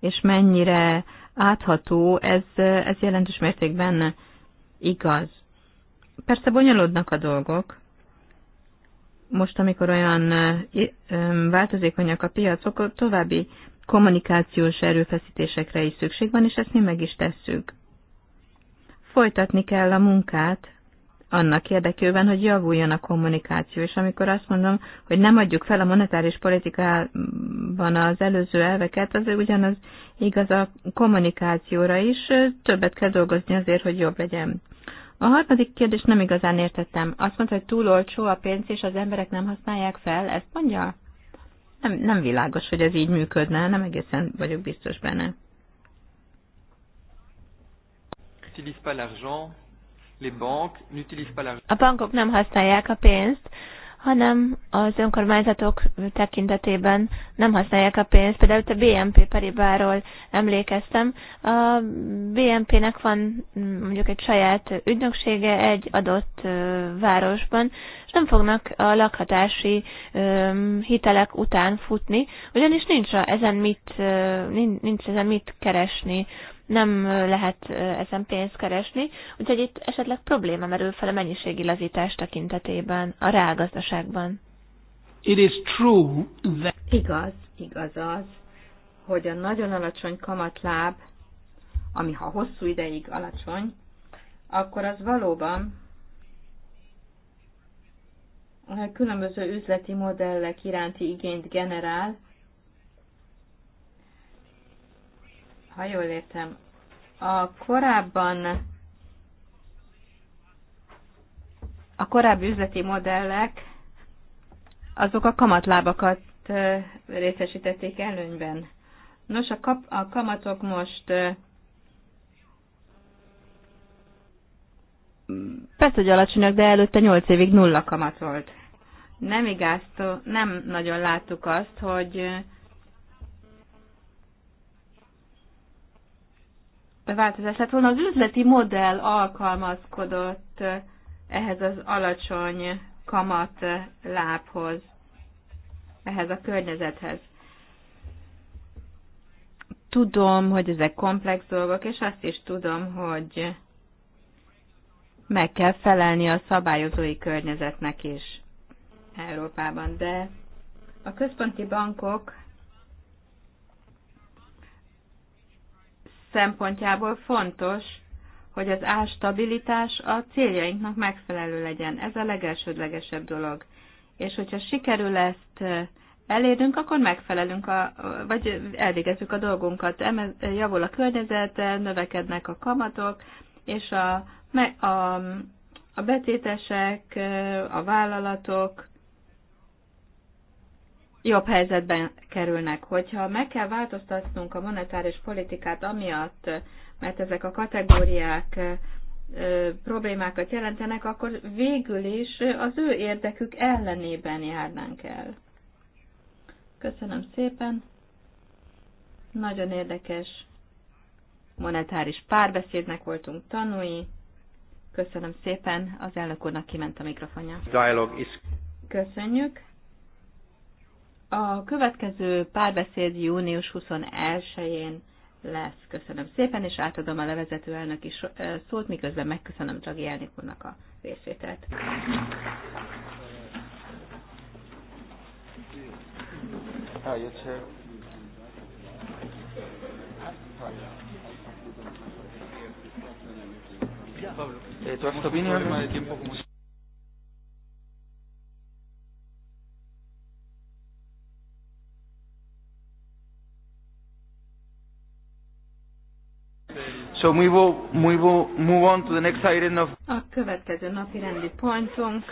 és mennyire átható, ez, ez jelentős mértékben igaz. Persze bonyolodnak a dolgok. Most, amikor olyan változékonyak a piacok, további kommunikációs erőfeszítésekre is szükség van, és ezt mi meg is tesszük. Folytatni kell a munkát, annak érdekében, hogy javuljon a kommunikáció. És amikor azt mondom, hogy nem adjuk fel a monetáris politikában az előző elveket, az ugyanaz igaz a kommunikációra is, többet kell dolgozni azért, hogy jobb legyen. A harmadik kérdés nem igazán értettem. Azt mondta, hogy túl olcsó a pénz, és az emberek nem használják fel, ezt mondja? Nem, nem világos, hogy ez így működne, nem egészen vagyok biztos benne. A bankok nem használják a pénzt, hanem az önkormányzatok tekintetében nem használják a pénzt. Például a BNP Paribáról emlékeztem. A BNP-nek van mm, mondjuk egy saját ügynöksége egy adott városban, és nem fognak a lakhatási hitelek után futni, ugyanis nincs ezen mit, nincs ezen mit keresni nem lehet ezen pénzt keresni, úgyhogy itt esetleg probléma merül fel a mennyiségi lazítás tekintetében, a reálgazdaságban. It is true that... Igaz, igaz az, hogy a nagyon alacsony kamatláb, ami ha hosszú ideig alacsony, akkor az valóban különböző üzleti modellek iránti igényt generál, ha jól értem, a korábban a korábbi üzleti modellek azok a kamatlábakat részesítették előnyben. Nos, a, kap, a kamatok most persze, hogy alacsonyak, de előtte 8 évig nulla kamat volt. Nem igaz, nem nagyon láttuk azt, hogy változás lett volna. Az üzleti modell alkalmazkodott eh, ehhez az alacsony kamat eh, lábhoz, ehhez a környezethez. Tudom, hogy ezek komplex dolgok, és azt is tudom, hogy meg kell felelni a szabályozói környezetnek is Európában, de a központi bankok szempontjából fontos, hogy az ástabilitás a céljainknak megfelelő legyen. Ez a legelsődlegesebb dolog. És hogyha sikerül ezt elérünk, akkor megfelelünk, a, vagy elvégezzük a dolgunkat. Javul a környezet, növekednek a kamatok, és a, a, a betétesek, a vállalatok jobb helyzetben kerülnek. Hogyha meg kell változtatnunk a monetáris politikát amiatt, mert ezek a kategóriák problémákat jelentenek, akkor végül is az ő érdekük ellenében járnánk el. Köszönöm szépen. Nagyon érdekes monetáris párbeszédnek voltunk tanúi. Köszönöm szépen, az elnök úrnak kiment a mikrofonja. Dialog is. Köszönjük. A következő párbeszéd június 21-én lesz. Köszönöm szépen, és átadom a levezető elnöki szót, miközben megköszönöm Dragi elnök úrnak a részvételt. Hi, it's her. Hi. Eh, ¿Tú has So we will, we will move on to the next item of... A következő napi rendi pontunk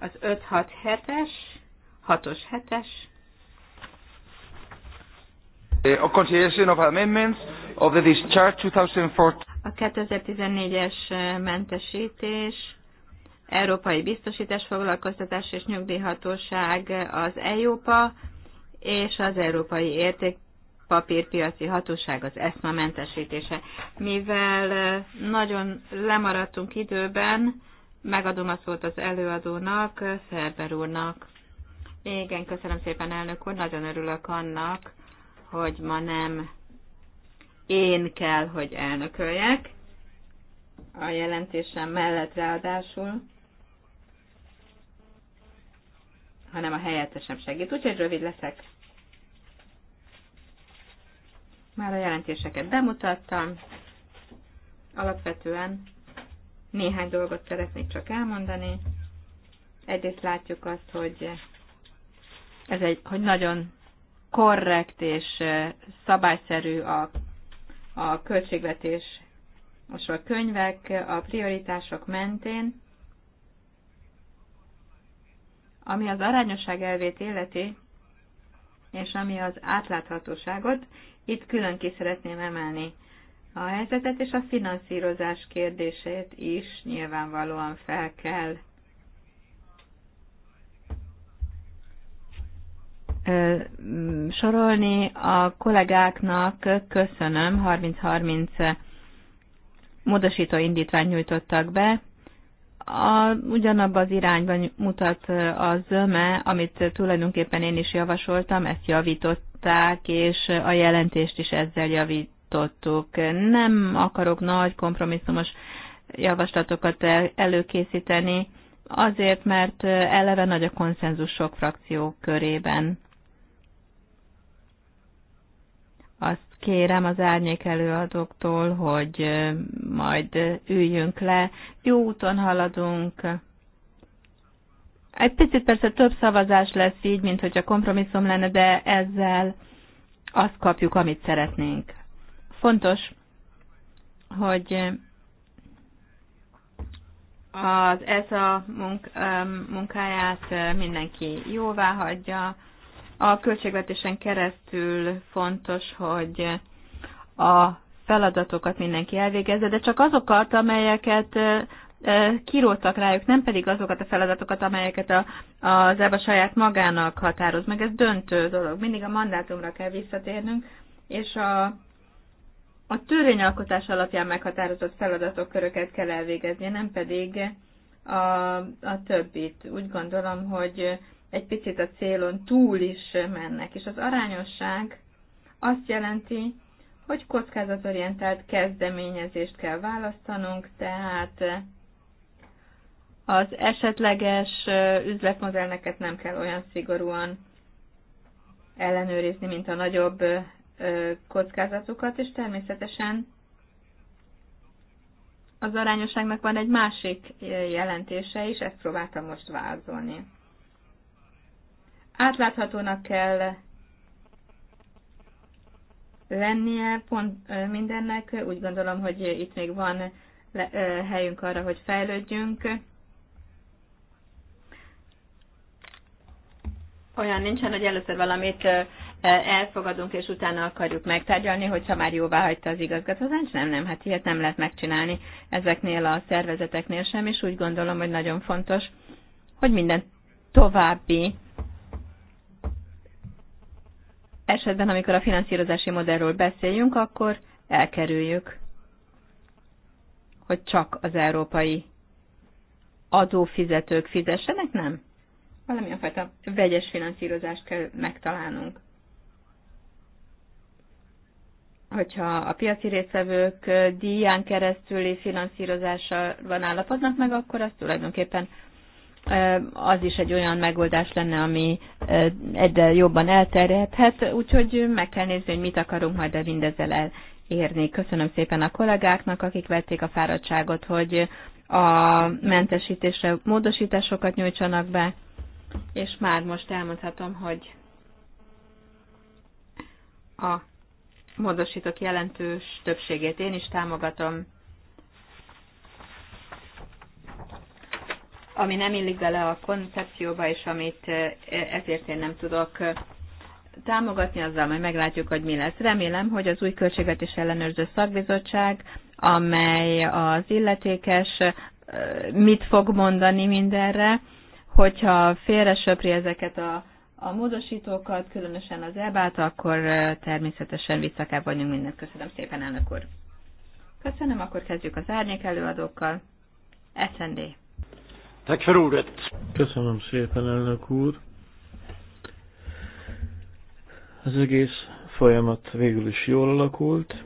az 5-6-7-es, 6-os 7-es. A consideration of amendments of the discharge 2014. A 2014-es eh, mentesítés, Európai Biztosítás Foglalkoztatás és Nyugdíjhatóság eh, az EUPA és az Európai Érték papírpiaci hatóság, az ESMA mentesítése. Mivel nagyon lemaradtunk időben, megadom a szót az előadónak, Szerber úrnak. Igen, köszönöm szépen, elnök úr, nagyon örülök annak, hogy ma nem én kell, hogy elnököljek a jelentésem mellett ráadásul, hanem a helyettesem segít, úgyhogy rövid leszek. Már a jelentéseket bemutattam. Alapvetően néhány dolgot szeretnék csak elmondani. Egyrészt látjuk azt, hogy ez egy, hogy nagyon korrekt és eh, szabályszerű a, a költségvetés most a könyvek a prioritások mentén, ami az arányosság elvét életi, és ami az átláthatóságot, itt külön ki szeretném emelni a helyzetet, és a finanszírozás kérdését is nyilvánvalóan fel kell sorolni. A kollégáknak köszönöm, 30-30 módosító indítványt nyújtottak be. A, ugyanabba az irányban mutat a zöme, amit tulajdonképpen én is javasoltam, ezt javított javították, és a jelentést is ezzel javítottuk. Nem akarok nagy kompromisszumos javaslatokat előkészíteni, azért, mert eleve nagy a konszenzus sok frakció körében. Azt kérem az árnyék előadóktól, hogy majd üljünk le, jó úton haladunk, egy picit persze több szavazás lesz így, mint hogyha kompromisszum lenne, de ezzel azt kapjuk, amit szeretnénk. Fontos, hogy az a munk, munkáját mindenki jóvá hagyja. A költségvetésen keresztül fontos, hogy a feladatokat mindenki elvégezze, de csak azokat, amelyeket kiróttak rájuk, nem pedig azokat a feladatokat, amelyeket a, az EBA saját magának határoz meg. Ez döntő dolog. Mindig a mandátumra kell visszatérnünk, és a, a törvényalkotás alapján meghatározott feladatok köröket kell elvégezni, nem pedig a, a többit. Úgy gondolom, hogy egy picit a célon túl is mennek, és az arányosság azt jelenti, hogy kockázatorientált kezdeményezést kell választanunk, tehát az esetleges üzletmodelleket nem kell olyan szigorúan ellenőrizni, mint a nagyobb kockázatokat, és természetesen az arányosságnak van egy másik jelentése is, ezt próbáltam most vázolni. Átláthatónak kell lennie pont mindennek, úgy gondolom, hogy itt még van helyünk arra, hogy fejlődjünk olyan nincsen, hogy először valamit elfogadunk, és utána akarjuk megtárgyalni, hogyha már jóvá hagyta az igazgatózás. Nem, nem, hát ilyet nem lehet megcsinálni ezeknél a szervezeteknél sem, és úgy gondolom, hogy nagyon fontos, hogy minden további esetben, amikor a finanszírozási modellről beszéljünk, akkor elkerüljük, hogy csak az európai adófizetők fizessenek, nem? valamilyen fajta vegyes finanszírozást kell megtalálnunk. Hogyha a piaci részvevők díján keresztüli van állapodnak meg, akkor az tulajdonképpen az is egy olyan megoldás lenne, ami egyre jobban elterjedhet, úgyhogy meg kell nézni, hogy mit akarunk majd de mindezzel elérni. érni. Köszönöm szépen a kollégáknak, akik vették a fáradtságot, hogy a mentesítésre módosításokat nyújtsanak be és már most elmondhatom, hogy a módosítók jelentős többségét én is támogatom, ami nem illik bele a koncepcióba, és amit eh, ezért én nem tudok eh, támogatni, azzal majd meglátjuk, hogy mi lesz. Remélem, hogy az új költségvetés ellenőrző szakbizottság, amely az illetékes, eh, mit fog mondani mindenre, hogyha félre söpri ezeket a, a módosítókat, különösen az ebát, akkor természetesen vissza kell mindent. Köszönöm szépen, elnök úr. Köszönöm, akkor kezdjük az árnyék előadókkal. SND. Köszönöm szépen, elnök úr. Az egész folyamat végül is jól alakult.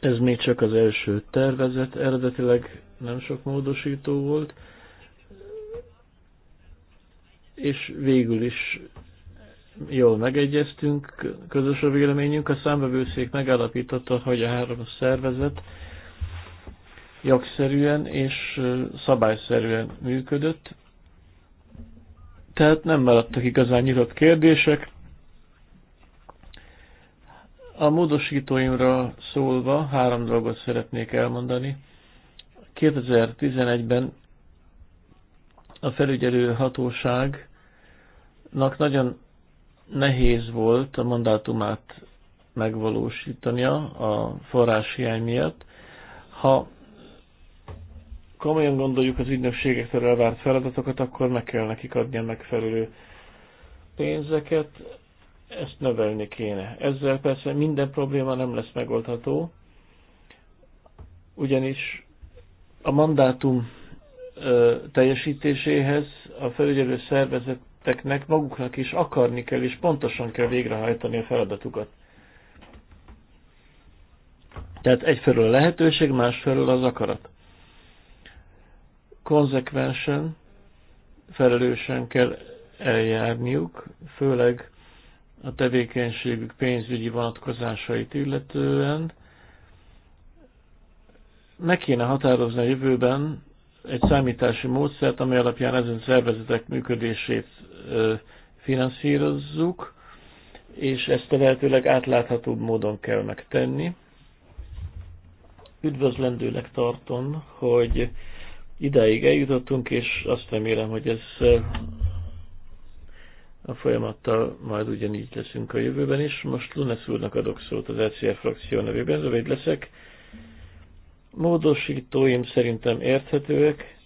Ez még csak az első tervezet. Eredetileg nem sok módosító volt, és végül is jól megegyeztünk, közös a véleményünk, a számbevőszék megállapította, hogy a három szervezet jogszerűen és szabályszerűen működött, tehát nem maradtak igazán nyitott kérdések. A módosítóimra szólva három dolgot szeretnék elmondani. 2011-ben a felügyelő hatóságnak nagyon nehéz volt a mandátumát megvalósítania a forráshiány miatt. Ha komolyan gondoljuk az ügynökségektől elvárt feladatokat, akkor meg kell nekik adni a megfelelő pénzeket, ezt növelni kéne. Ezzel persze minden probléma nem lesz megoldható, ugyanis a mandátum teljesítéséhez a felügyelő szervezeteknek maguknak is akarni kell, és pontosan kell végrehajtani a feladatukat. Tehát egyfelől a lehetőség, másfelől az akarat. Konzekvensen, felelősen kell eljárniuk, főleg a tevékenységük pénzügyi vonatkozásait illetően, meg kéne határozni a jövőben egy számítási módszert, amely alapján ezen szervezetek működését finanszírozzuk, és ezt a lehetőleg átláthatóbb módon kell megtenni. Üdvözlendőnek tartom, hogy ideig eljutottunk, és azt remélem, hogy ez a folyamattal majd ugyanígy leszünk a jövőben is. Most Lunes úrnak adok szót az ECF frakció nevében, rövid leszek Módosítóim szerintem érthetőek,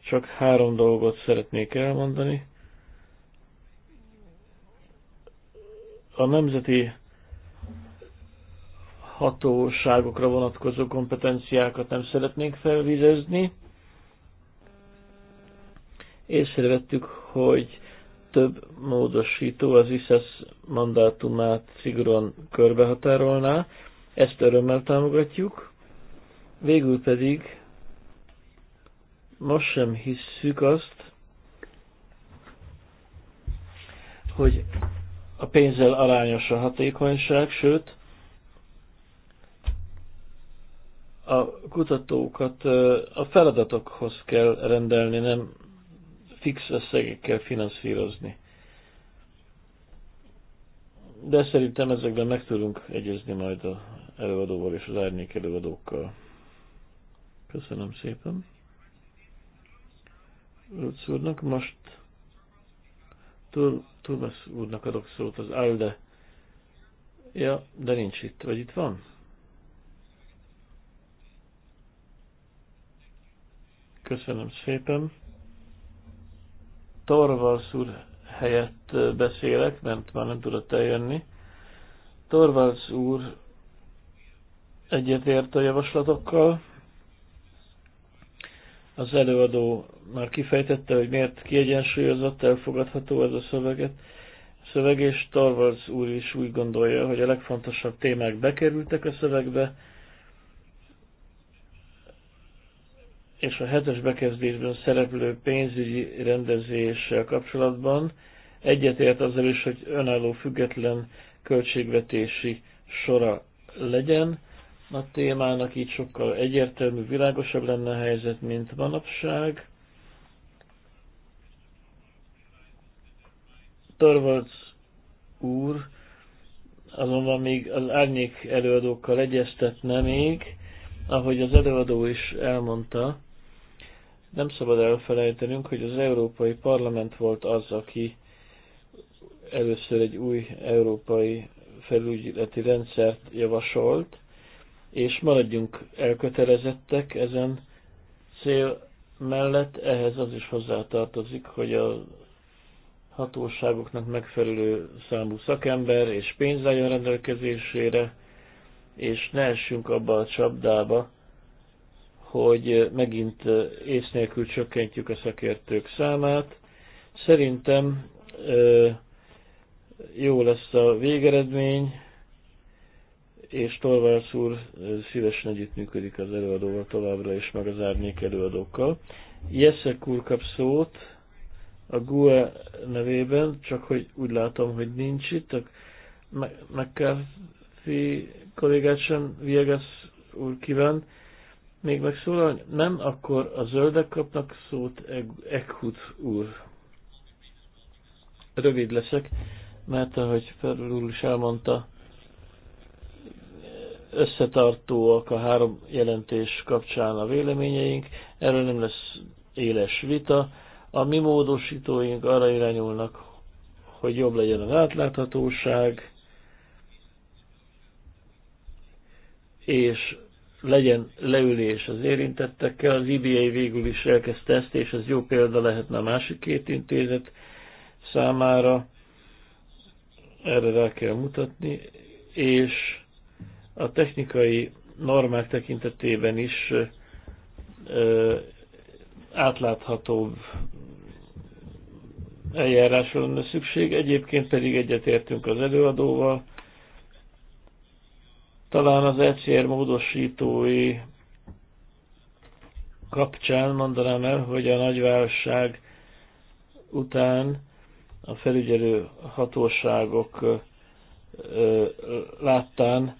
csak három dolgot szeretnék elmondani. A nemzeti hatóságokra vonatkozó kompetenciákat nem szeretnénk felvizezni. Észrevettük, hogy több módosító az ISZESZ mandátumát szigorúan körbehatárolná, ezt örömmel támogatjuk. Végül pedig most sem hisszük azt, hogy a pénzzel arányos a hatékonyság, sőt, a kutatókat a feladatokhoz kell rendelni, nem fix összegekkel finanszírozni. De szerintem ezekben meg tudunk egyezni majd az előadóval és az árnyék előadókkal. Köszönöm szépen. Lutz úrnak, most Turmes úrnak adok szót az Alde. Ja, de nincs itt, vagy itt van? Köszönöm szépen. Torvalsz úr helyett beszélek, mert már nem tudott eljönni. Torvalsz úr egyetért a javaslatokkal, az előadó már kifejtette, hogy miért kiegyensúlyozott, elfogadható ez a szöveget. A szöveg és Torvalds úr is úgy gondolja, hogy a legfontosabb témák bekerültek a szövegbe, és a hetes bekezdésben szereplő pénzügyi rendezéssel kapcsolatban egyetért azzal is, hogy önálló független költségvetési sora legyen a témának, így sokkal egyértelmű, világosabb lenne a helyzet, mint manapság. Torvalds úr azonban még az árnyék előadókkal egyeztetne még, ahogy az előadó is elmondta, nem szabad elfelejtenünk, hogy az Európai Parlament volt az, aki először egy új európai felügyeleti rendszert javasolt, és maradjunk elkötelezettek ezen cél mellett, ehhez az is hozzátartozik, hogy a hatóságoknak megfelelő számú szakember és pénz álljon rendelkezésére, és ne essünk abba a csapdába, hogy megint ész nélkül csökkentjük a szakértők számát. Szerintem jó lesz a végeredmény, és Tolvász úr szívesen együttműködik az előadóval továbbra is, meg az árnyék előadókkal. Jeszek úr kap szót a GUE nevében, csak hogy úgy látom, hogy nincs itt, a McCarthy kollégát sem Viegas úr kíván még megszólalni. Nem, akkor a zöldek kapnak szót Ekhut úr. Rövid leszek, mert ahogy Ferrul is elmondta, összetartóak a három jelentés kapcsán a véleményeink, erről nem lesz éles vita. A mi módosítóink arra irányulnak, hogy jobb legyen az átláthatóság, és legyen leülés az érintettekkel. Az IBA végül is elkezdte ezt, és ez jó példa lehetne a másik két intézet számára. Erre rá kell mutatni, és a technikai normák tekintetében is átláthatóbb eljárásra lenne szükség, egyébként pedig egyetértünk az előadóval. Talán az ECR módosítói kapcsán mondanám el, hogy a nagyválság után a felügyelő hatóságok láttán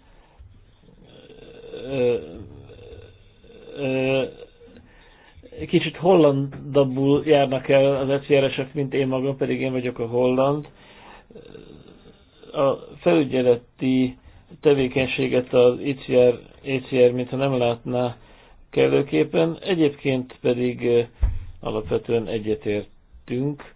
kicsit hollandabbul járnak el az ecrs mint én magam, pedig én vagyok a holland. A felügyeleti tevékenységet az ECR, ECR mintha nem látná kellőképpen, egyébként pedig alapvetően egyetértünk,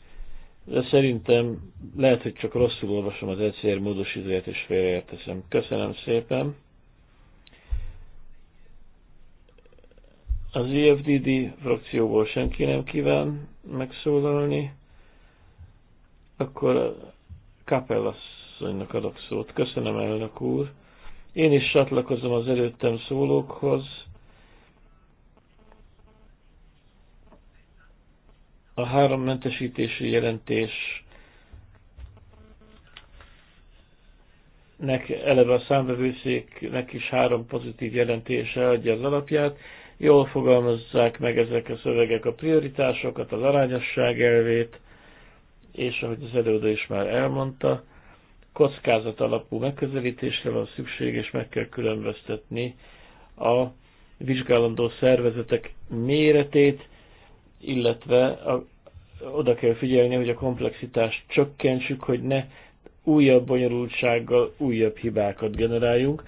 de szerintem lehet, hogy csak rosszul olvasom az ECR módosítóját és félreérteszem. Köszönöm szépen! Az IFDD e frakcióból senki nem kíván megszólalni, akkor Kapellasszonynak adok szót. Köszönöm, elnök úr. Én is csatlakozom az előttem szólókhoz. A három mentesítési jelentés eleve a számbevőszéknek is három pozitív jelentése adja az alapját. Jól fogalmazzák meg ezek a szövegek a prioritásokat, az arányosság elvét, és ahogy az előadó is már elmondta, kockázat alapú megközelítésre van szükség, és meg kell különböztetni a vizsgálandó szervezetek méretét, illetve a, oda kell figyelni, hogy a komplexitást csökkentsük, hogy ne újabb bonyolultsággal újabb hibákat generáljunk.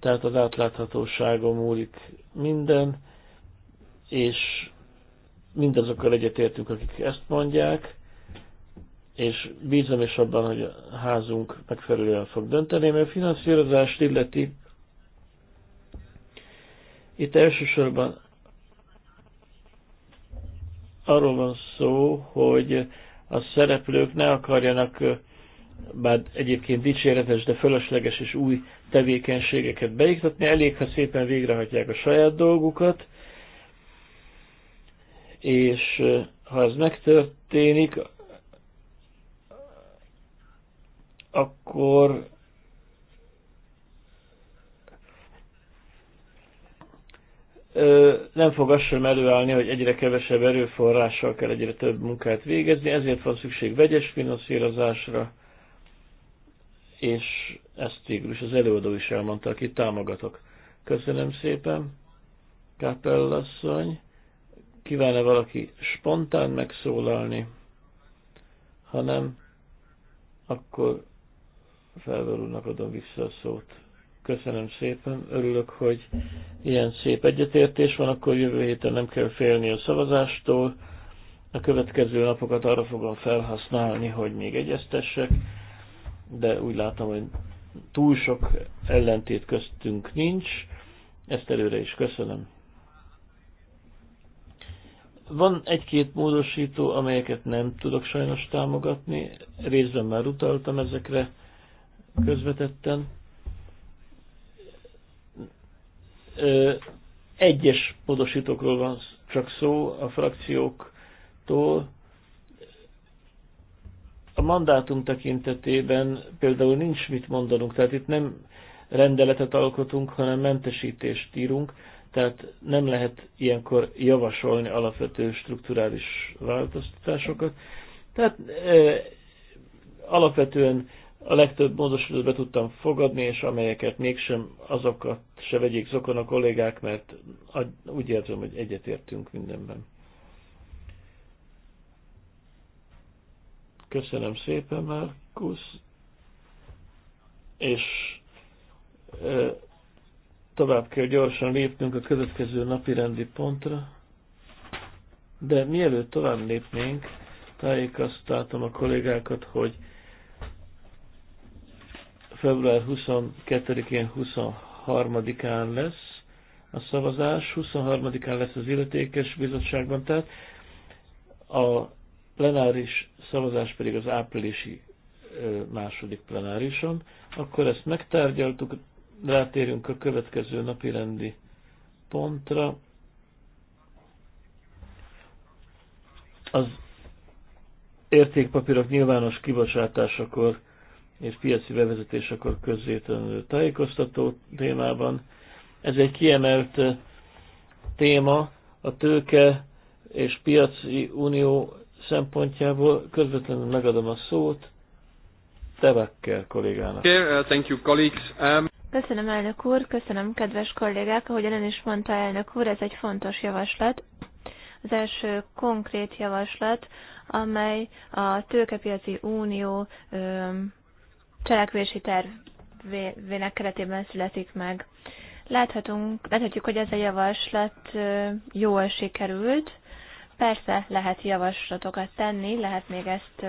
Tehát az átláthatóságon múlik minden, és mindazokkal egyetértünk, akik ezt mondják, és bízom is abban, hogy a házunk megfelelően fog dönteni, mert finanszírozást illeti itt elsősorban arról van szó, hogy a szereplők ne akarjanak, bár egyébként dicséretes, de fölösleges és új tevékenységeket beiktatni, elég, ha szépen végrehajtják a saját dolgukat, és ha ez megtörténik, akkor nem fog az sem előállni, hogy egyre kevesebb erőforrással kell egyre több munkát végezni, ezért van szükség vegyes finanszírozásra, és ezt végül is az előadó is elmondta, akit támogatok. Köszönöm szépen, Kapellasszony. Kívánne valaki spontán megszólalni? Ha nem, akkor felvelőnek adom vissza a szót. Köszönöm szépen, örülök, hogy ilyen szép egyetértés van, akkor jövő héten nem kell félni a szavazástól. A következő napokat arra fogom felhasználni, hogy még egyeztessek de úgy látom, hogy túl sok ellentét köztünk nincs. Ezt előre is köszönöm. Van egy-két módosító, amelyeket nem tudok sajnos támogatni. Részben már utaltam ezekre közvetetten. Egyes módosítókról van csak szó a frakcióktól, a mandátum tekintetében például nincs mit mondanunk, tehát itt nem rendeletet alkotunk, hanem mentesítést írunk, tehát nem lehet ilyenkor javasolni alapvető strukturális változtatásokat. Tehát e, alapvetően a legtöbb módosítót be tudtam fogadni, és amelyeket mégsem azokat se vegyék szokon a kollégák, mert úgy érzem, hogy egyetértünk mindenben. Köszönöm szépen, Márkusz. És e, tovább kell gyorsan lépnünk a következő napi rendi pontra. De mielőtt tovább lépnénk, tájékoztatom a kollégákat, hogy február 22-én, 23-án lesz a szavazás, 23-án lesz az illetékes bizottságban, tehát a plenáris szavazás pedig az áprilisi második plenárison. Akkor ezt megtárgyaltuk, rátérünk a következő napi rendi pontra. Az értékpapírok nyilvános kibocsátásakor és piaci bevezetésekor közzétlenül tájékoztató témában. Ez egy kiemelt téma, a tőke és piaci unió szempontjából közvetlenül megadom a szót Tevekkel kollégának. Uh, thank you, colleagues. Um... Köszönöm, elnök úr, köszönöm, kedves kollégák. Ahogy ön is mondta, elnök úr, ez egy fontos javaslat. Az első konkrét javaslat, amely a tőkepiaci unió um, cselekvési tervének keretében születik meg. Láthatunk, láthatjuk, hogy ez a javaslat uh, jól sikerült, Persze lehet javaslatokat tenni, lehet még ezt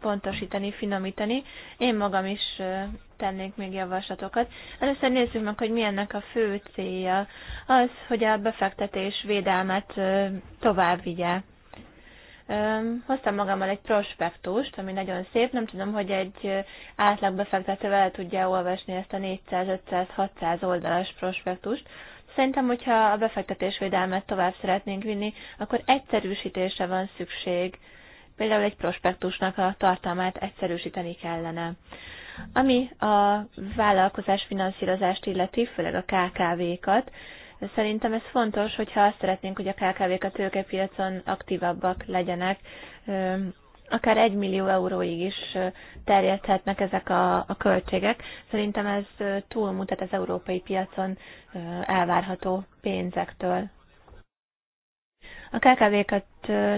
pontosítani, finomítani. Én magam is tennék még javaslatokat. Először nézzük meg, hogy milyennek a fő célja az, hogy a befektetés védelmet tovább vigye. Hoztam magammal egy prospektust, ami nagyon szép, nem tudom, hogy egy átlag tudja olvasni ezt a 400, 500, 600 oldalas prospektust, Szerintem, hogyha a befektetésvédelmet tovább szeretnénk vinni, akkor egyszerűsítésre van szükség. Például egy prospektusnak a tartalmát egyszerűsíteni kellene. Ami a vállalkozás finanszírozást illeti, főleg a KKV-kat, Szerintem ez fontos, hogyha azt szeretnénk, hogy a KKV-k a tőkepiacon aktívabbak legyenek, akár egy millió euróig is terjedhetnek ezek a, a költségek. Szerintem ez túlmutat az európai piacon elvárható pénzektől. A KKV-kat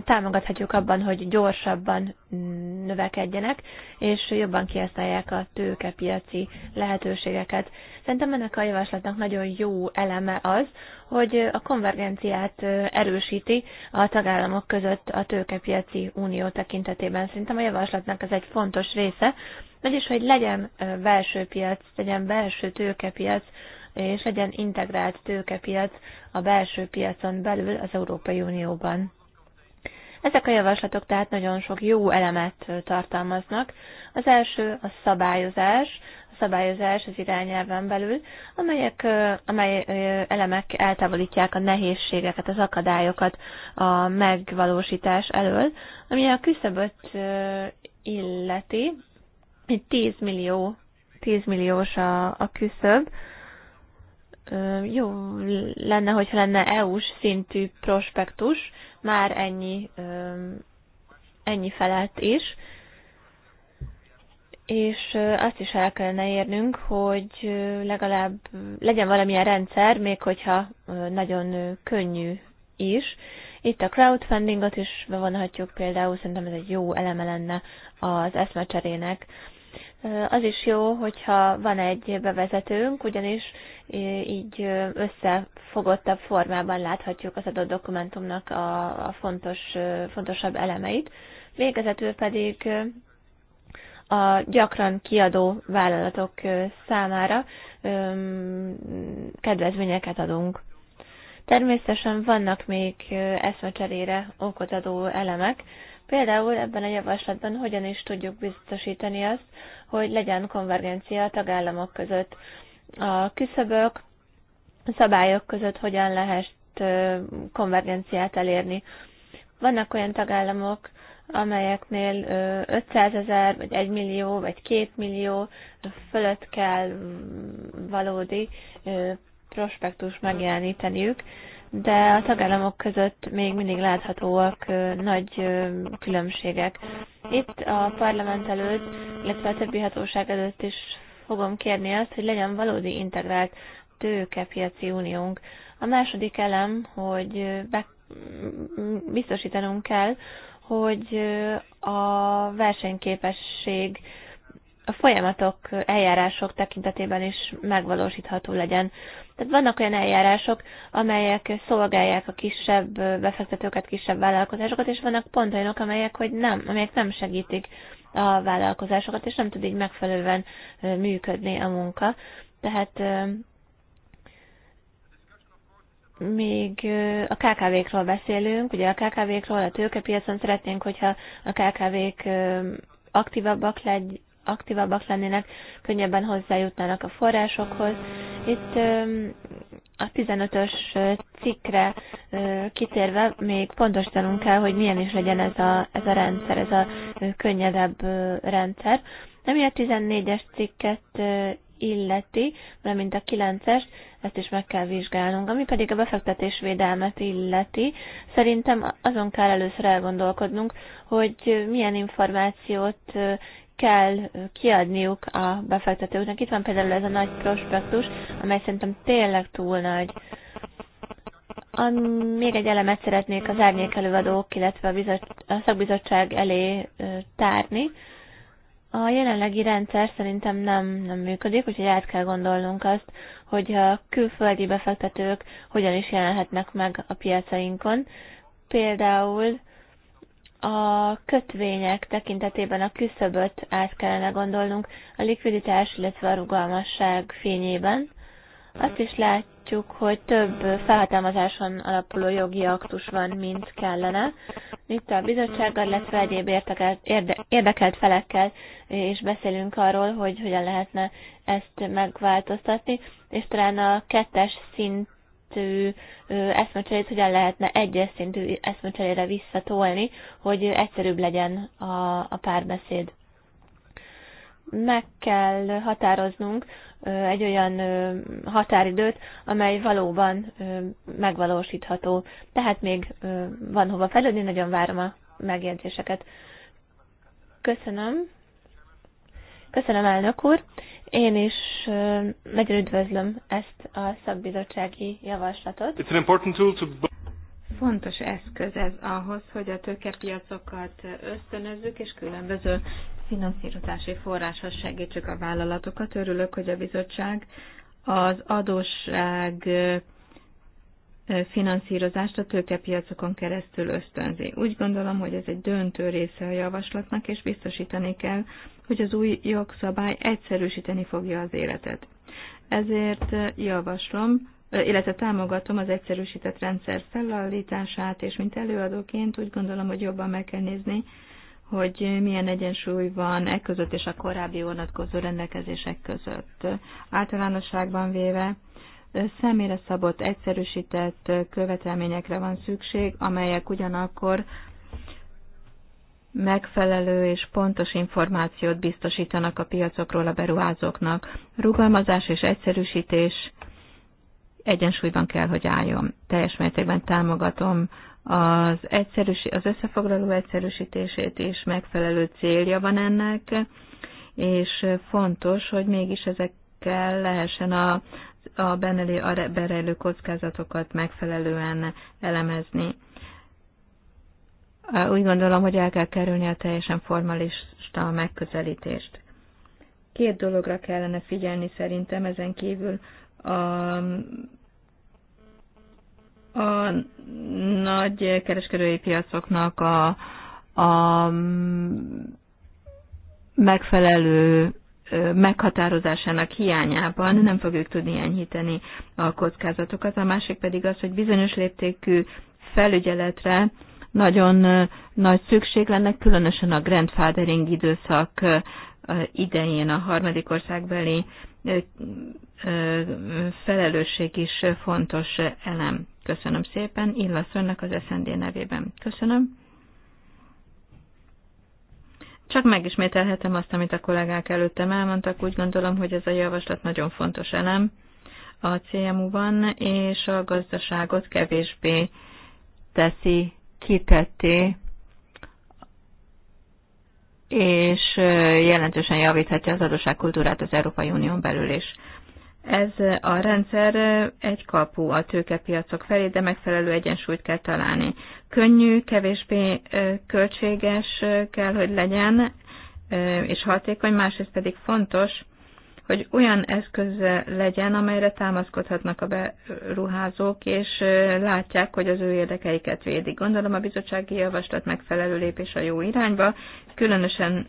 támogathatjuk abban, hogy gyorsabban mm, növekedjenek, és jobban kihasználják a tőkepiaci lehetőségeket. Szerintem ennek a javaslatnak nagyon jó eleme az, hogy a konvergenciát erősíti a tagállamok között a tőkepiaci unió tekintetében. Szerintem a javaslatnak ez egy fontos része, vagyis hogy legyen belső piac, legyen belső tőkepiac és legyen integrált tőkepiac a belső piacon belül az Európai Unióban. Ezek a javaslatok tehát nagyon sok jó elemet tartalmaznak. Az első a szabályozás, a szabályozás az irányelven belül, amelyek, amely elemek eltávolítják a nehézségeket, az akadályokat a megvalósítás elől, ami a küszöböt illeti, 10 millió, 10 milliós a, a küszöb, jó lenne, hogyha lenne EU-s szintű prospektus, már ennyi, ennyi felett is, és azt is el kellene érnünk, hogy legalább legyen valamilyen rendszer, még hogyha nagyon könnyű is. Itt a crowdfundingot is bevonhatjuk például, szerintem ez egy jó eleme lenne az eszmecserének. Az is jó, hogyha van egy bevezetőnk, ugyanis így összefogottabb formában láthatjuk az adott dokumentumnak a, fontos, fontosabb elemeit. Végezetül pedig a gyakran kiadó vállalatok számára kedvezményeket adunk. Természetesen vannak még eszmecserére okot adó elemek, Például ebben a javaslatban hogyan is tudjuk biztosítani azt, hogy legyen konvergencia a tagállamok között. A küszöbök, a szabályok között hogyan lehet konvergenciát elérni. Vannak olyan tagállamok, amelyeknél 500 ezer, vagy 1 millió, vagy 2 millió fölött kell valódi prospektus megjeleníteniük, de a tagállamok között még mindig láthatóak nagy különbségek. Itt a parlament előtt, illetve a többi hatóság előtt is fogom kérni azt, hogy legyen valódi integrált tőkepiaci uniónk. A második elem, hogy be, biztosítanunk kell, hogy a versenyképesség a folyamatok, eljárások tekintetében is megvalósítható legyen. Tehát vannak olyan eljárások, amelyek szolgálják a kisebb befektetőket, kisebb vállalkozásokat, és vannak pont olyanok, amelyek, hogy nem, amelyek nem segítik a vállalkozásokat, és nem tud így megfelelően működni a munka. Tehát még a KKV-król beszélünk, ugye a KKV-król a tőkepiacon szeretnénk, hogyha a KKV-k aktívabbak legy, aktívabbak lennének, könnyebben hozzájutnának a forrásokhoz. Itt a 15-ös cikkre kitérve még pontosítanunk kell, hogy milyen is legyen ez a, ez a rendszer, ez a könnyebb rendszer. Ami a 14-es cikket illeti, valamint a 9-es, ezt is meg kell vizsgálnunk. Ami pedig a befektetésvédelmet illeti, szerintem azon kell először elgondolkodnunk, hogy milyen információt kell kiadniuk a befektetőknek. Itt van például ez a nagy prospektus, amely szerintem tényleg túl nagy. A, még egy elemet szeretnék az árnyékelőadók, illetve a, bizot, a szakbizottság elé tárni. A jelenlegi rendszer szerintem nem, nem működik, úgyhogy át kell gondolnunk azt, hogy a külföldi befektetők hogyan is jelenhetnek meg a piacainkon. Például a kötvények tekintetében a küszöböt át kellene gondolnunk a likviditás, illetve a rugalmasság fényében. Azt is látjuk, hogy több felhatalmazáson alapuló jogi aktus van, mint kellene. Itt a bizottsággal, illetve egyéb érdekelt, érde, érdekelt felekkel és beszélünk arról, hogy hogyan lehetne ezt megváltoztatni, és talán a kettes szint szintű eszmecserét hogyan lehetne egyes szintű eszmecserére visszatolni, hogy egyszerűbb legyen a, a párbeszéd. Meg kell határoznunk egy olyan határidőt, amely valóban megvalósítható. Tehát még van hova fejlődni, nagyon várom a megjegyzéseket. Köszönöm. Köszönöm, elnök úr. Én is nagyon üdvözlöm ezt a szakbizottsági javaslatot. It's an important tool to... Fontos eszköz ez ahhoz, hogy a tőkepiacokat ösztönözzük, és különböző finanszírozási forráshoz segítsük a vállalatokat. Örülök, hogy a bizottság az adósság finanszírozást a tőkepiacokon keresztül ösztönzi. Úgy gondolom, hogy ez egy döntő része a javaslatnak, és biztosítani kell, hogy az új jogszabály egyszerűsíteni fogja az életet. Ezért eh, javaslom, eh, illetve támogatom az egyszerűsített rendszer felállítását, és mint előadóként úgy gondolom, hogy jobban meg kell nézni, hogy milyen egyensúly van e között és a korábbi vonatkozó rendelkezések között. Általánosságban véve eh, személyre szabott, egyszerűsített követelményekre van szükség, amelyek ugyanakkor megfelelő és pontos információt biztosítanak a piacokról a beruházóknak. Rugalmazás és egyszerűsítés egyensúlyban kell, hogy álljon. Teljes mértékben támogatom az, egyszerűs, az összefoglaló egyszerűsítését is, megfelelő célja van ennek, és fontos, hogy mégis ezekkel lehessen a, a, benelé, a berejlő kockázatokat megfelelően elemezni úgy gondolom, hogy el kell kerülni a teljesen formalista megközelítést. Két dologra kellene figyelni szerintem ezen kívül a, a nagy kereskedői piacoknak a, a megfelelő meghatározásának hiányában nem fogjuk tudni enyhíteni a kockázatokat. A másik pedig az, hogy bizonyos léptékű felügyeletre nagyon nagy szükség lenne, különösen a grandfathering időszak idején a harmadik országbeli felelősség is fontos elem. Köszönöm szépen, önnek az SND nevében. Köszönöm. Csak megismételhetem azt, amit a kollégák előttem elmondtak. Úgy gondolom, hogy ez a javaslat nagyon fontos elem a CMU-ban, és a gazdaságot kevésbé teszi kiteti, és jelentősen javíthatja az adósságkultúrát az Európai Unión belül is. Ez a rendszer egy kapu a tőkepiacok felé, de megfelelő egyensúlyt kell találni. Könnyű, kevésbé költséges kell, hogy legyen, és hatékony, másrészt pedig fontos, hogy olyan eszköz legyen, amelyre támaszkodhatnak a beruházók, és látják, hogy az ő érdekeiket védik. Gondolom a bizottsági javaslat megfelelő lépés a jó irányba, különösen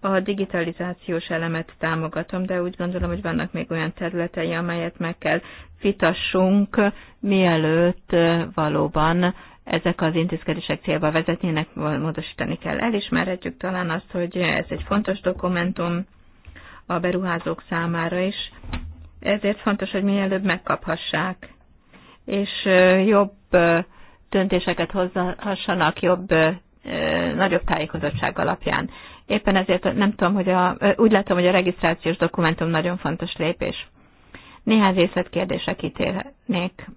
a digitalizációs elemet támogatom, de úgy gondolom, hogy vannak még olyan területei, amelyet meg kell vitassunk, mielőtt valóban ezek az intézkedések célba vezetnének, módosítani kell. Elismerhetjük talán azt, hogy ez egy fontos dokumentum, a beruházók számára, is. ezért fontos, hogy mielőbb megkaphassák, és jobb döntéseket hozhassanak, jobb, nagyobb tájékozottság alapján. Éppen ezért nem tudom, hogy a, úgy látom, hogy a regisztrációs dokumentum nagyon fontos lépés. Néhány részletkérdések ítélnék.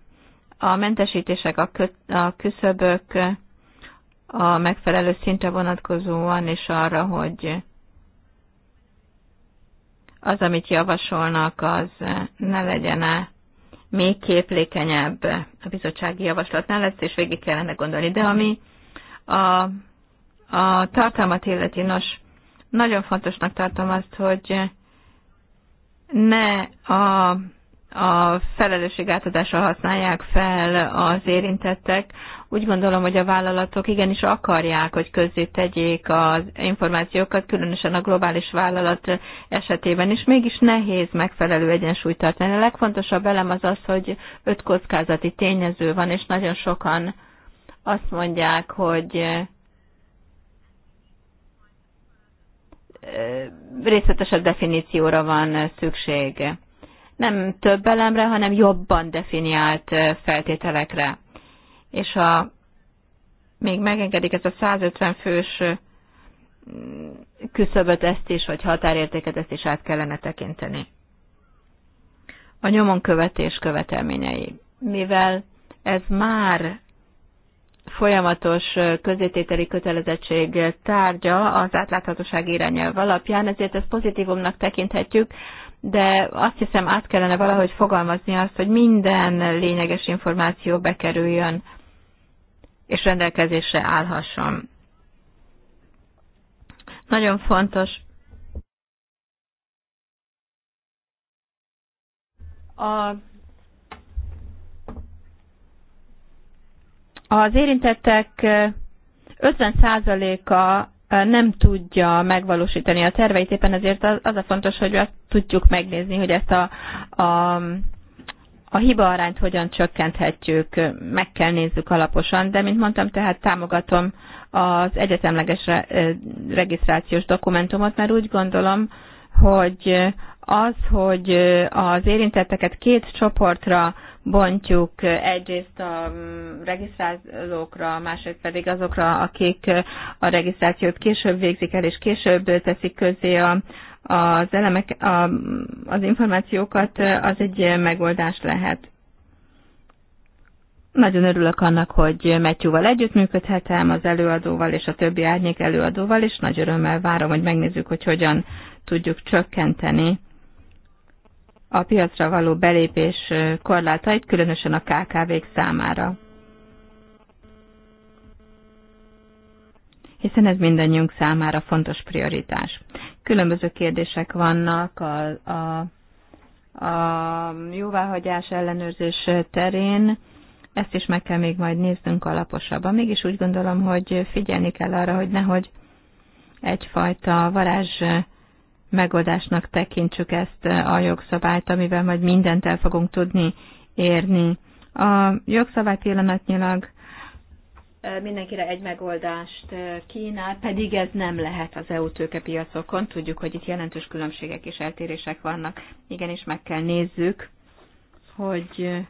A mentesítések, a, kö, a küszöbök, a megfelelő szintre vonatkozóan, és arra, hogy az, amit javasolnak, az ne legyen -e még képlékenyebb a bizottsági javaslatnál, lesz, és végig kellene gondolni. De ami a, a tartalmat illeti, nos, nagyon fontosnak tartom azt, hogy ne a, a felelősségátadással használják fel az érintettek úgy gondolom, hogy a vállalatok igenis akarják, hogy közzé tegyék az információkat, különösen a globális vállalat esetében is. Mégis nehéz megfelelő egyensúlyt tartani. A legfontosabb elem az az, hogy öt kockázati tényező van, és nagyon sokan azt mondják, hogy részletesebb definícióra van szükség. Nem több elemre, hanem jobban definiált feltételekre és ha még megengedik ez a 150 fős mm, küszöböt ezt is, vagy határértéket ezt is át kellene tekinteni. A nyomon követés követelményei. Mivel ez már folyamatos közétételi kötelezettség tárgya az átláthatóság irányelv alapján, ezért ezt pozitívumnak tekinthetjük, de azt hiszem át kellene valahogy fogalmazni azt, hogy minden lényeges információ bekerüljön és rendelkezésre állhasson. Nagyon fontos a Az érintettek 50%-a nem tudja megvalósítani a terveit, éppen ezért az a fontos, hogy azt tudjuk megnézni, hogy ezt a, a a hiba arányt hogyan csökkenthetjük, meg kell nézzük alaposan, de mint mondtam, tehát támogatom az egyetemleges regisztrációs dokumentumot, mert úgy gondolom, hogy az, hogy az érintetteket két csoportra bontjuk, egyrészt a regisztrálókra, másrészt pedig azokra, akik a regisztrációt később végzik el, és később teszik közé a, az, elemek, a, az információkat, az egy megoldás lehet. Nagyon örülök annak, hogy Metyúval együttműködhetem, az előadóval és a többi árnyék előadóval, és nagy örömmel várom, hogy megnézzük, hogy hogyan tudjuk csökkenteni a piacra való belépés korlátait, különösen a KKV-k számára. Hiszen ez mindannyiunk számára fontos prioritás. Különböző kérdések vannak a, a, a jóváhagyás ellenőrzés terén. Ezt is meg kell még majd néznünk alaposabban. Mégis úgy gondolom, hogy figyelni kell arra, hogy nehogy egyfajta varázs megoldásnak tekintsük ezt a jogszabályt, amivel majd mindent el fogunk tudni érni. A jogszabály pillanatnyilag mindenkire egy megoldást kínál, pedig ez nem lehet az EU tőkepiacokon. Tudjuk, hogy itt jelentős különbségek és eltérések vannak. Igenis meg kell nézzük, hogy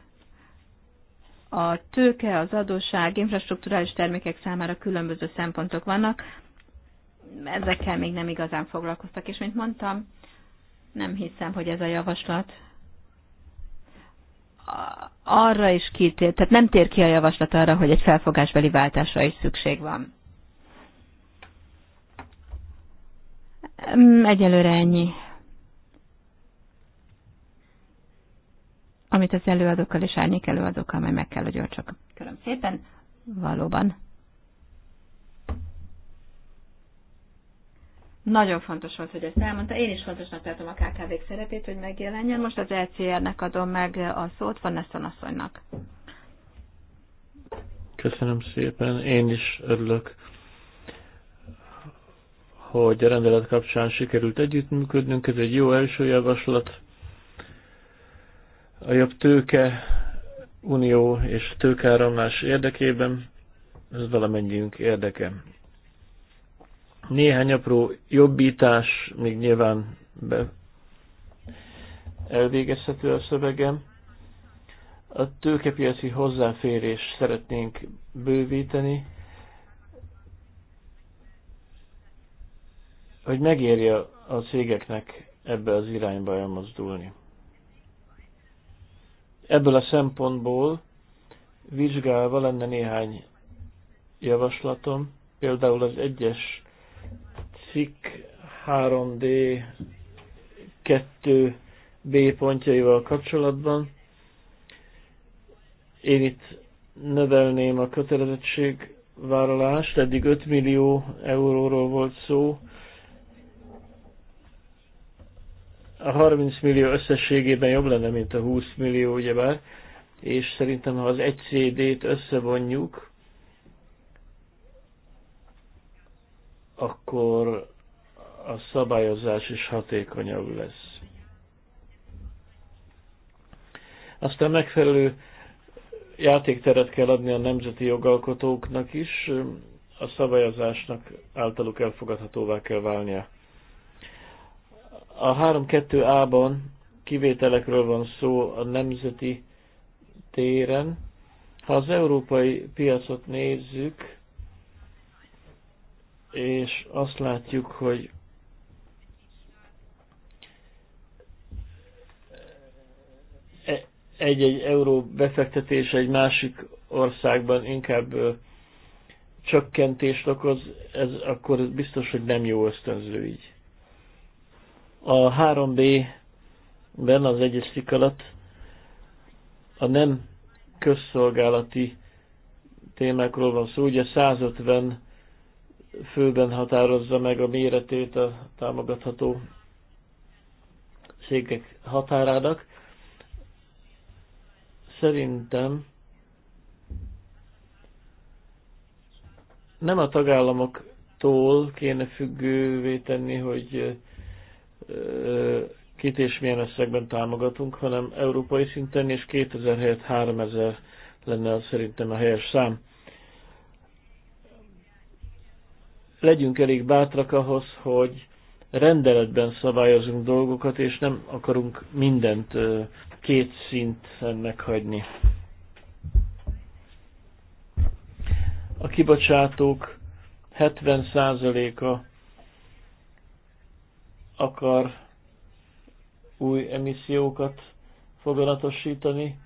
a tőke, az adóság, infrastruktúrális termékek számára különböző szempontok vannak. Ezekkel még nem igazán foglalkoztak, és mint mondtam, nem hiszem, hogy ez a javaslat arra is kitér, tehát nem tér ki a javaslat arra, hogy egy felfogásbeli váltásra is szükség van. Egyelőre ennyi. Amit az előadókkal és árnyék előadókkal majd meg kell, hogy csak. Köszönöm szépen. Valóban. Nagyon fontos volt, hogy ezt elmondta. Én is fontosnak tartom a KKV-k szerepét, hogy megjelenjen. Most az ECR-nek adom meg a szót, van a asszonynak. Köszönöm szépen. Én is örülök, hogy a rendelet kapcsán sikerült együttműködnünk. Ez egy jó első javaslat. A jobb tőke, unió és tőkáramlás érdekében ez valamennyiünk érdeke. Néhány apró jobbítás még nyilván be elvégezhető a szövegem. A tőkepiaci hozzáférés szeretnénk bővíteni, hogy megérje a cégeknek ebbe az irányba elmozdulni. Ebből a szempontból vizsgálva lenne néhány javaslatom, például az egyes cikk 3D 2B pontjaival kapcsolatban. Én itt növelném a kötelezettség vállalást, eddig 5 millió euróról volt szó, a 30 millió összességében jobb lenne, mint a 20 millió, ugyebár, és szerintem, ha az 1 CD-t összevonjuk, akkor a szabályozás is hatékonyabb lesz. Aztán megfelelő játékteret kell adni a nemzeti jogalkotóknak is, a szabályozásnak általuk elfogadhatóvá kell válnia. A 3.2a-ban kivételekről van szó a nemzeti téren. Ha az európai piacot nézzük, és azt látjuk, hogy egy-egy euró befektetése egy másik országban inkább csökkentést okoz, ez akkor ez biztos, hogy nem jó ösztönző így. A 3B-ben az egyes szik alatt a nem közszolgálati témákról van szó, ugye 150 főben határozza meg a méretét a támogatható székek határának. Szerintem nem a tagállamoktól kéne függővé tenni, hogy kit és milyen összegben támogatunk, hanem európai szinten, és 2000 helyett 3000 lenne az szerintem a helyes szám. legyünk elég bátrak ahhoz, hogy rendeletben szabályozunk dolgokat, és nem akarunk mindent két szinten meghagyni. A kibocsátók 70%-a akar új emissziókat foganatosítani,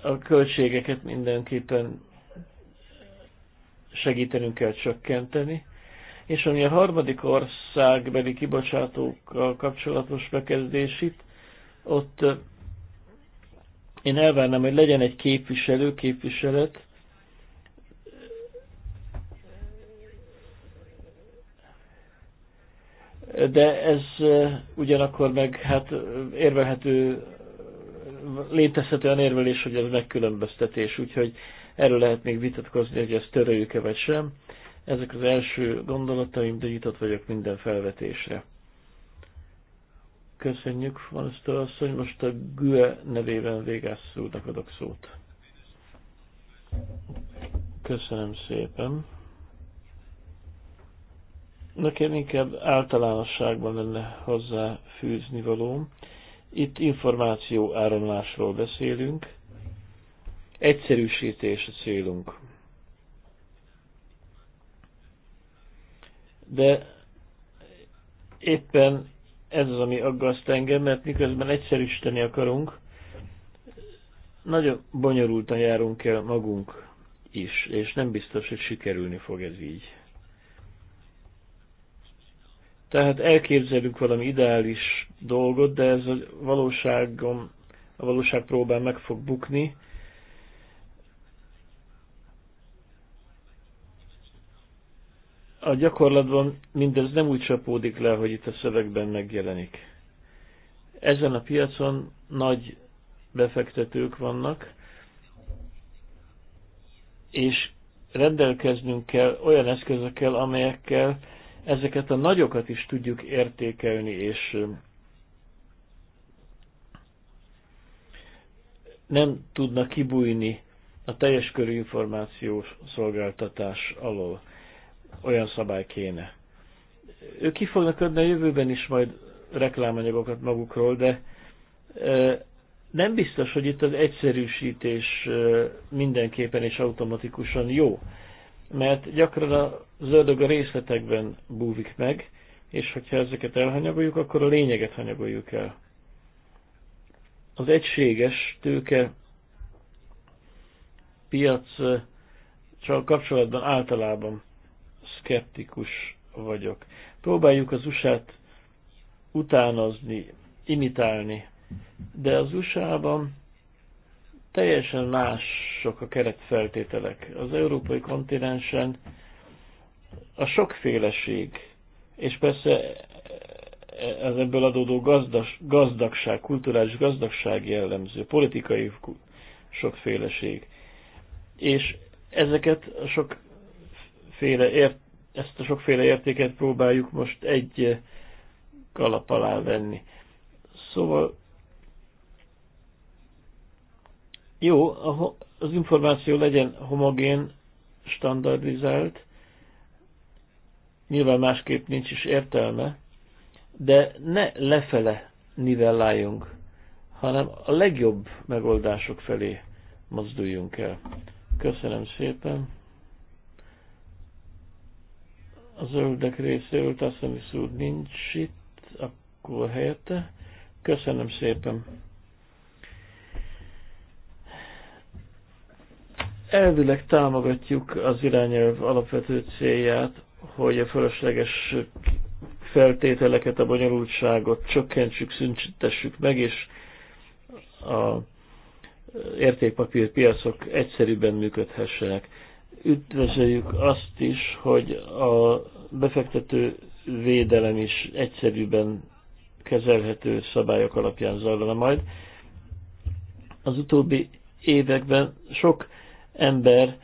A költségeket mindenképpen segítenünk kell csökkenteni. És ami a harmadik országbeli kibocsátókkal kapcsolatos bekezdését, ott én elvárnám, hogy legyen egy képviselő, képviselet, de ez ugyanakkor meg hát érvelhető létezhet olyan érvelés, hogy ez megkülönböztetés, úgyhogy erről lehet még vitatkozni, hogy ezt töröljük-e vagy sem. Ezek az első gondolataim, de nyitott vagyok minden felvetésre. Köszönjük, van ezt a hogy most a GUE nevében Végász adok szót. Köszönöm szépen. Nekem inkább általánosságban lenne hozzá fűzni valóm. Itt információ áramlásról beszélünk. Egyszerűsítés a célunk. De éppen ez az, ami aggaszt engem, mert miközben egyszerűsíteni akarunk, nagyon bonyolultan járunk el magunk is, és nem biztos, hogy sikerülni fog ez így. Tehát elképzelünk valami ideális dolgot, de ez a valóságon, a valóság próbán meg fog bukni. A gyakorlatban mindez nem úgy csapódik le, hogy itt a szövegben megjelenik. Ezen a piacon nagy befektetők vannak, és rendelkeznünk kell olyan eszközökkel, amelyekkel ezeket a nagyokat is tudjuk értékelni, és nem tudna kibújni a teljes körű információs szolgáltatás alól. Olyan szabály kéne. Ők ki fognak adni a jövőben is majd reklámanyagokat magukról, de nem biztos, hogy itt az egyszerűsítés mindenképpen és automatikusan jó mert gyakran a zöldög a részletekben búvik meg, és hogyha ezeket elhanyagoljuk, akkor a lényeget hanyagoljuk el. Az egységes tőke piac csak kapcsolatban általában szkeptikus vagyok. Próbáljuk az USA-t utánozni, imitálni, de az USA-ban Teljesen mások a keretfeltételek. Az európai kontinensen a sokféleség, és persze az ebből adódó gazdas, gazdagság, kulturális gazdagság jellemző, politikai sokféleség. És ezeket a sokféle ért, ezt a sokféle értéket próbáljuk most egy kalap alá venni. Szóval Jó, az információ legyen homogén, standardizált, nyilván másképp nincs is értelme, de ne lefele nivelláljunk, hanem a legjobb megoldások felé mozduljunk el. Köszönöm szépen. A zöldek részéről Tasszamis úr nincs itt, akkor helyette. Köszönöm szépen. Elvileg támogatjuk az irányelv alapvető célját, hogy a fölösleges feltételeket, a bonyolultságot csökkentsük, szüntessük meg, és a értékpapírpiacok egyszerűbben működhessenek. Üdvözöljük azt is, hogy a befektető védelem is egyszerűbben kezelhető szabályok alapján zajlana majd. Az utóbbi években sok ember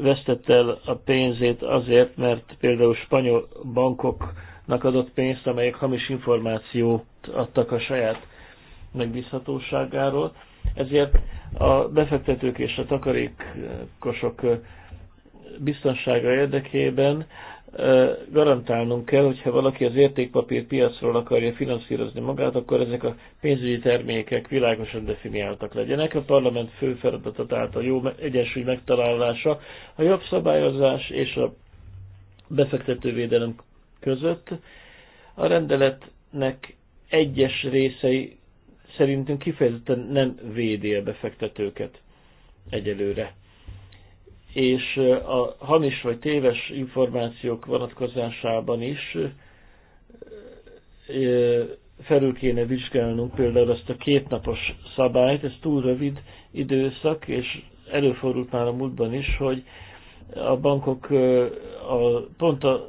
vesztett el a pénzét azért, mert például spanyol bankoknak adott pénzt, amelyek hamis információt adtak a saját megbízhatóságáról. Ezért a befektetők és a takarékosok biztonsága érdekében garantálnunk kell, hogyha valaki az értékpapír piacról akarja finanszírozni magát, akkor ezek a pénzügyi termékek világosan definiáltak legyenek. A parlament fő feladata tehát a jó egyensúly megtalálása, a jobb szabályozás és a befektetővédelem között. A rendeletnek egyes részei szerintünk kifejezetten nem védi a befektetőket egyelőre és a hamis vagy téves információk vonatkozásában is felül kéne vizsgálnunk például azt a kétnapos szabályt, ez túl rövid időszak, és előfordult már a múltban is, hogy a bankok a, pont a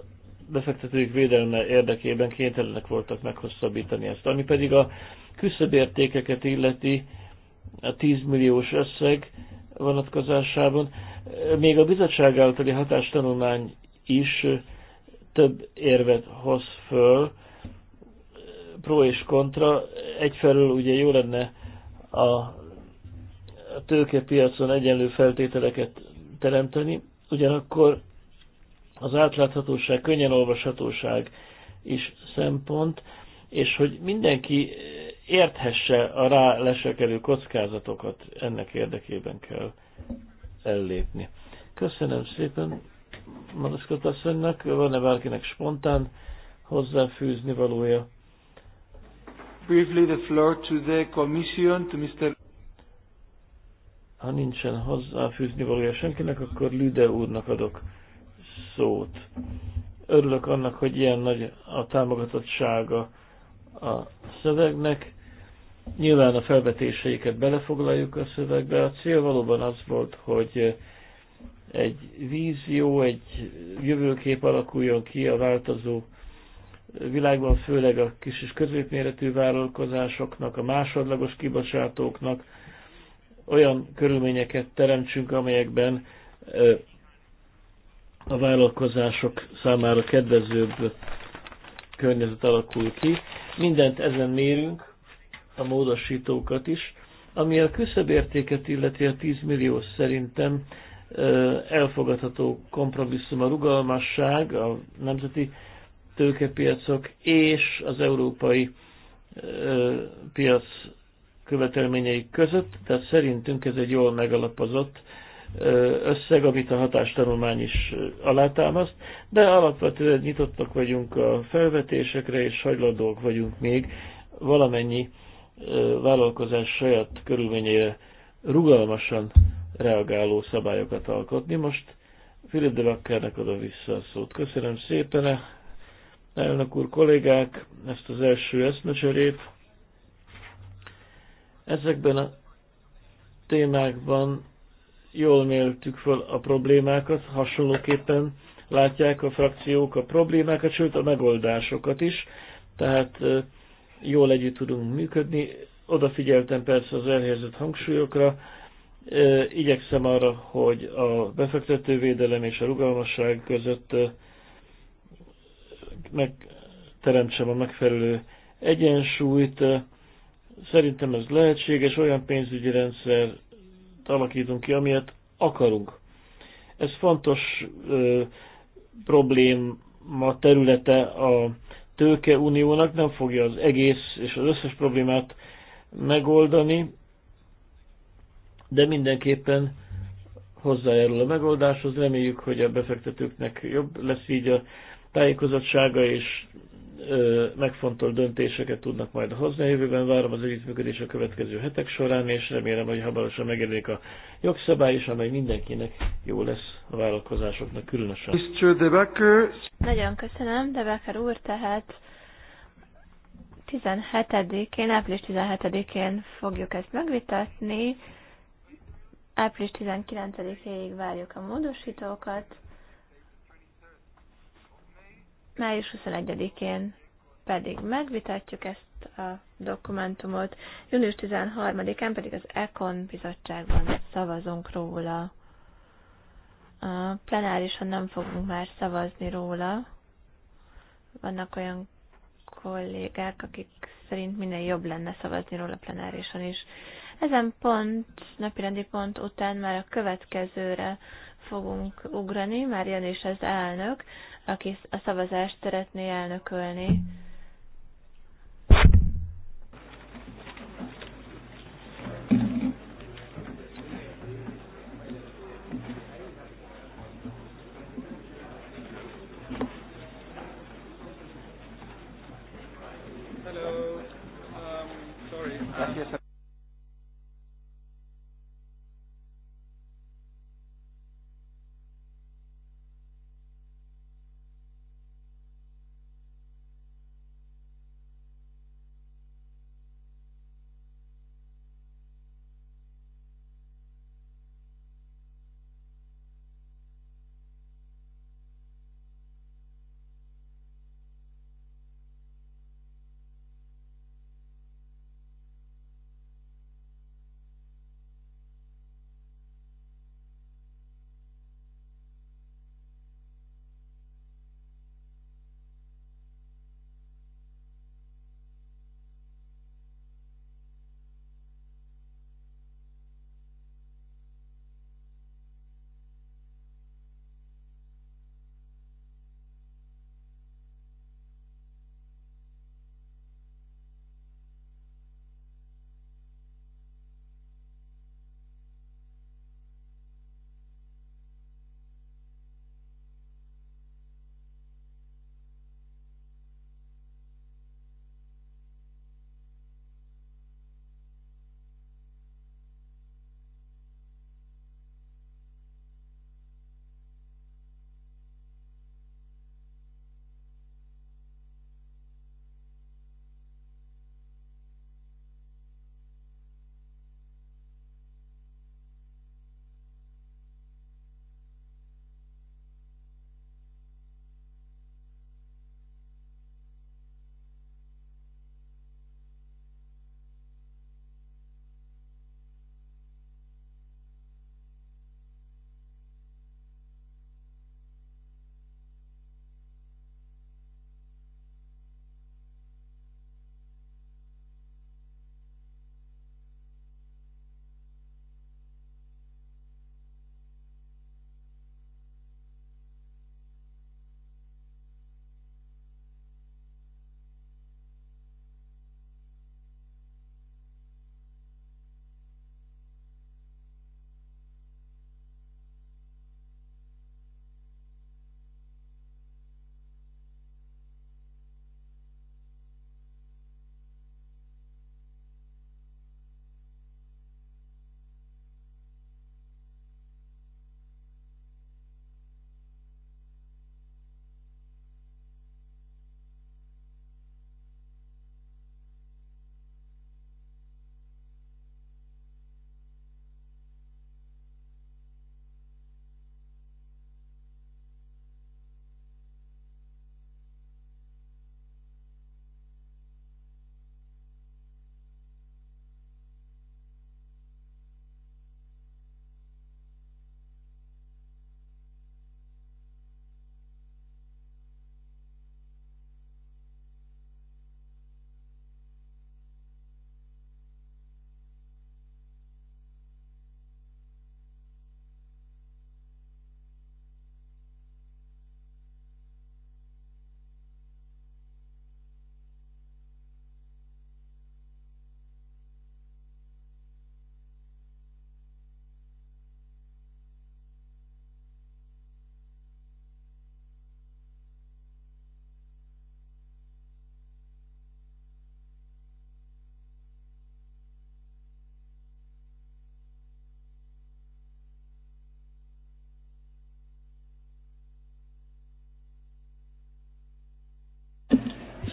befektetők védelme érdekében kénytelenek voltak meghosszabbítani ezt. Ami pedig a küszöbértékeket illeti, a 10 milliós összeg vonatkozásában. Még a bizottság általi hatástanulmány is több érvet hoz föl, pro és kontra. Egyfelől ugye jó lenne a tőkepiacon egyenlő feltételeket teremteni, ugyanakkor az átláthatóság, könnyen olvashatóság is szempont, és hogy mindenki érthesse a rá lesekerő kockázatokat, ennek érdekében kell ellépni. Köszönöm szépen Maraszkot asszonynak, van-e bárkinek spontán hozzáfűzni valója? Briefly the floor to the commission, to Mr. Ha nincsen hozzáfűzni valója senkinek, akkor Lüde úrnak adok szót. Örülök annak, hogy ilyen nagy a támogatottsága a szövegnek. Nyilván a felvetéseiket belefoglaljuk a szövegbe. A cél valóban az volt, hogy egy vízió, egy jövőkép alakuljon ki a változó világban, főleg a kis és középméretű vállalkozásoknak, a másodlagos kibocsátóknak olyan körülményeket teremtsünk, amelyekben a vállalkozások számára kedvezőbb környezet alakul ki. Mindent ezen mérünk, a módosítókat is. Ami a küszöbértéket illeti a 10 millió szerintem elfogadható kompromisszum a rugalmasság, a nemzeti tőkepiacok és az európai piac követelményei között, tehát szerintünk ez egy jól megalapozott összeg, amit a hatástanulmány is alátámaszt, de alapvetően nyitottak vagyunk a felvetésekre, és hajlandók vagyunk még valamennyi vállalkozás saját körülményére rugalmasan reagáló szabályokat alkotni. Most Filip de Lackernek adom vissza a szót. Köszönöm szépen, elnök úr kollégák, ezt az első eszmecserét. Ezekben a témákban jól méltük fel a problémákat, hasonlóképpen látják a frakciók a problémákat, sőt a megoldásokat is, tehát jól együtt tudunk működni. Odafigyeltem persze az elhelyezett hangsúlyokra, igyekszem arra, hogy a befektetővédelem és a rugalmasság között megteremtsem a megfelelő egyensúlyt. Szerintem ez lehetséges, olyan pénzügyi rendszer alakítunk ki, amilyet akarunk. Ez fontos ö, probléma területe a tőkeuniónak, nem fogja az egész és az összes problémát megoldani, de mindenképpen hozzájárul a megoldáshoz. Reméljük, hogy a befektetőknek jobb lesz így a tájékozottsága, és megfontolt döntéseket tudnak majd hozni a jövőben. Várom az együttműködés a következő hetek során, és remélem, hogy hamarosan megjelenik a jogszabály is, amely mindenkinek jó lesz a vállalkozásoknak különösen. Nagyon köszönöm, De úr, tehát 17-én, április 17-én fogjuk ezt megvitatni. Április 19 éig várjuk a módosítókat május 21-én pedig megvitatjuk ezt a dokumentumot, június 13-án pedig az ECON bizottságban szavazunk róla. A plenárisan nem fogunk már szavazni róla. Vannak olyan kollégák, akik szerint minden jobb lenne szavazni róla plenárisan is. Ezen pont, napirendi pont után már a következőre fogunk ugrani, már jön is az elnök, aki a szavazást szeretné elnökölni.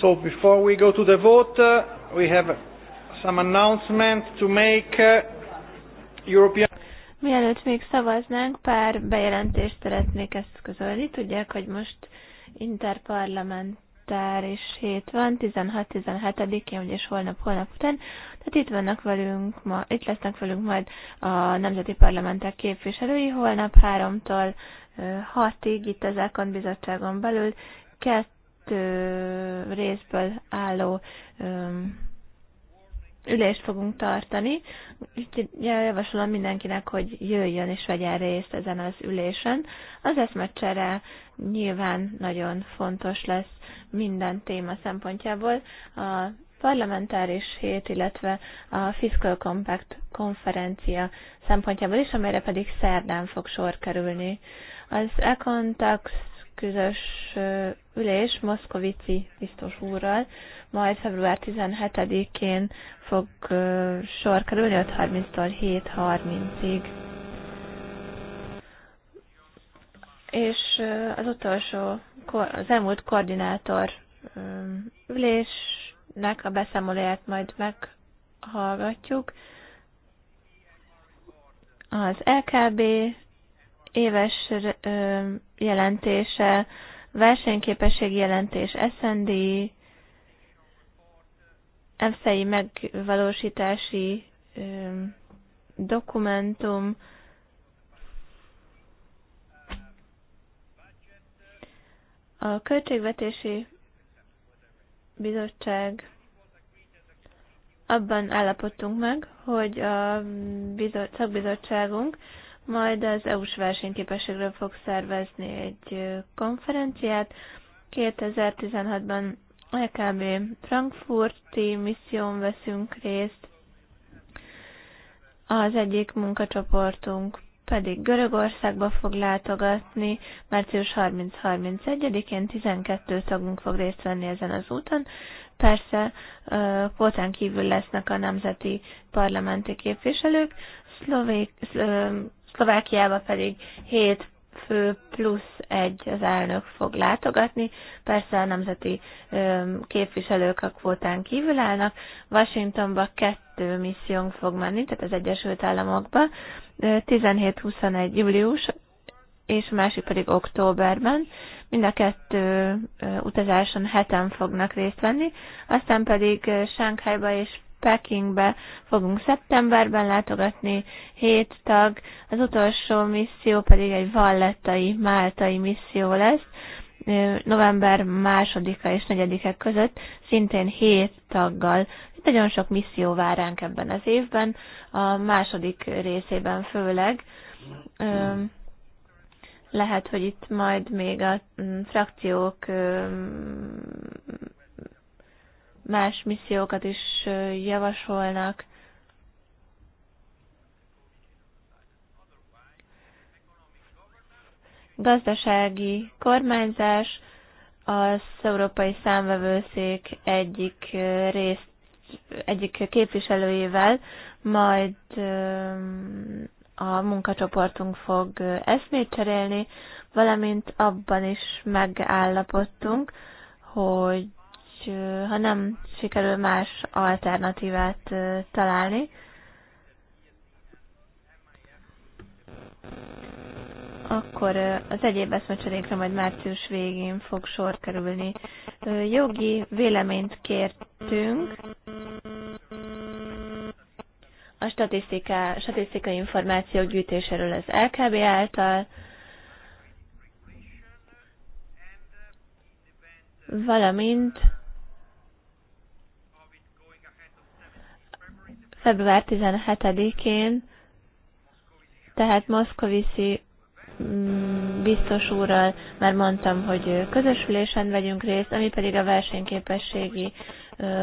So before we go to the vote, uh, we have some announcement to make. Uh, European Mielőtt még szavaznánk, pár bejelentést szeretnék ezt közölni. Tudják, hogy most interparlamentáris hét van, 16-17-én, és holnap, holnap után. Tehát itt vannak velünk, ma, itt lesznek velünk majd a nemzeti parlamentek képviselői holnap 3-tól 6-ig itt az Ákon bizottságon belül, kettő részből álló ülést fogunk tartani, úgyhogy javaslom mindenkinek, hogy jöjjön és vegyen részt ezen az ülésen. Az eszmecsere nyilván nagyon fontos lesz minden téma szempontjából. A parlamentáris hét, illetve a Fiscal Compact konferencia szempontjából is, amelyre pedig szerdán fog sor kerülni. Az Econtax közös ülés Moszkovici biztos úrral, majd február 17-én fog sor kerülni 5.30-tól 7.30-ig. És az utolsó, az elmúlt koordinátor ülésnek a beszámolóját majd meghallgatjuk. Az LKB éves jelentése, versenyképességi jelentés, SND, EFSZEI megvalósítási dokumentum, a Költségvetési Bizottság abban állapodtunk meg, hogy a szakbizottságunk majd az EU-s versenyképességről fog szervezni egy konferenciát. 2016-ban LKB Frankfurti misszión veszünk részt, az egyik munkacsoportunk pedig Görögországba fog látogatni, március 30-31-én 12 tagunk fog részt venni ezen az úton. Persze kvótán kívül lesznek a nemzeti parlamenti képviselők, szlovék, Szlovákiába pedig 7 fő plusz egy az elnök fog látogatni. Persze a nemzeti képviselők a kvótán kívül állnak. Washingtonba kettő missziónk fog menni, tehát az Egyesült Államokba. 17-21 július, és másik pedig októberben. Mind a kettő utazáson heten fognak részt venni, aztán pedig Sánkhájba és Pekingbe fogunk szeptemberben látogatni, hét tag, az utolsó misszió pedig egy vallettai, máltai misszió lesz, november másodika és negyedike között, szintén hét taggal. Nagyon sok misszió vár ránk ebben az évben, a második részében főleg. Lehet, hogy itt majd még a mm, frakciók más missziókat is javasolnak. Gazdasági kormányzás az Európai Számvevőszék egyik részt, egyik képviselőjével, majd a munkacsoportunk fog eszmét cserélni, valamint abban is megállapodtunk, hogy hogy ha nem sikerül más alternatívát találni, akkor az egyéb eszmecserékre majd március végén fog sor kerülni. Jogi véleményt kértünk a statisztika statisztikai információk gyűjtéséről az LKB által, valamint február 17-én, tehát Moszkoviszi mm, biztos úrral már mondtam, hogy közösülésen vegyünk részt, ami pedig a versenyképességi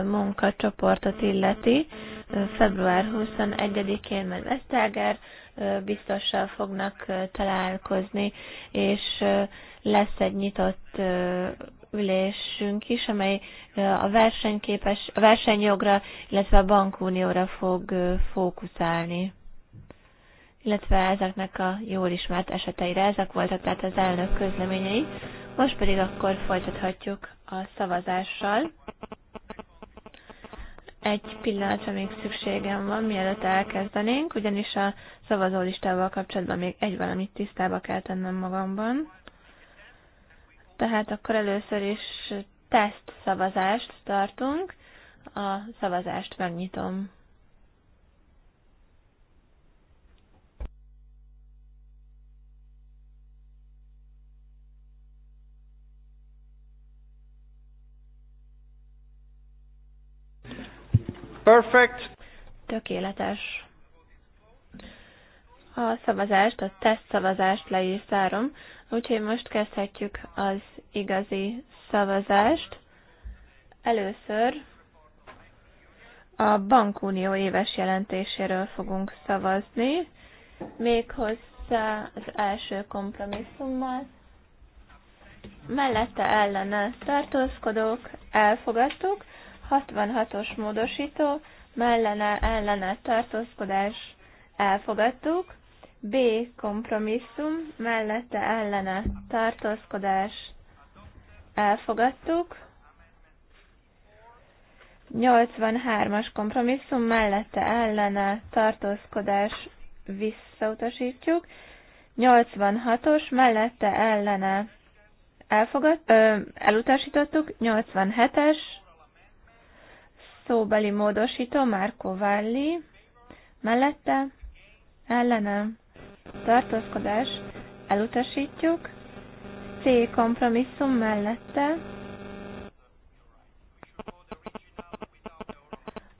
munkacsoportot illeti. Február 21-én már Vesztelger biztossal fognak találkozni, és lesz egy nyitott ülésünk is, amely a versenyképes, a versenyjogra, illetve a bankunióra fog fókuszálni. Illetve ezeknek a jól ismert eseteire, ezek voltak tehát az elnök közleményei. Most pedig akkor folytathatjuk a szavazással. Egy pillanatra még szükségem van, mielőtt elkezdenénk, ugyanis a szavazólistával kapcsolatban még egy valamit tisztába kell tennem magamban. Tehát akkor először is teszt szavazást tartunk. A szavazást megnyitom. Perfect. Tökéletes. A szavazást, a teszt szavazást leírtárom. Úgyhogy most kezdhetjük az igazi szavazást. Először a Bankunió éves jelentéséről fogunk szavazni, méghozzá az első kompromisszummal. Mellette ellene tartózkodók, elfogadtuk, 66-os módosító, mellene ellene tartózkodás, elfogadtuk, B kompromisszum, mellette ellene tartózkodás elfogadtuk. 83-as kompromisszum, mellette ellene tartózkodás visszautasítjuk. 86-os, mellette ellene elfogad, ö, elutasítottuk. 87-es, szóbeli módosító, Márko Valli, mellette ellene tartózkodás elutasítjuk, C kompromisszum mellette,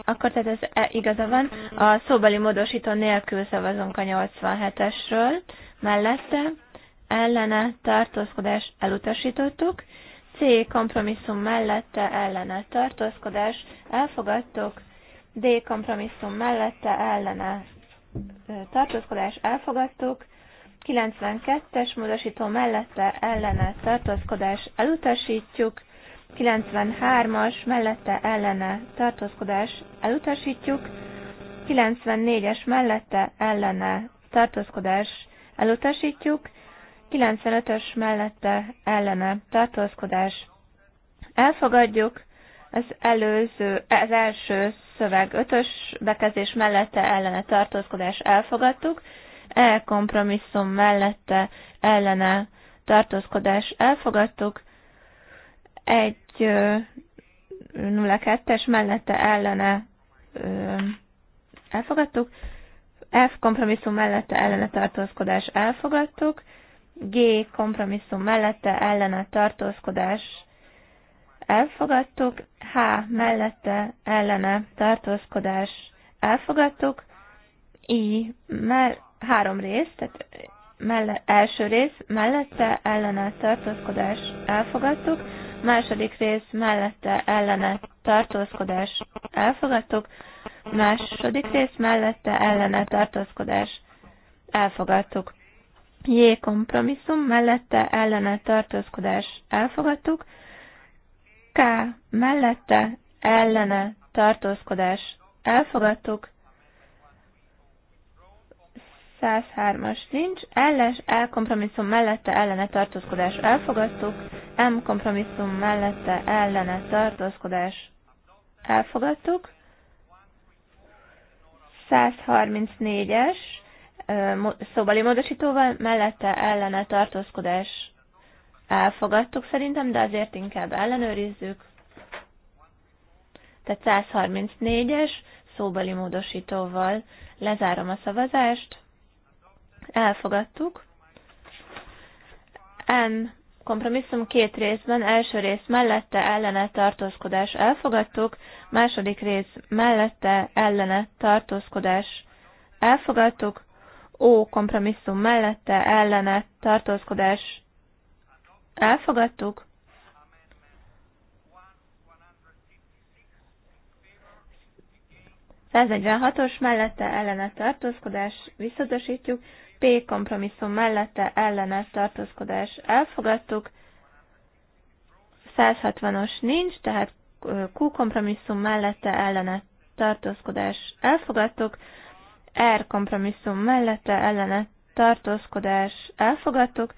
akkor tehát ez e, igaza van, a szóbeli módosító nélkül szavazunk a 87-esről, mellette ellene tartózkodás elutasítottuk, C kompromisszum mellette ellene tartózkodás elfogadtuk, D kompromisszum mellette ellene tartózkodás elfogadtuk, 92-es módosító mellette ellene tartózkodás elutasítjuk, 93-as mellette ellene tartózkodás elutasítjuk, 94-es mellette ellene tartózkodás elutasítjuk, 95-ös mellette ellene tartózkodás elfogadjuk, az előző, az első szöveg ötös bekezdés mellette ellene tartózkodás elfogadtuk, E kompromisszum mellette ellene tartózkodás elfogadtuk, egy 02-es mellette ellene elfogadtuk, F kompromisszum mellette ellene tartózkodás elfogadtuk, G kompromisszum mellette ellene tartózkodás elfogadtuk, H mellette ellene tartózkodás elfogadtuk, I mell- három rész, tehát melle- első rész mellette ellene tartózkodás elfogadtuk, második rész mellette ellene tartózkodás elfogadtuk, második rész mellette ellene tartózkodás elfogadtuk. J kompromisszum mellette ellene tartózkodás elfogadtuk, K mellette ellene tartózkodás elfogadtuk, 103-as nincs, elles L kompromisszum mellette ellene tartózkodás elfogadtuk, M kompromisszum mellette ellene tartózkodás elfogadtuk, 134-es szóbali módosítóval mellette ellene tartózkodás elfogadtuk szerintem, de azért inkább ellenőrizzük. Tehát 134-es szóbeli módosítóval lezárom a szavazást. Elfogadtuk. M. Kompromisszum két részben, első rész mellette ellene tartózkodás elfogadtuk, második rész mellette ellene tartózkodás elfogadtuk, O kompromisszum mellette ellene tartózkodás Elfogadtuk. 146-os mellette ellene tartózkodás visszatosítjuk, P kompromisszum mellette ellene tartózkodás elfogadtuk, 160-os nincs, tehát Q kompromisszum mellette ellene tartózkodás elfogadtuk, R kompromisszum mellette ellene tartózkodás elfogadtuk,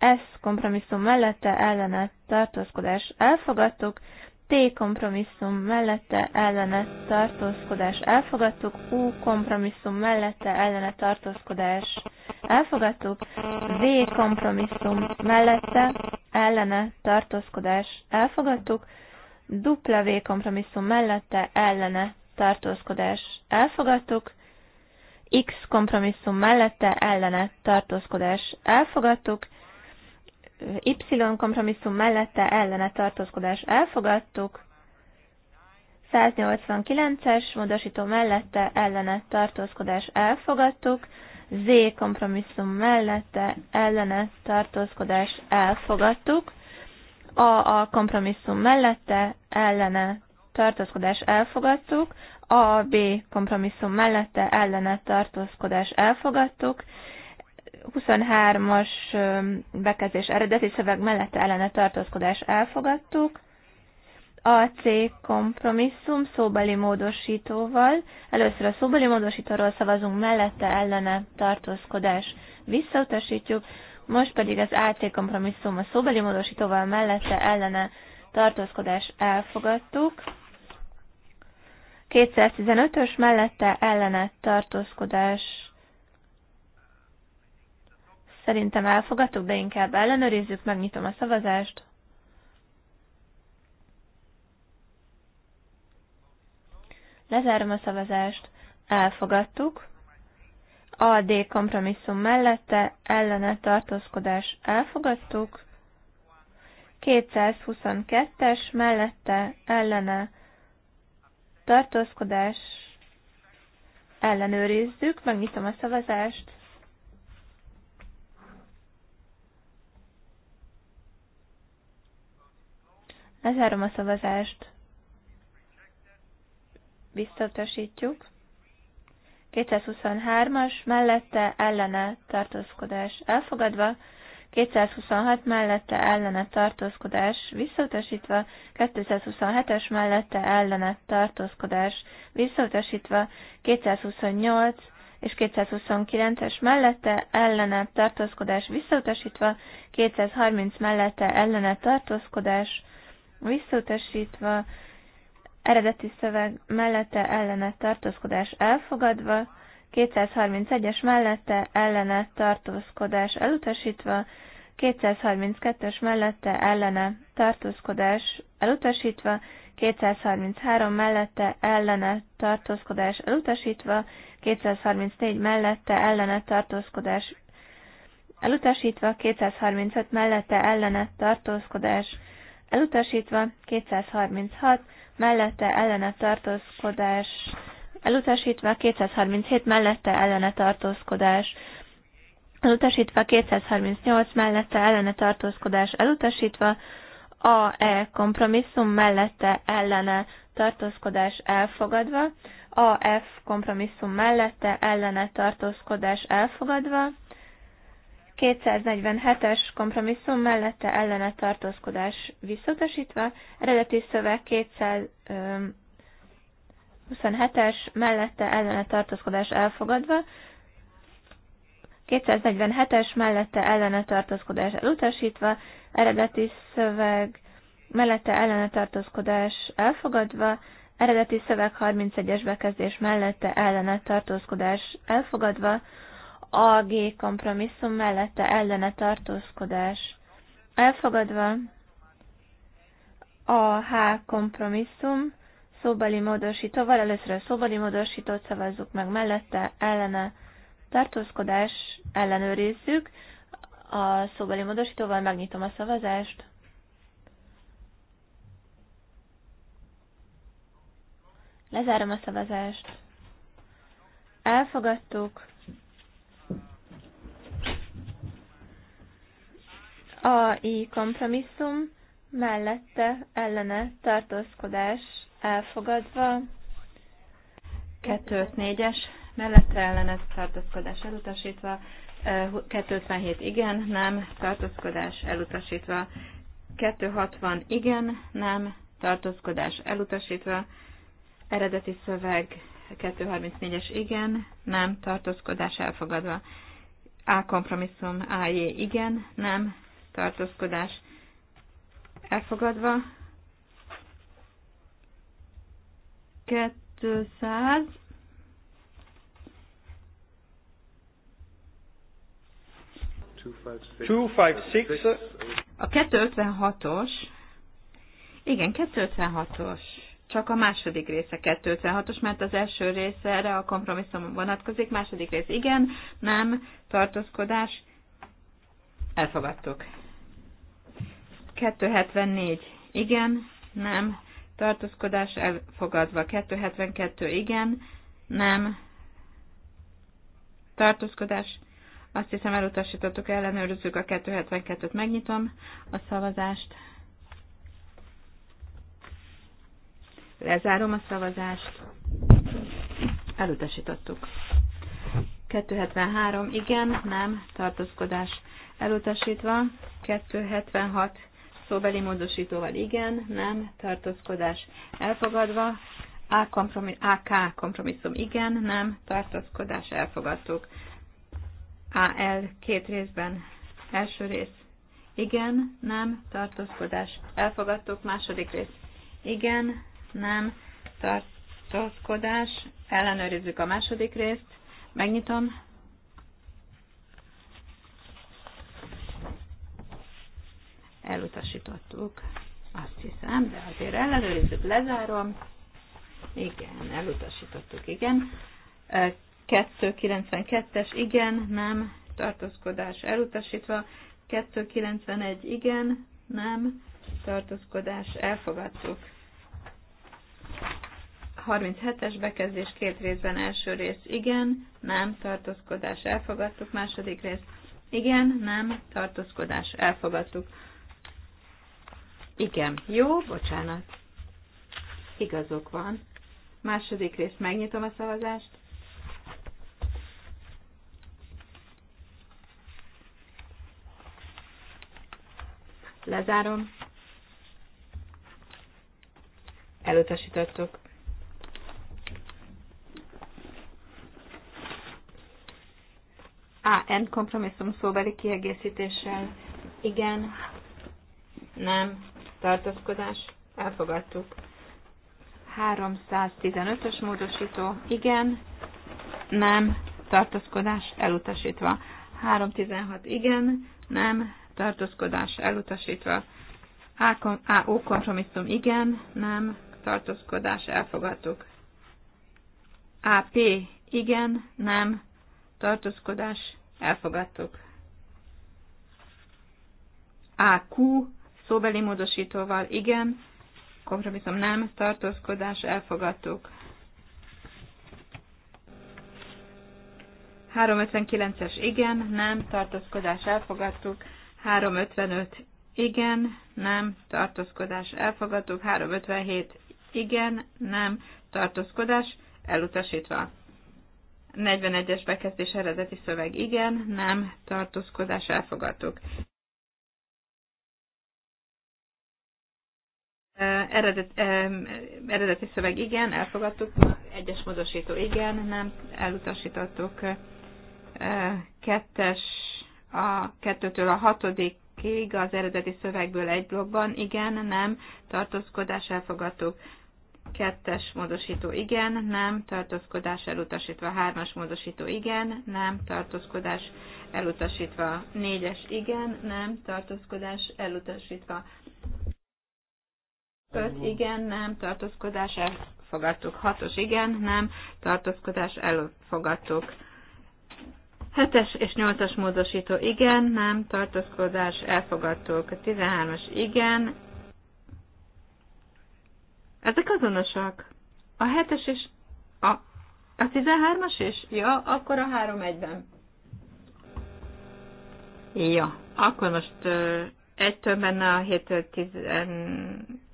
s kompromisszum mellette ellene tartózkodás elfogadtuk, T kompromisszum mellette ellene tartózkodás elfogadtuk, U kompromisszum mellette ellene tartózkodás elfogadtuk, V kompromisszum mellette ellene tartózkodás elfogadtuk, W kompromisszum mellette ellene tartózkodás elfogadtuk, X kompromisszum mellette ellene tartózkodás elfogadtuk, Y kompromisszum mellette ellene tartózkodás elfogadtuk, 189-es módosító mellette ellene tartózkodás elfogadtuk, Z kompromisszum mellette ellene tartózkodás elfogadtuk, A a kompromisszum mellette ellene tartózkodás elfogadtuk, A B kompromisszum mellette ellene tartózkodás elfogadtuk, 23-as bekezdés eredeti szöveg mellett ellene tartózkodás elfogadtuk. AC kompromisszum szóbeli módosítóval. Először a szóbeli módosítóról szavazunk, mellette ellene tartózkodás visszautasítjuk, most pedig az AC kompromisszum a szóbeli módosítóval mellette ellene tartózkodás elfogadtuk. 215-ös mellette ellene tartózkodás Szerintem elfogadtuk, de inkább ellenőrizzük, megnyitom a szavazást. Lezárom a szavazást. Elfogadtuk. A D kompromisszum mellette ellene tartózkodás elfogadtuk. 222-es mellette ellene tartózkodás ellenőrizzük, megnyitom a szavazást. Lezárom a szavazást. Visszautasítjuk. 223-as mellette ellene tartózkodás elfogadva, 226 mellette ellene tartózkodás visszautasítva, 227-es mellette ellene tartózkodás visszautasítva, 228 és 229-es mellette ellene tartózkodás visszautasítva, 230 mellette ellene tartózkodás visszautasítva, eredeti szöveg mellette ellene tartózkodás elfogadva, 231-es mellette ellene tartózkodás elutasítva, 232-es mellette ellene tartózkodás elutasítva, 233 mellette ellene tartózkodás elutasítva, 234 mellette ellene tartózkodás elutasítva, 235 mellette ellene tartózkodás Elutasítva 236, mellette ellene tartózkodás, elutasítva 237, mellette ellene tartózkodás, elutasítva 238, mellette ellene tartózkodás, elutasítva AE kompromisszum mellette ellene tartózkodás elfogadva, AF kompromisszum mellette ellene tartózkodás elfogadva, 247-es kompromisszum mellette ellene tartózkodás visszautasítva, eredeti szöveg 227-es mellette ellene tartózkodás elfogadva, 247-es mellette ellene tartózkodás elutasítva, eredeti szöveg mellette ellene tartózkodás elfogadva, eredeti szöveg 31-es bekezdés mellette ellene tartózkodás elfogadva, AG kompromisszum mellette ellene tartózkodás elfogadva, a H kompromisszum szóbeli módosítóval, először a szóbeli módosítót szavazzuk meg mellette, ellene tartózkodás ellenőrizzük, a szóbeli módosítóval megnyitom a szavazást. Lezárom a szavazást. Elfogadtuk. A i kompromisszum mellette ellene tartózkodás elfogadva. 254-es mellette ellene tartózkodás elutasítva. 257 igen, nem, tartózkodás elutasítva. 260 igen, nem, tartózkodás elutasítva. Eredeti szöveg 234-es igen, nem, tartózkodás elfogadva. A kompromisszum AJ igen, nem, tartózkodás elfogadva. 200 256 A 256-os igen, 256-os csak a második része 256-os, mert az első része erre a kompromisszum vonatkozik, második rész igen, nem, tartózkodás, elfogadtuk. 274 igen, nem, tartózkodás elfogadva. 272 igen, nem, tartózkodás. Azt hiszem elutasítottuk, ellenőrizzük a 272-t, megnyitom a szavazást. Lezárom a szavazást. Elutasítottuk. 273, igen, nem, tartózkodás elutasítva. 276, szóbeli módosítóval igen, nem, tartózkodás elfogadva, A kompromis, AK kompromisszum igen, nem, tartózkodás elfogadtuk. AL két részben, első rész igen, nem, tartózkodás elfogadtuk, második rész igen, nem, tartózkodás ellenőrizzük a második részt, megnyitom, elutasítottuk, azt hiszem, de azért ellenőrizzük, lezárom. Igen, elutasítottuk, igen. 292-es, igen, nem, tartózkodás elutasítva. 291, igen, nem, tartózkodás elfogadtuk. 37-es bekezdés két részben első rész igen, nem, tartózkodás elfogadtuk, második rész igen, nem, tartózkodás elfogadtuk. Igen, jó, bocsánat. Igazok van. Második részt megnyitom a szavazást. Lezárom. A N. kompromisszum szóbeli kiegészítéssel. Igen. Nem tartózkodás, elfogadtuk. 315-ös módosító, igen, nem, tartózkodás, elutasítva. 316, igen, nem, tartózkodás, elutasítva. AO kompromisszum, igen, nem, tartózkodás, elfogadtuk. AP, igen, nem, tartózkodás, elfogadtuk. AQ, szóbeli módosítóval igen, kompromisszum nem, tartózkodás elfogadtuk. 359-es igen, nem, tartózkodás elfogadtuk. 355 igen, nem, tartózkodás elfogadtuk. 357 igen, nem, tartózkodás elutasítva. 41-es bekezdés eredeti szöveg igen, nem, tartózkodás elfogadtuk. Eredet, eredeti szöveg igen, elfogadtuk, egyes módosító igen, nem, elutasítottuk. Kettes, a kettőtől a hatodikig az eredeti szövegből egy blogban igen, nem, tartózkodás elfogadtuk. Kettes módosító igen, nem, tartózkodás elutasítva. Hármas módosító igen, nem, tartózkodás elutasítva. Négyes igen, nem, tartózkodás elutasítva 5 igen, nem, tartózkodás elfogadtuk. 6 igen, nem, tartózkodás elfogadtuk. 7-es és 8-as módosító igen, nem, tartózkodás elfogadtuk. 13-as igen. Ezek azonosak. A 7-es és a, a 13-as is? Ja, akkor a 3 egyben. Ja, akkor most uh, benne a 7-től 10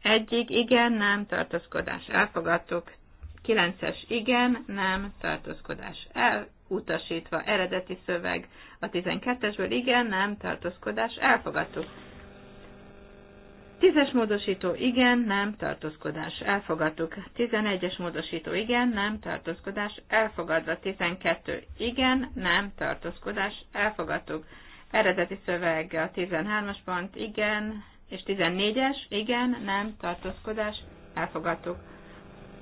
Egyig igen, nem, tartózkodás. Elfogadtuk. kilences igen, nem, tartózkodás. Elutasítva eredeti szöveg. A 12-esből igen, nem, tartózkodás. Elfogadtuk. Tízes módosító igen, nem, tartózkodás. Elfogadtuk. tizenegyes módosító igen, nem, tartózkodás. Elfogadva. tizenkettő igen, nem, tartózkodás. Elfogadtuk. Eredeti szöveg a 13-as pont, igen, és 14-es, igen, nem, tartózkodás, elfogadtuk.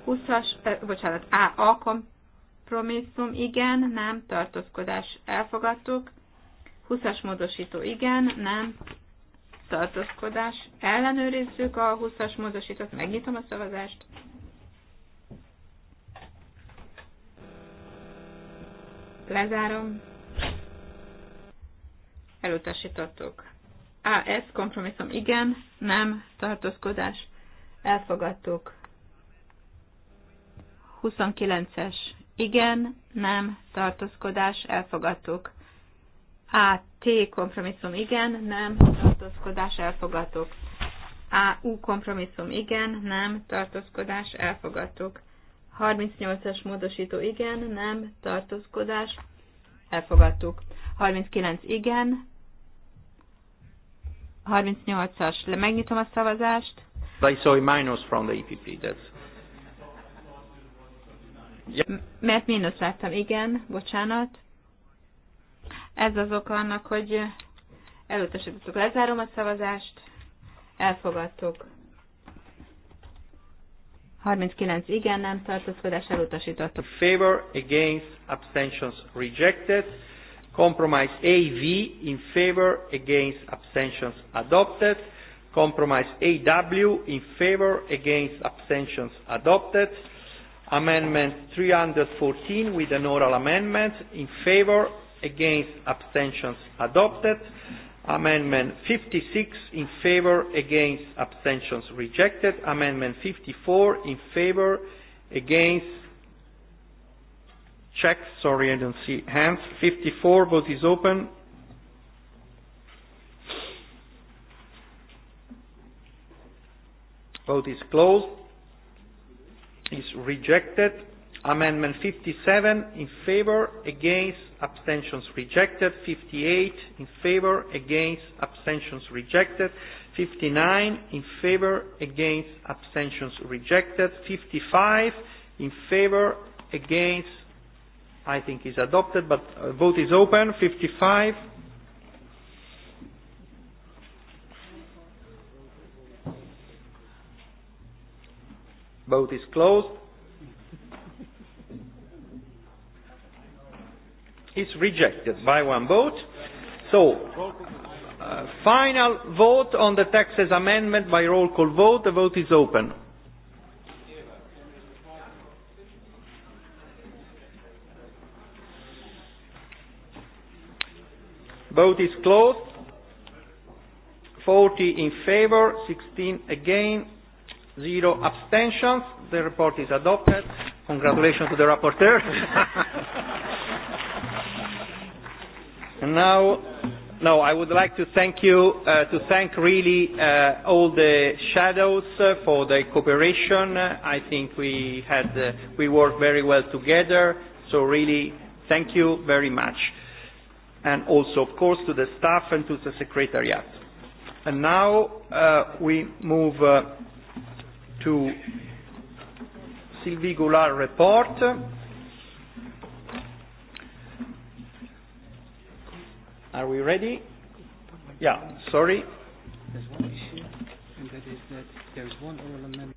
20-as, eh, bocsánat, A, A kompromisszum, igen, nem, tartózkodás, elfogadtuk. 20-as módosító, igen, nem, tartózkodás, ellenőrizzük a 20-as módosítót, megnyitom a szavazást. Lezárom. Elutasítottuk. A ez kompromisszum igen, nem, tartózkodás, elfogadtuk. 29-es igen, nem, tartózkodás, elfogadtuk. A T kompromisszum igen, nem, tartózkodás, elfogadtuk. A U kompromisszum igen, nem, tartózkodás, elfogadtuk. 38-as módosító igen, nem, tartózkodás, elfogadtuk. 39 igen, 38-as. Megnyitom a szavazást. They saw a minus from the EPP. That's... Yeah. Mert mínusz láttam, igen, bocsánat. Ez az oka annak, hogy elutasítottuk. Lezárom a szavazást, elfogadtuk. 39 igen, nem tartózkodás elutasítottuk. Favor against abstentions rejected. Compromise AV in favor against abstentions adopted. Compromise AW in favor against abstentions adopted. Amendment 314 with an oral amendment in favor against abstentions adopted. Amendment 56 in favor against abstentions rejected. Amendment 54 in favor against Check. Sorry, I don't see hands. 54. Vote is open. Vote is closed. Is rejected. Amendment 57 in favor, against, abstentions rejected. 58 in favor, against, abstentions rejected. 59 in favor, against, abstentions rejected. 55 in favor, against, I think is adopted, but uh, vote is open. 55. Vote is closed. It's rejected by one vote. So, uh, final vote on the text as amendment by roll call vote. The vote is open. Vote is closed. 40 in favor, 16 again, zero abstentions. The report is adopted. Congratulations to the rapporteur. and now no, I would like to thank you, uh, to thank really uh, all the shadows uh, for the cooperation. Uh, I think we had, uh, we worked very well together. So really, thank you very much and also, of course, to the staff and to the secretariat. And now uh, we move uh, to Sylvie Goulart's report. Are we ready? Yeah, sorry. There's one issue, and that is that there is one oral amendment.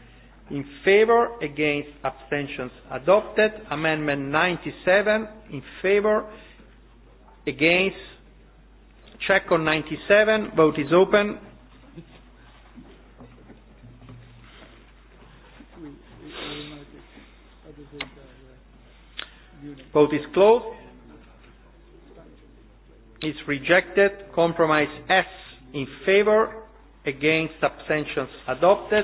in favor, against, abstentions adopted. Amendment 97, in favor, against, check on 97, vote is open. Vote is closed. Is rejected. Compromise S in favor, against abstentions adopted.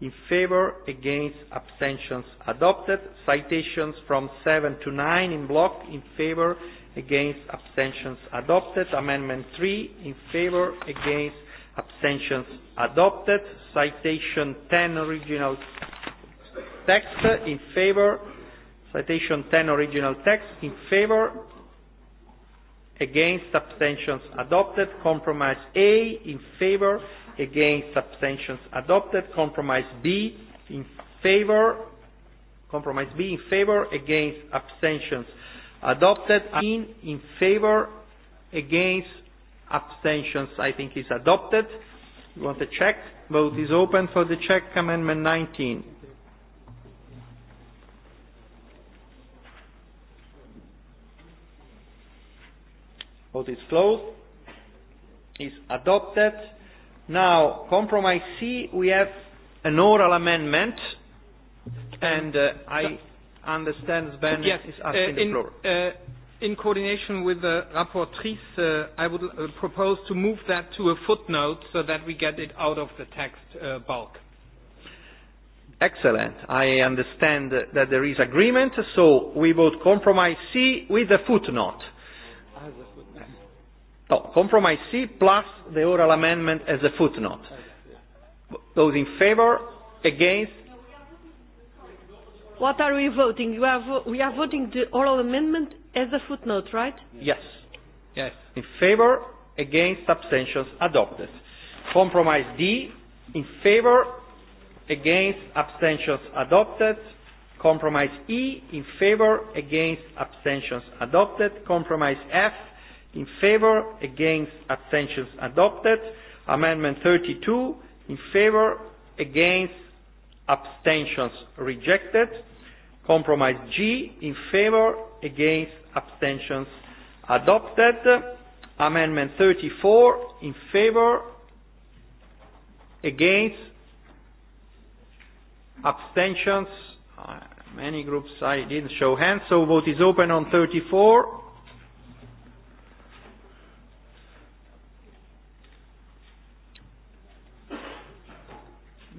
in favor, against, abstentions adopted. Citations from 7 to 9 in block, in favor, against, abstentions adopted. Amendment 3, in favor, against, abstentions adopted. Citation 10, original text, in favor. Citation 10, original text, in favor, against, abstentions adopted. Compromise A, in favor, against abstentions adopted. Compromise B in favor. Compromise B in favor against abstentions adopted. In in favor against abstentions. I think is adopted. You want to check? Vote is open for the check. Amendment 19. Vote is closed. Is adopted. Now, compromise C, we have an oral amendment, and uh, I understand Sven yes, is asking uh, in, the floor. Uh, in coordination with the rapporteurice, uh, I would uh, propose to move that to a footnote so that we get it out of the text uh, bulk. Excellent. I understand that there is agreement, so we vote compromise C with a footnote. No, compromise C plus the oral amendment as a footnote. Those in favor, against. What are we voting? You are vo we are voting the oral amendment as a footnote, right? Yes. Yes. In favor, against, abstentions, adopted. Compromise D, in favor, against, abstentions, adopted. Compromise E, in favor, against, abstentions, adopted. Compromise F, in favour, against abstentions adopted. Amendment 32 in favour, against abstentions rejected. Compromise G in favour, against abstentions adopted. Amendment 34 in favour, against abstentions. Uh, many groups I didn't show hands, so vote is open on 34.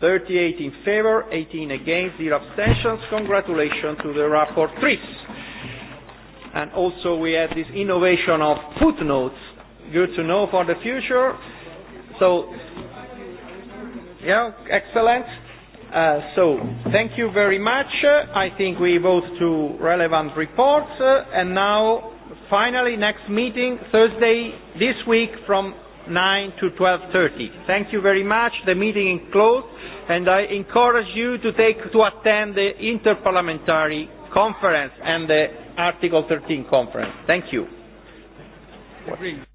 38 in favor, 18 against, 0 abstentions. Congratulations to the rapporteurs. And also we have this innovation of footnotes. Good to know for the future. So, yeah, excellent. Uh, so, thank you very much. Uh, I think we vote to relevant reports. Uh, and now, finally, next meeting, Thursday this week from 9 to 12.30. Thank you very much. The meeting is closed and I encourage you to, take, to attend the Interparliamentary Conference and the Article 13 Conference. Thank you. Agreed.